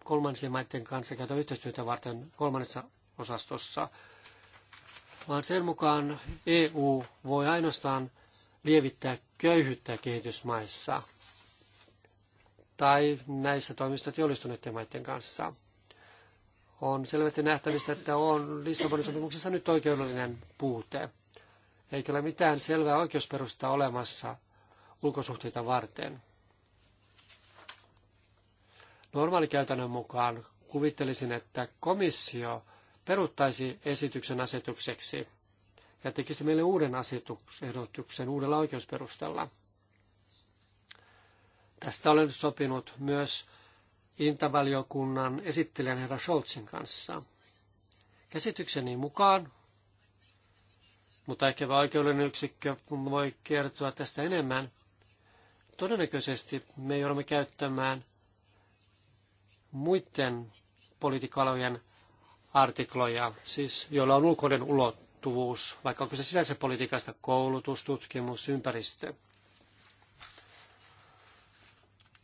kolmansien maiden kanssa käytä yhteistyötä varten kolmannessa osastossa, vaan sen mukaan EU voi ainoastaan lievittää köyhyyttä kehitysmaissa tai näissä toimista teollistuneiden maiden kanssa. On selvästi nähtävissä, että on Lissabonin sopimuksessa nyt oikeudellinen puute. Eikä ole mitään selvää oikeusperusta olemassa ulkosuhteita varten. Normaalikäytännön mukaan kuvittelisin, että komissio peruttaisi esityksen asetukseksi ja tekisi meille uuden asetuksen uudella oikeusperustalla. Tästä olen sopinut myös Intavaliokunnan esittelijän herra Scholzin kanssa. Käsitykseni mukaan, mutta ehkä oikeudellinen yksikkö voi kertoa tästä enemmän, todennäköisesti me joudumme käyttämään muiden politiikalojen artikloja, siis joilla on ulkoinen ulottuvuus, vaikka onko se sisäisen politiikasta koulutus, tutkimus, ympäristö.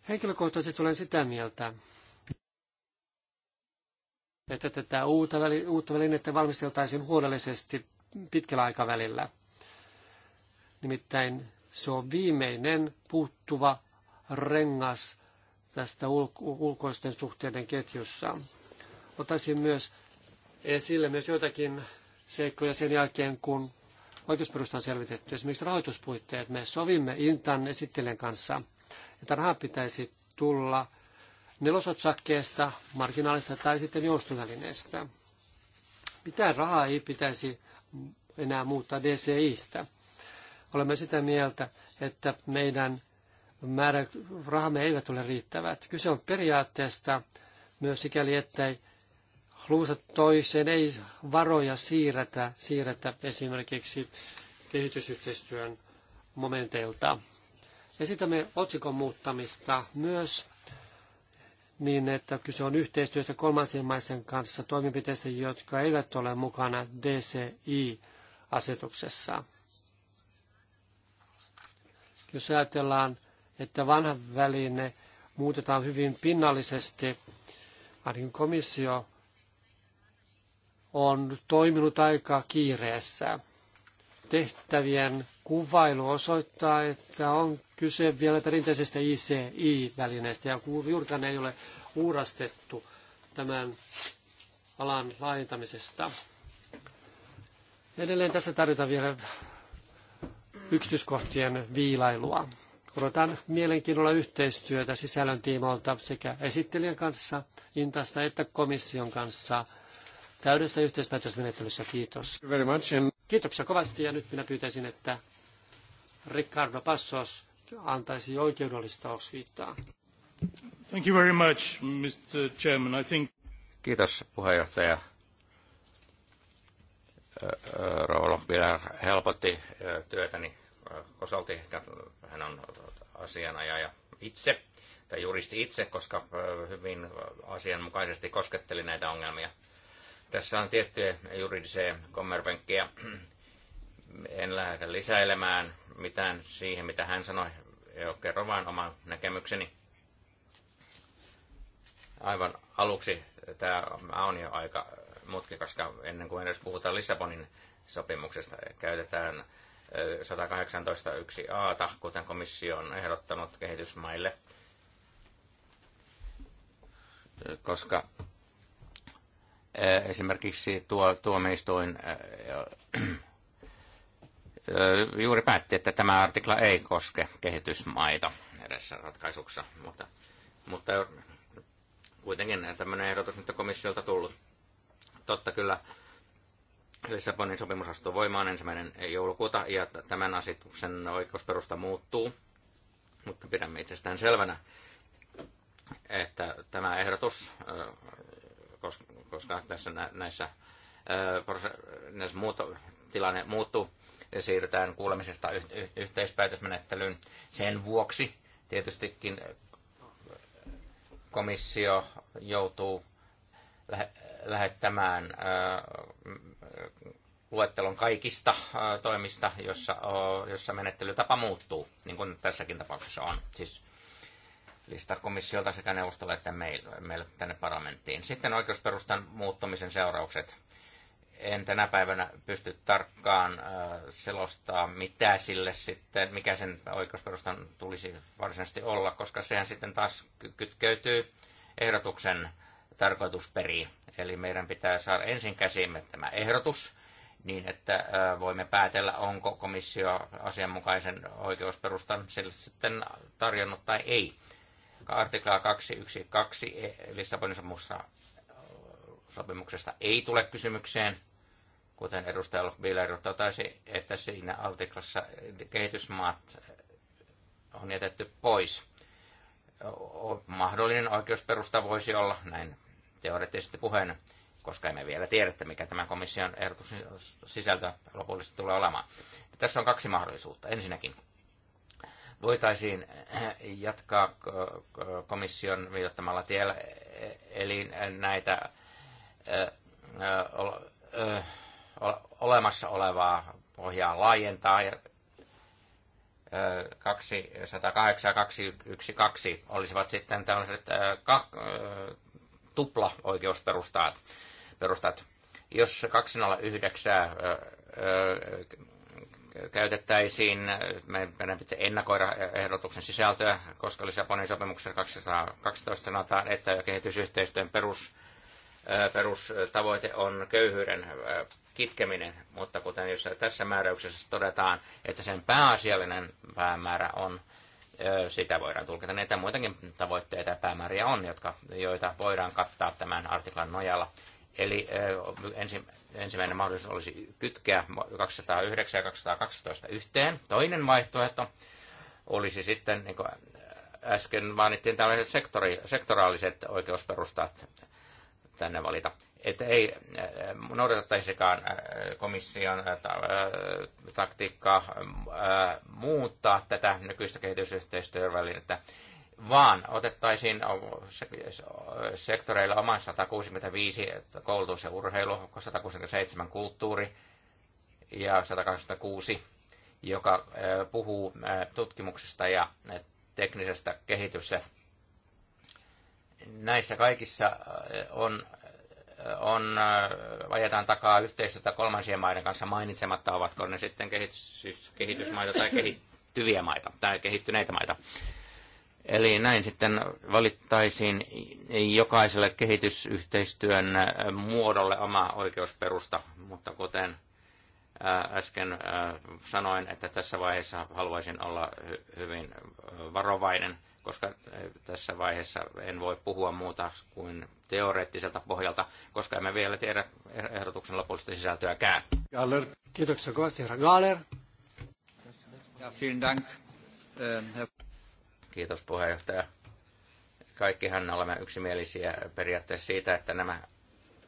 Henkilökohtaisesti olen sitä mieltä, että tätä uutta, väli, uutta välinettä valmisteltaisiin huolellisesti pitkällä aikavälillä. Nimittäin se on viimeinen puuttuva rengas tästä ulko- ulkoisten suhteiden ketjussa. Ottaisin myös esille myös joitakin seikkoja sen jälkeen, kun oikeusperusta on selvitetty. Esimerkiksi rahoituspuitteet. Me sovimme Intan esittelijän kanssa, että rahaa pitäisi tulla nelosotsakkeesta, marginaalista tai sitten joustovälineestä. Mitään rahaa ei pitäisi enää muuttaa DCIstä. Olemme sitä mieltä, että meidän määrä, rahamme eivät ole riittävät. Kyse on periaatteesta myös sikäli, että luusat toiseen ei varoja siirretä, siirretä esimerkiksi kehitysyhteistyön momenteilta. Esitämme otsikon muuttamista myös niin, että kyse on yhteistyöstä kolmansien maisen kanssa toimenpiteistä, jotka eivät ole mukana DCI-asetuksessa. Jos ajatellaan, että vanha väline muutetaan hyvin pinnallisesti, ainakin komissio on toiminut aika kiireessä. Tehtävien kuvailu osoittaa, että on kyse vielä perinteisestä ICI-välineestä, ja juurikaan ei ole uurastettu tämän alan laajentamisesta. Edelleen tässä tarvitaan vielä yksityiskohtien viilailua. Odotan mielenkiinnolla yhteistyötä sisällön tiimoilta sekä esittelijän kanssa Intasta että komission kanssa – täydessä yhteispäätösmenettelyssä. Kiitos. Very much and... Kiitoksia kovasti ja nyt minä pyytäisin, että Ricardo Passos antaisi oikeudellista osviittaa. Thank you very much, Mr. Chairman. I think... Kiitos puheenjohtaja. Rouva vielä helpotti työtäni osalti. Hän on asianajaja itse tai juristi itse, koska hyvin asianmukaisesti kosketteli näitä ongelmia tässä on tiettyjä juridisia kommervenkkejä. En lähde lisäilemään mitään siihen, mitä hän sanoi. Jo kerro vain oman näkemykseni. Aivan aluksi tämä on jo aika koska ennen kuin edes puhutaan Lissabonin sopimuksesta, käytetään 118.1a, kuten komissio on ehdottanut kehitysmaille, koska Eh, esimerkiksi tuo tuomioistuin eh, eh, juuri päätti, että tämä artikla ei koske kehitysmaita edessä ratkaisuksessa, mutta, mutta kuitenkin tämmöinen ehdotus nyt komissiolta tullut. Totta kyllä Lissabonin sopimus astuu voimaan ensimmäinen joulukuuta ja tämän asetuksen oikeusperusta muuttuu, mutta pidämme itsestään selvänä, että tämä ehdotus koska tässä näissä, näissä muuto, tilanne muuttuu ja siirrytään kuulemisesta yhteispäätösmenettelyyn. Sen vuoksi tietystikin komissio joutuu lähettämään luettelon kaikista toimista, jossa, jossa menettelytapa muuttuu, niin kuin tässäkin tapauksessa on. Siis lista komissiolta sekä neuvostolle että meille tänne parlamenttiin. Sitten oikeusperustan muuttumisen seuraukset. En tänä päivänä pysty tarkkaan selostaa, mitä sille sitten, mikä sen oikeusperustan tulisi varsinaisesti olla, koska sehän sitten taas kytkeytyy ehdotuksen tarkoitusperiin. Eli meidän pitää saada ensin käsimme tämä ehdotus, niin että voimme päätellä, onko komissio asianmukaisen oikeusperustan sille sitten tarjonnut tai ei artiklaa 212 e- Lissabonin sopimuksesta ei tule kysymykseen, kuten edustaja Biller totesi, että siinä artiklassa kehitysmaat on jätetty pois. Mahdollinen oikeusperusta voisi olla, näin teoreettisesti puheen, koska emme vielä tiedä, että mikä tämä komission ehdotus sisältö lopullisesti tulee olemaan. Tässä on kaksi mahdollisuutta. Ensinnäkin voitaisiin jatkaa komission viitottamalla tiellä, eli näitä olemassa olevaa pohjaa laajentaa ja 208 ja 212 olisivat sitten tällaiset tupla oikeusperustat. Perustat. Jos 209 käytettäisiin. Meidän pitäisi ennakoida ehdotuksen sisältöä, koska Lisäponin sopimuksessa 212 sanotaan, että kehitysyhteistyön perus, perustavoite on köyhyyden kitkeminen, mutta kuten jos tässä määräyksessä todetaan, että sen pääasiallinen päämäärä on, sitä voidaan tulkita. Näitä niin, muitakin tavoitteita ja päämääriä on, jotka, joita voidaan kattaa tämän artiklan nojalla. Eli ensimmäinen mahdollisuus olisi kytkeä 209 ja 212 yhteen. Toinen vaihtoehto olisi sitten, niin kuin äsken mainittiin, tällaiset sektori, sektoraaliset oikeusperustat tänne valita. Että ei noudatettaisikaan komission taktiikkaa muuttaa tätä nykyistä kehitysyhteistyövälinettä vaan otettaisiin sektoreilla oman 165 koulutus ja urheilu, 167 kulttuuri ja 126, joka puhuu tutkimuksesta ja teknisestä kehityksestä. Näissä kaikissa on, on, ajetaan takaa yhteistyötä kolmansien maiden kanssa mainitsematta, ovatko ne sitten kehitys, siis kehitysmaita tai kehittyviä maita tai kehittyneitä maita Eli näin sitten valittaisiin jokaiselle kehitysyhteistyön äh, muodolle oma oikeusperusta, mutta kuten äh, äsken äh, sanoin, että tässä vaiheessa haluaisin olla hyvin varovainen, koska tässä vaiheessa en voi puhua muuta kuin teoreettiselta pohjalta, koska emme vielä tiedä eh-, ehdotuksen lopullista sisältöäkään. Galler. Kiitoksia kovasti, herra Galler. Ja, vielen dank, Kiitos puheenjohtaja. Kaikkihan olemme yksimielisiä periaatteessa siitä, että, nämä,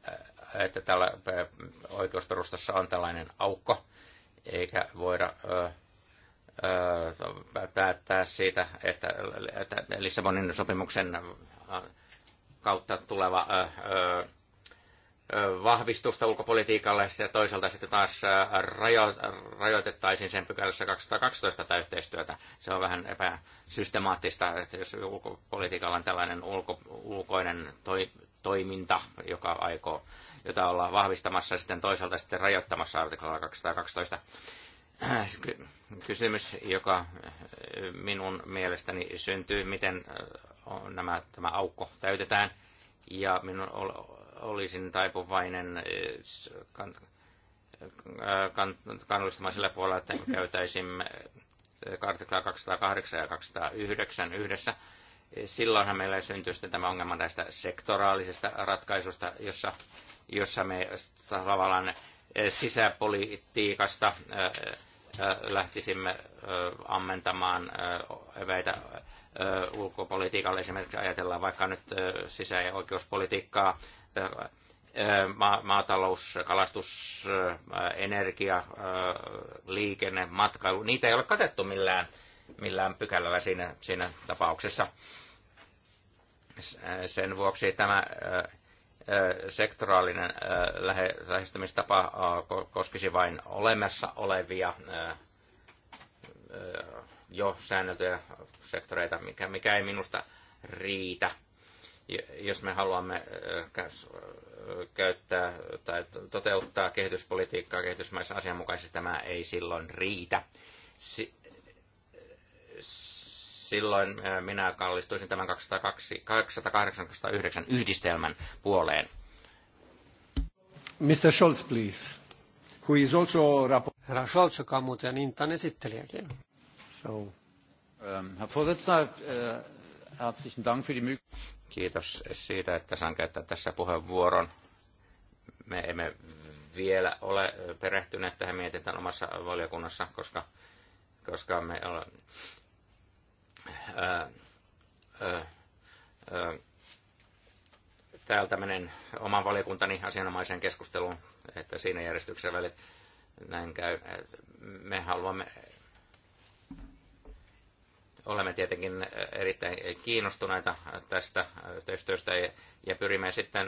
äh, että tällä äh, oikeusperustassa on tällainen aukko, eikä voida äh, päättää siitä, että, Lissabonin sopimuksen kautta tuleva vahvistusta ulkopolitiikalle ja toisaalta sitten taas rajo, rajoitettaisiin sen pykälässä 212 tätä yhteistyötä. Se on vähän epäsystemaattista, että jos ulkopolitiikalla on tällainen ulko, ulkoinen toi, toiminta, joka aikoo, jota ollaan vahvistamassa sitten toisaalta sitten rajoittamassa artiklalla 212. Kysymys, joka minun mielestäni syntyy, miten nämä, tämä aukko täytetään. Ja minun olisin taipuvainen eh, kannustamaan eh, sillä puolella, että käytäisimme eh, artiklaa 208 ja 209 yhdessä. Silloinhan meillä syntyy sitten tämä ongelma tästä sektoraalisesta ratkaisusta, jossa, jossa me tavallaan sisäpolitiikasta lähtisimme ammentamaan eväitä ulkopolitiikalle. Esimerkiksi ajatellaan vaikka nyt sisä- ja oikeuspolitiikkaa maatalous, kalastus, energia, liikenne, matkailu, niitä ei ole katettu millään, millään pykälällä siinä, siinä tapauksessa. Sen vuoksi tämä sektoraalinen lähestymistapa koskisi vain olemassa olevia jo säänneltyjä sektoreita, mikä, mikä ei minusta riitä jos me haluamme käyttää tai toteuttaa kehityspolitiikkaa kehitysmaissa asianmukaisesti, tämä ei silloin riitä. silloin minä kallistuisin tämän 208-209 yhdistelmän puoleen. Mr. Scholz, please, who is also rapport... Herra Scholz, joka on muuten Intan esittelijäkin. So. Um, Herzlichen Dank für die Möglichkeit. Kiitos siitä, että saan käyttää tässä puheenvuoron. Me emme vielä ole perehtyneet tähän mietintään omassa valiokunnassa, koska, koska me ole, ää, ää, ää, täältä menen oman valiokuntani asianomaiseen keskusteluun, että siinä järjestyksessä välit näin käy. Me haluamme Olemme tietenkin erittäin kiinnostuneita tästä yhteistyöstä ja pyrimme sitten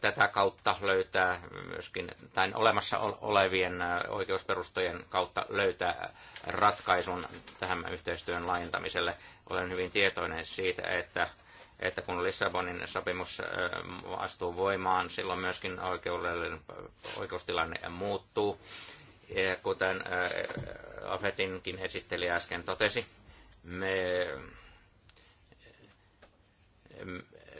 tätä kautta löytää myöskin, tai olemassa olevien oikeusperustojen kautta löytää ratkaisun tähän yhteistyön laajentamiselle. Olen hyvin tietoinen siitä, että, että kun Lissabonin sopimus astuu voimaan, silloin myöskin oikeudellinen oikeustilanne muuttuu. kuten Afetinkin esitteli äsken totesi, me,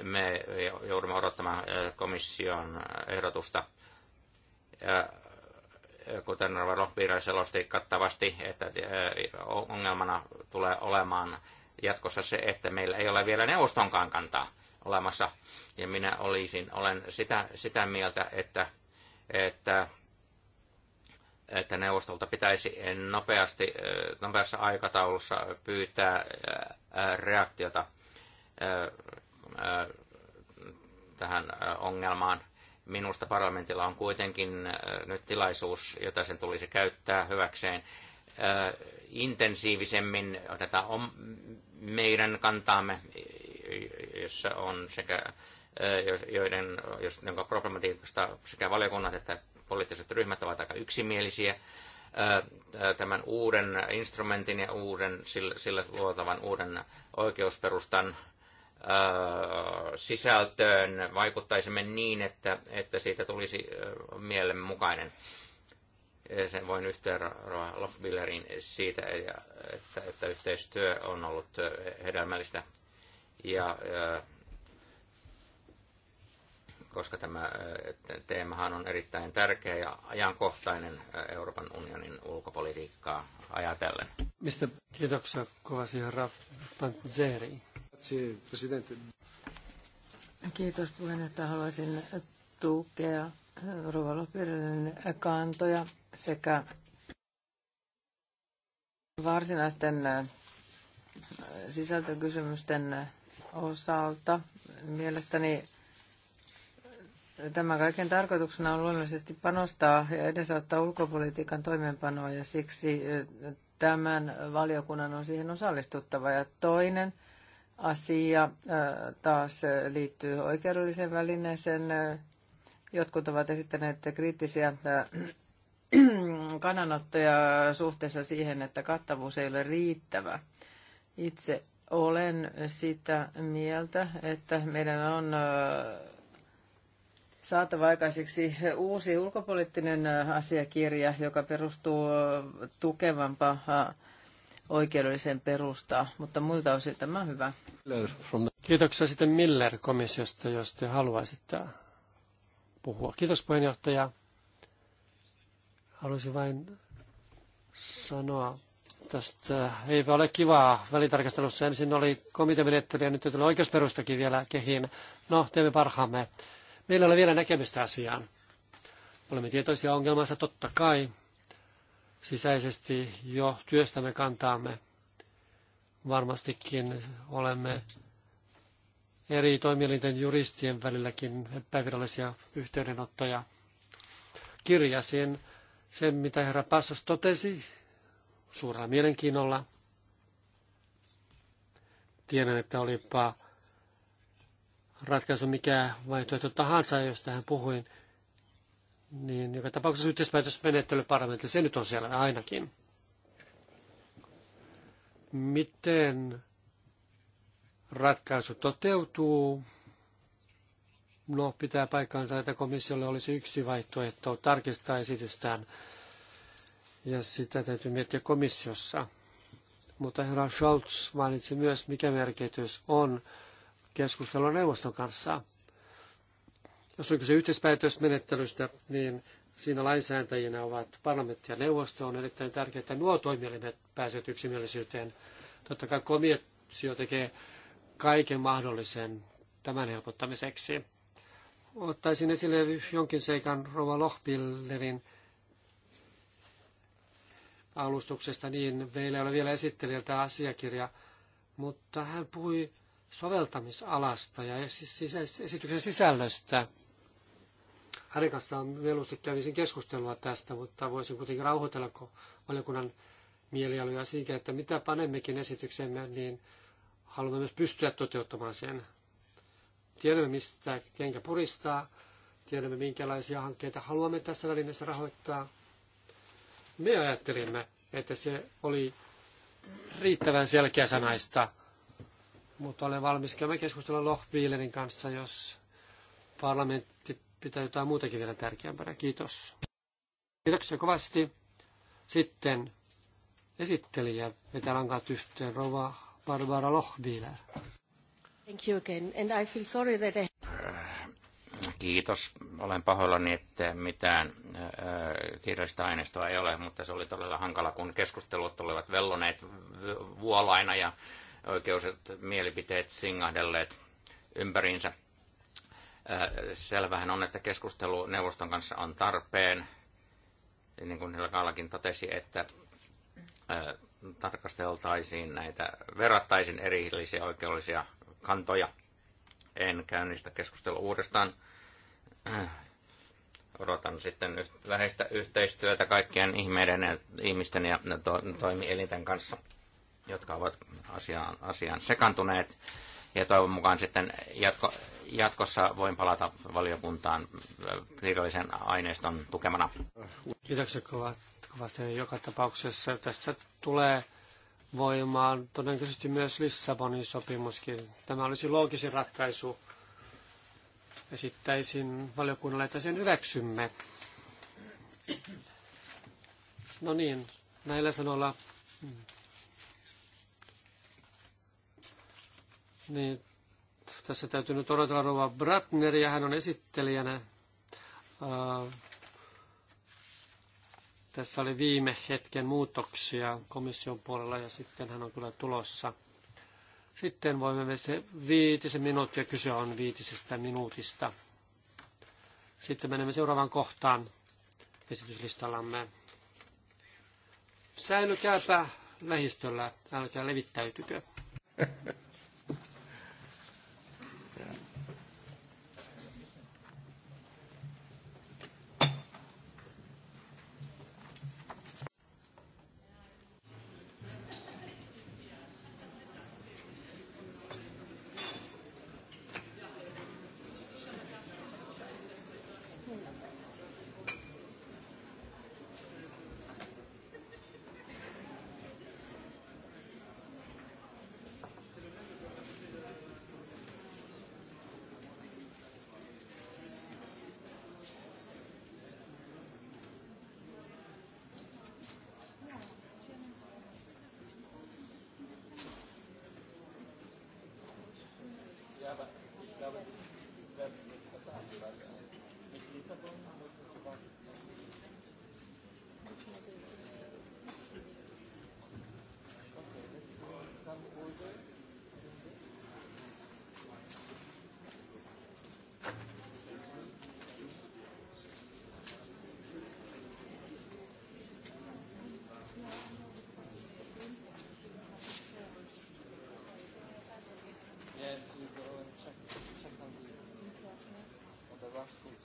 me joudumme odottamaan äh, komission äh, ehdotusta, äh, kuten Lohpiira selosti kattavasti, että ongelmana tulee olemaan jatkossa se, että meillä ei ole vielä neuvostonkaan kantaa olemassa. Ja minä olisin, olen sitä, sitä mieltä, että, että että neuvostolta pitäisi nopeasti, nopeassa aikataulussa pyytää reaktiota tähän ongelmaan. Minusta parlamentilla on kuitenkin nyt tilaisuus, jota sen tulisi käyttää hyväkseen intensiivisemmin otetaan on meidän kantaamme, jossa on sekä joiden, jos, jonka problematiikasta sekä valiokunnat että poliittiset ryhmät ovat aika yksimielisiä tämän uuden instrumentin ja uuden, sille luotavan uuden oikeusperustan sisältöön vaikuttaisimme niin, että, että siitä tulisi mielemme mukainen. Sen voin yhtyä Lofbillerin siitä, että, että yhteistyö on ollut hedelmällistä ja, ja koska tämä teemahan on erittäin tärkeä ja ajankohtainen Euroopan unionin ulkopolitiikkaa ajatellen. Mistä kiitoksia kovasti herra Pantzeri. Kiitos puheenjohtaja. Haluaisin tukea ruohonlopiirinen kantoja sekä varsinaisten sisältökysymysten osalta. Mielestäni Tämän kaiken tarkoituksena on luonnollisesti panostaa ja edesauttaa ulkopolitiikan toimeenpanoa ja siksi tämän valiokunnan on siihen osallistuttava. Ja toinen asia taas liittyy oikeudelliseen välineeseen. Jotkut ovat esittäneet kriittisiä kannanottoja suhteessa siihen, että kattavuus ei ole riittävä. Itse olen sitä mieltä, että meidän on saatava aikaiseksi uusi ulkopoliittinen asiakirja, joka perustuu tukevampaan oikeudellisen perustaa, mutta muilta osin tämä on hyvä. Kiitoksia sitten Miller-komissiosta, jos te haluaisitte puhua. Kiitos puheenjohtaja. Haluaisin vain sanoa tästä, eipä ole kivaa välitarkastelussa. Ensin oli komiteamenettely ja nyt tuli oikeusperustakin vielä kehiin. No, teemme parhaamme. Meillä ei ole vielä näkemystä asiaan. Olemme tietoisia ongelmansa totta kai. Sisäisesti jo työstämme kantaamme. Varmastikin olemme eri toimielinten juristien välilläkin epävirallisia yhteydenottoja. Kirjasin sen, mitä herra Passos totesi suurella mielenkiinnolla. Tiedän, että olipa ratkaisu mikä vaihtoehto tahansa, jos tähän puhuin, niin joka tapauksessa yhteispäätösmenettely parlamentti se nyt on siellä ainakin. Miten ratkaisu toteutuu? No, pitää paikkaansa, että komissiolle olisi yksi vaihtoehto tarkistaa esitystään. Ja sitä täytyy miettiä komissiossa. Mutta herra Scholz mainitsi myös, mikä merkitys on keskustelua neuvoston kanssa. Jos on kyse yhteispäätösmenettelystä, niin siinä lainsääntäjinä ovat parlamentti ja neuvosto. On erittäin tärkeää, että nuo toimielimet pääsevät yksimielisyyteen. Totta kai komissio tekee kaiken mahdollisen tämän helpottamiseksi. Ottaisin esille jonkin seikan Rova Lohpillerin alustuksesta, niin meillä ei ole vielä esittelijältä asiakirja, mutta hän puhui soveltamisalasta ja esityksen sisällöstä. Hänen kanssaan mieluusti kävisin keskustelua tästä, mutta voisin kuitenkin rauhoitella valiokunnan mielialoja siitä, että mitä panemmekin esityksemme, niin haluamme myös pystyä toteuttamaan sen. Tiedämme, mistä kenkä puristaa, tiedämme, minkälaisia hankkeita haluamme tässä välineessä rahoittaa. Me ajattelimme, että se oli riittävän selkeä sanaista mutta olen valmis käymään keskustella Bielenin kanssa, jos parlamentti pitää jotain muutakin vielä tärkeämpänä. Kiitos. Kiitoksia kovasti. Sitten esittelijä vetää lankaat yhteen, Rova Barbara Bieler. Thank you again, and I feel sorry that I... Äh, kiitos. Olen pahoillani, että mitään äh, kirjallista aineistoa ei ole, mutta se oli todella hankala, kun keskustelut olivat velloneet vuolaina ja oikeuset, mielipiteet singahdelleet ympäriinsä. Äh, selvähän on, että keskustelu neuvoston kanssa on tarpeen. Niin kuin Helkaallakin totesi, että äh, tarkasteltaisiin näitä, verrattaisiin erillisiä oikeudellisia kantoja. En käynnistä keskustelua uudestaan. Äh, odotan sitten läheistä yhteistyötä kaikkien ihmeiden ja ihmisten ja toimielinten kanssa jotka ovat asiaan, asiaan sekantuneet. Ja toivon mukaan sitten jatko, jatkossa voin palata valiokuntaan äh, kirjallisen aineiston tukemana. Kiitoksia kovasti joka tapauksessa. Tässä tulee voimaan todennäköisesti myös Lissabonin sopimuskin. Tämä olisi loogisin ratkaisu. Esittäisin valiokunnalle, että sen hyväksymme. No niin, näillä sanoilla Niin, tässä täytyy nyt odotella Rova Bratner ja hän on esittelijänä. Uh, tässä oli viime hetken muutoksia komission puolella ja sitten hän on kyllä tulossa. Sitten voimme se viitisen minuuttia, kyse on viitisestä minuutista. Sitten menemme seuraavaan kohtaan esityslistallamme. Säilykääpä lähistöllä, älkää levittäytykö. kasvu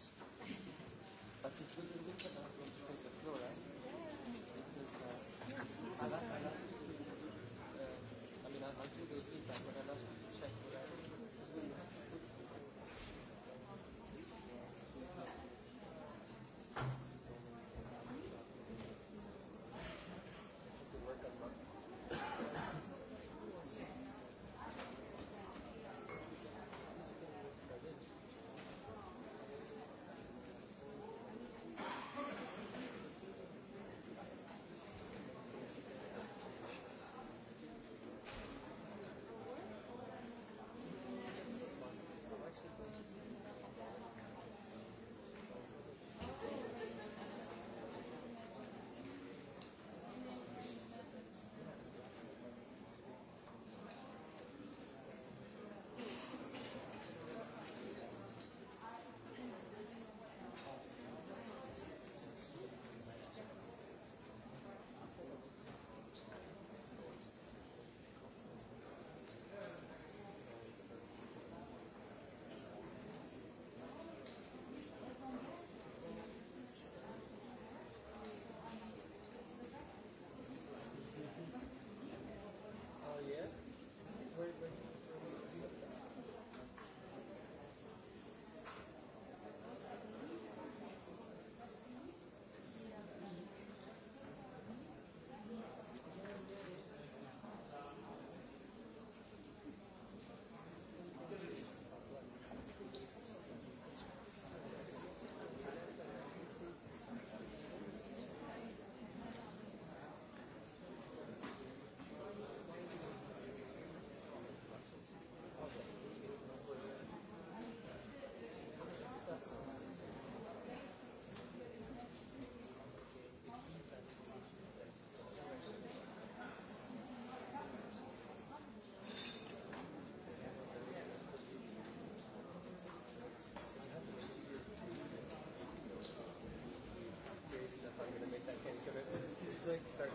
like start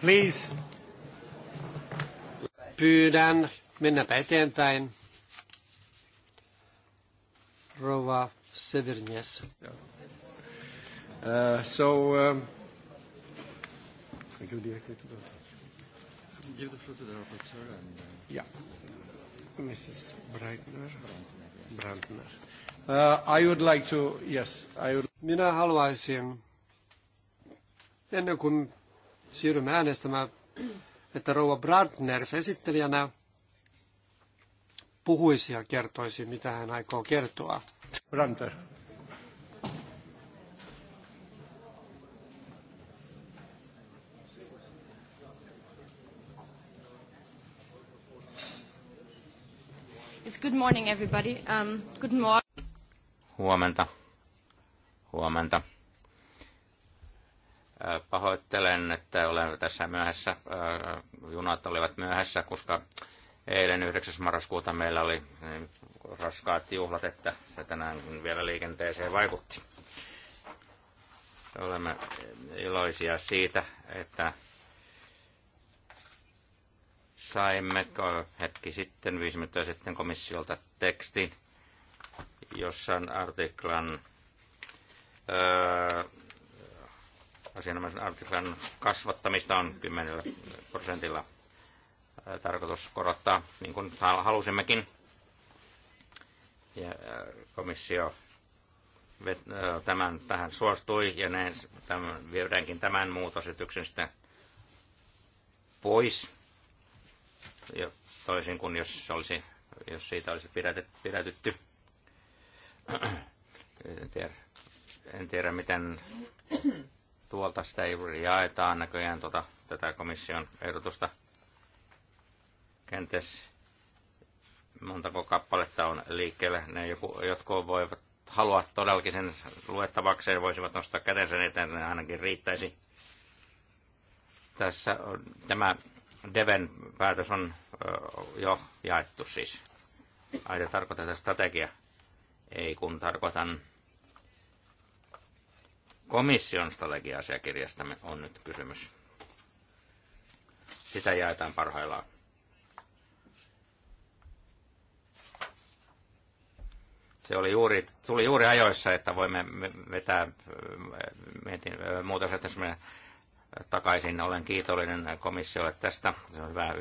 Please. Pyydän, mennäpä eteenpäin. Rova Severnes. Uh, so, um, I give directly to the... Give the floor to the rapporteur and... Uh, yeah. Mrs. Breitner. Brandner. Uh, I would like to, yes, I would... Minä haluaisin, ennen kuin siirrymme äänestämään, että rouva Brandners esittelijänä puhuisi ja kertoisi, mitä hän aikoo kertoa. Brandner. It's good morning everybody. Um, good morning. Huomenta. Huomenta sen, että olen tässä myöhässä. Äh, junat olivat myöhässä, koska eilen 9. marraskuuta meillä oli niin raskaat juhlat, että se tänään vielä liikenteeseen vaikutti. Olemme iloisia siitä, että saimme hetki sitten, viisi minuuttia sitten komissiolta tekstin, jossa on artiklan öö, asianomaisen artiklan kasvattamista on 10 prosentilla tarkoitus korottaa, niin kuin halusimmekin. Ja komissio tämän, tähän suostui ja näin tämän, viedäänkin tämän muutosesityksen sitten pois. Ja toisin kuin jos, olisi, jos siitä olisi pidätet, pidätytty. En tiedä, en tiedä miten tuolta sitä ei jaetaan näköjään tuota, tätä komission ehdotusta. Kenties montako kappaletta on liikkeellä. Ne joku, jotkut voivat halua todellakin sen luettavakseen, voisivat nostaa kätensä niin eteen, ne ainakin riittäisi. Tässä on, tämä Deven päätös on jo jaettu siis. Aina tarkoitan strategia. Ei kun tarkoitan komission strategia-asiakirjastamme on nyt kysymys. Sitä jaetaan parhaillaan. Se oli juuri, tuli juuri ajoissa, että voimme vetää mietin, muuta me takaisin. Olen kiitollinen komissiolle tästä. Se on hyvä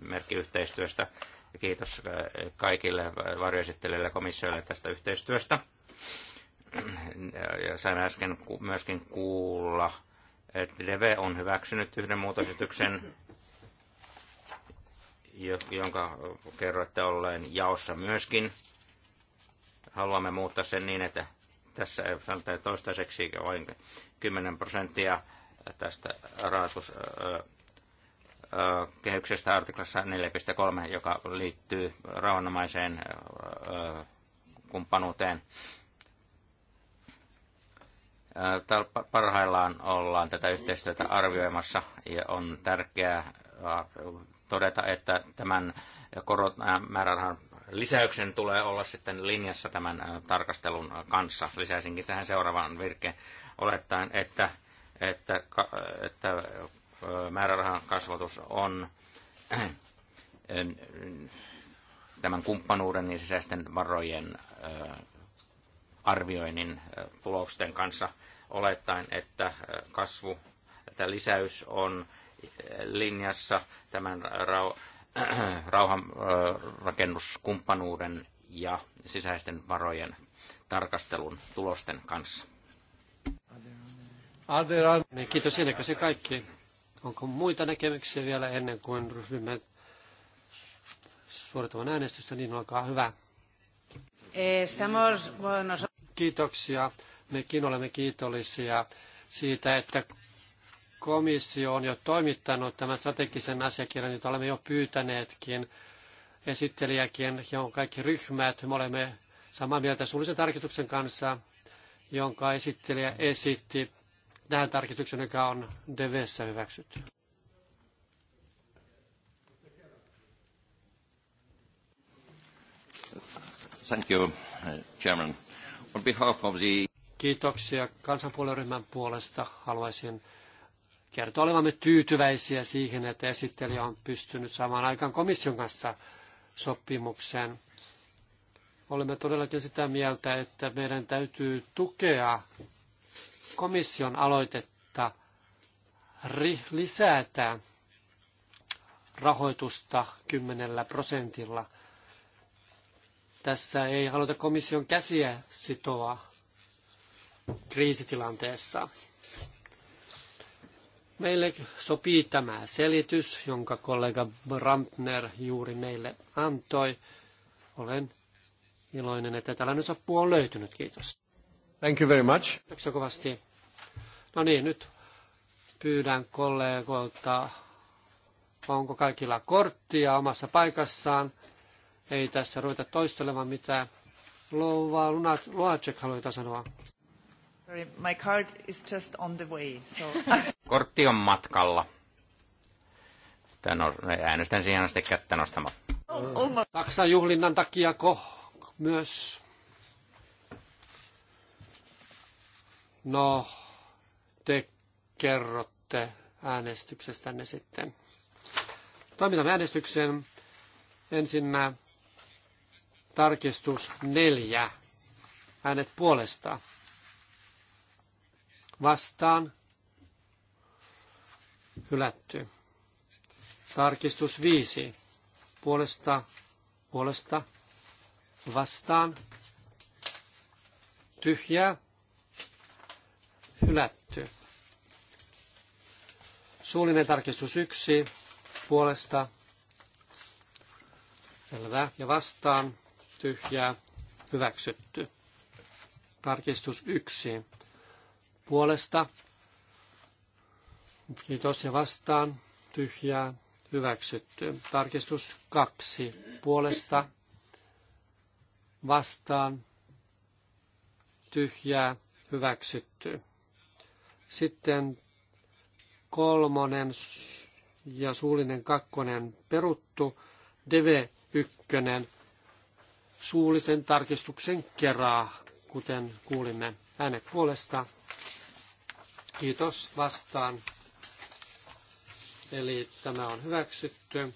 merkki yhteistyöstä. kiitos kaikille varjoesittelijöille ja komissioille tästä yhteistyöstä ja saimme äsken myöskin kuulla, että Leve on hyväksynyt yhden muutosesityksen, jonka kerroitte olleen jaossa myöskin. Haluamme muuttaa sen niin, että tässä sanotaan toistaiseksi vain 10 prosenttia tästä kehyksestä artiklassa 4.3, joka liittyy rauhanomaiseen kumppanuuteen Parhaillaan ollaan tätä yhteistyötä arvioimassa ja on tärkeää todeta, että tämän määrärahan lisäyksen tulee olla sitten linjassa tämän tarkastelun kanssa. Lisäisinkin tähän seuraavaan virkeen olettaen, että, että, että määrärahan kasvatus on tämän kumppanuuden ja sisäisten varojen arvioinnin äh, tulosten kanssa olettaen, että äh, kasvu, että lisäys on äh, linjassa tämän rau, rauhanrakennuskumppanuuden ja sisäisten varojen tarkastelun tulosten kanssa. Niin, kiitos siinäkö se kaikki. Onko muita näkemyksiä vielä ennen kuin ryhdymme suorittamaan äänestystä, niin olkaa hyvä. Eh, estamos, bueno, Kiitoksia. Mekin olemme kiitollisia siitä, että komissio on jo toimittanut tämän strategisen asiakirjan, jota olemme jo pyytäneetkin esittelijäkin, johon kaikki ryhmät. Me olemme samaa mieltä suullisen tarkistuksen kanssa, jonka esittelijä esitti tähän tarkistukseen, joka on DVssä hyväksytty. Thank you, Chairman. On behalf of the... Kiitoksia kansanpuolueryhmän puolesta. Haluaisin kertoa olevamme tyytyväisiä siihen, että esittelijä on pystynyt saamaan aikaan komission kanssa sopimukseen. Olemme todellakin sitä mieltä, että meidän täytyy tukea komission aloitetta lisätä rahoitusta kymmenellä prosentilla – tässä ei haluta komission käsiä sitoa kriisitilanteessa. Meille sopii tämä selitys, jonka kollega Brantner juuri meille antoi. Olen iloinen, että tällainen sopu on löytynyt. Kiitos. Thank you very much. Kiitoksia kovasti. No niin, nyt pyydän kollegoilta, onko kaikilla korttia omassa paikassaan. Ei tässä ruveta toistelemaan mitä Louva Luacek haluaa sanoa. Sorry, my card is just on the way, so... Kortti on matkalla. Tän no- äänestän siihen asti kättä nostamaan. Oh, oh Saksan juhlinnan takia ko myös. No, te kerrotte äänestyksestänne sitten. Toimitamme äänestyksen. ensin. Tarkistus neljä. Äänet puolesta. Vastaan. Hylätty. Tarkistus viisi. Puolesta. Puolesta. Vastaan. Tyhjää. Hylätty. Suullinen tarkistus yksi puolesta. Selvä. Ja vastaan tyhjää hyväksytty. Tarkistus yksi puolesta. Kiitos ja vastaan tyhjää hyväksytty. Tarkistus kaksi puolesta vastaan tyhjää hyväksytty. Sitten kolmonen ja suullinen kakkonen peruttu, dv ykkönen suullisen tarkistuksen kerää, kuten kuulimme äänet puolesta. Kiitos vastaan. Eli tämä on hyväksytty.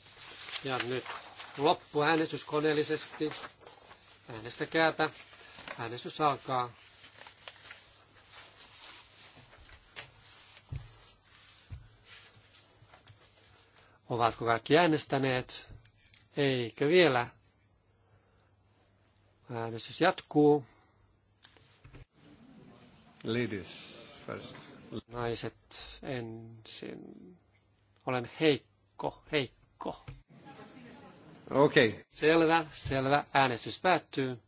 Ja nyt äänestys koneellisesti. Äänestäkääpä. Äänestys alkaa. Ovatko kaikki äänestäneet? Eikö vielä? Äänestys jatkuu. Ladies first. Naiset ensin. Olen heikko, heikko. Okei. Okay. Selvä, selvä. Äänestys päättyy.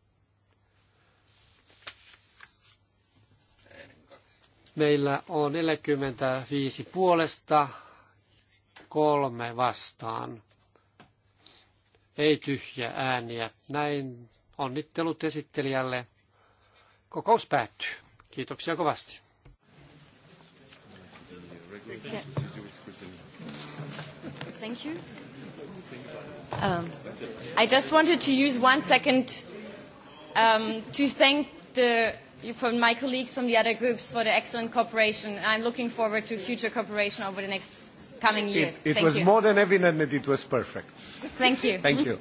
Meillä on 45 puolesta, kolme vastaan. Ei tyhjä ääniä. Näin Onnittelut esittelijälle. Kokous päättyy. Kiitoksia kovasti. Thank you. Um, I just wanted to use one second um, to thank the, from my colleagues from the other groups for the excellent cooperation. I'm looking forward to future cooperation over the next coming years. It, it thank was you. more than evident that it was perfect. Thank you. Thank you.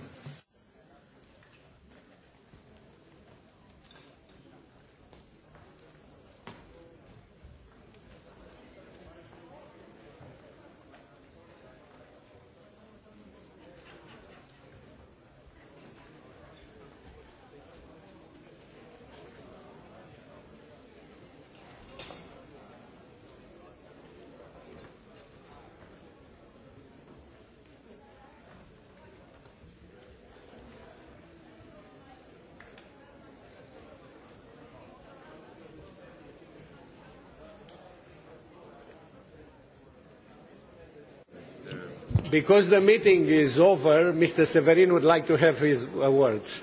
Because the meeting is over, Mr. Severin would like to have his uh, words.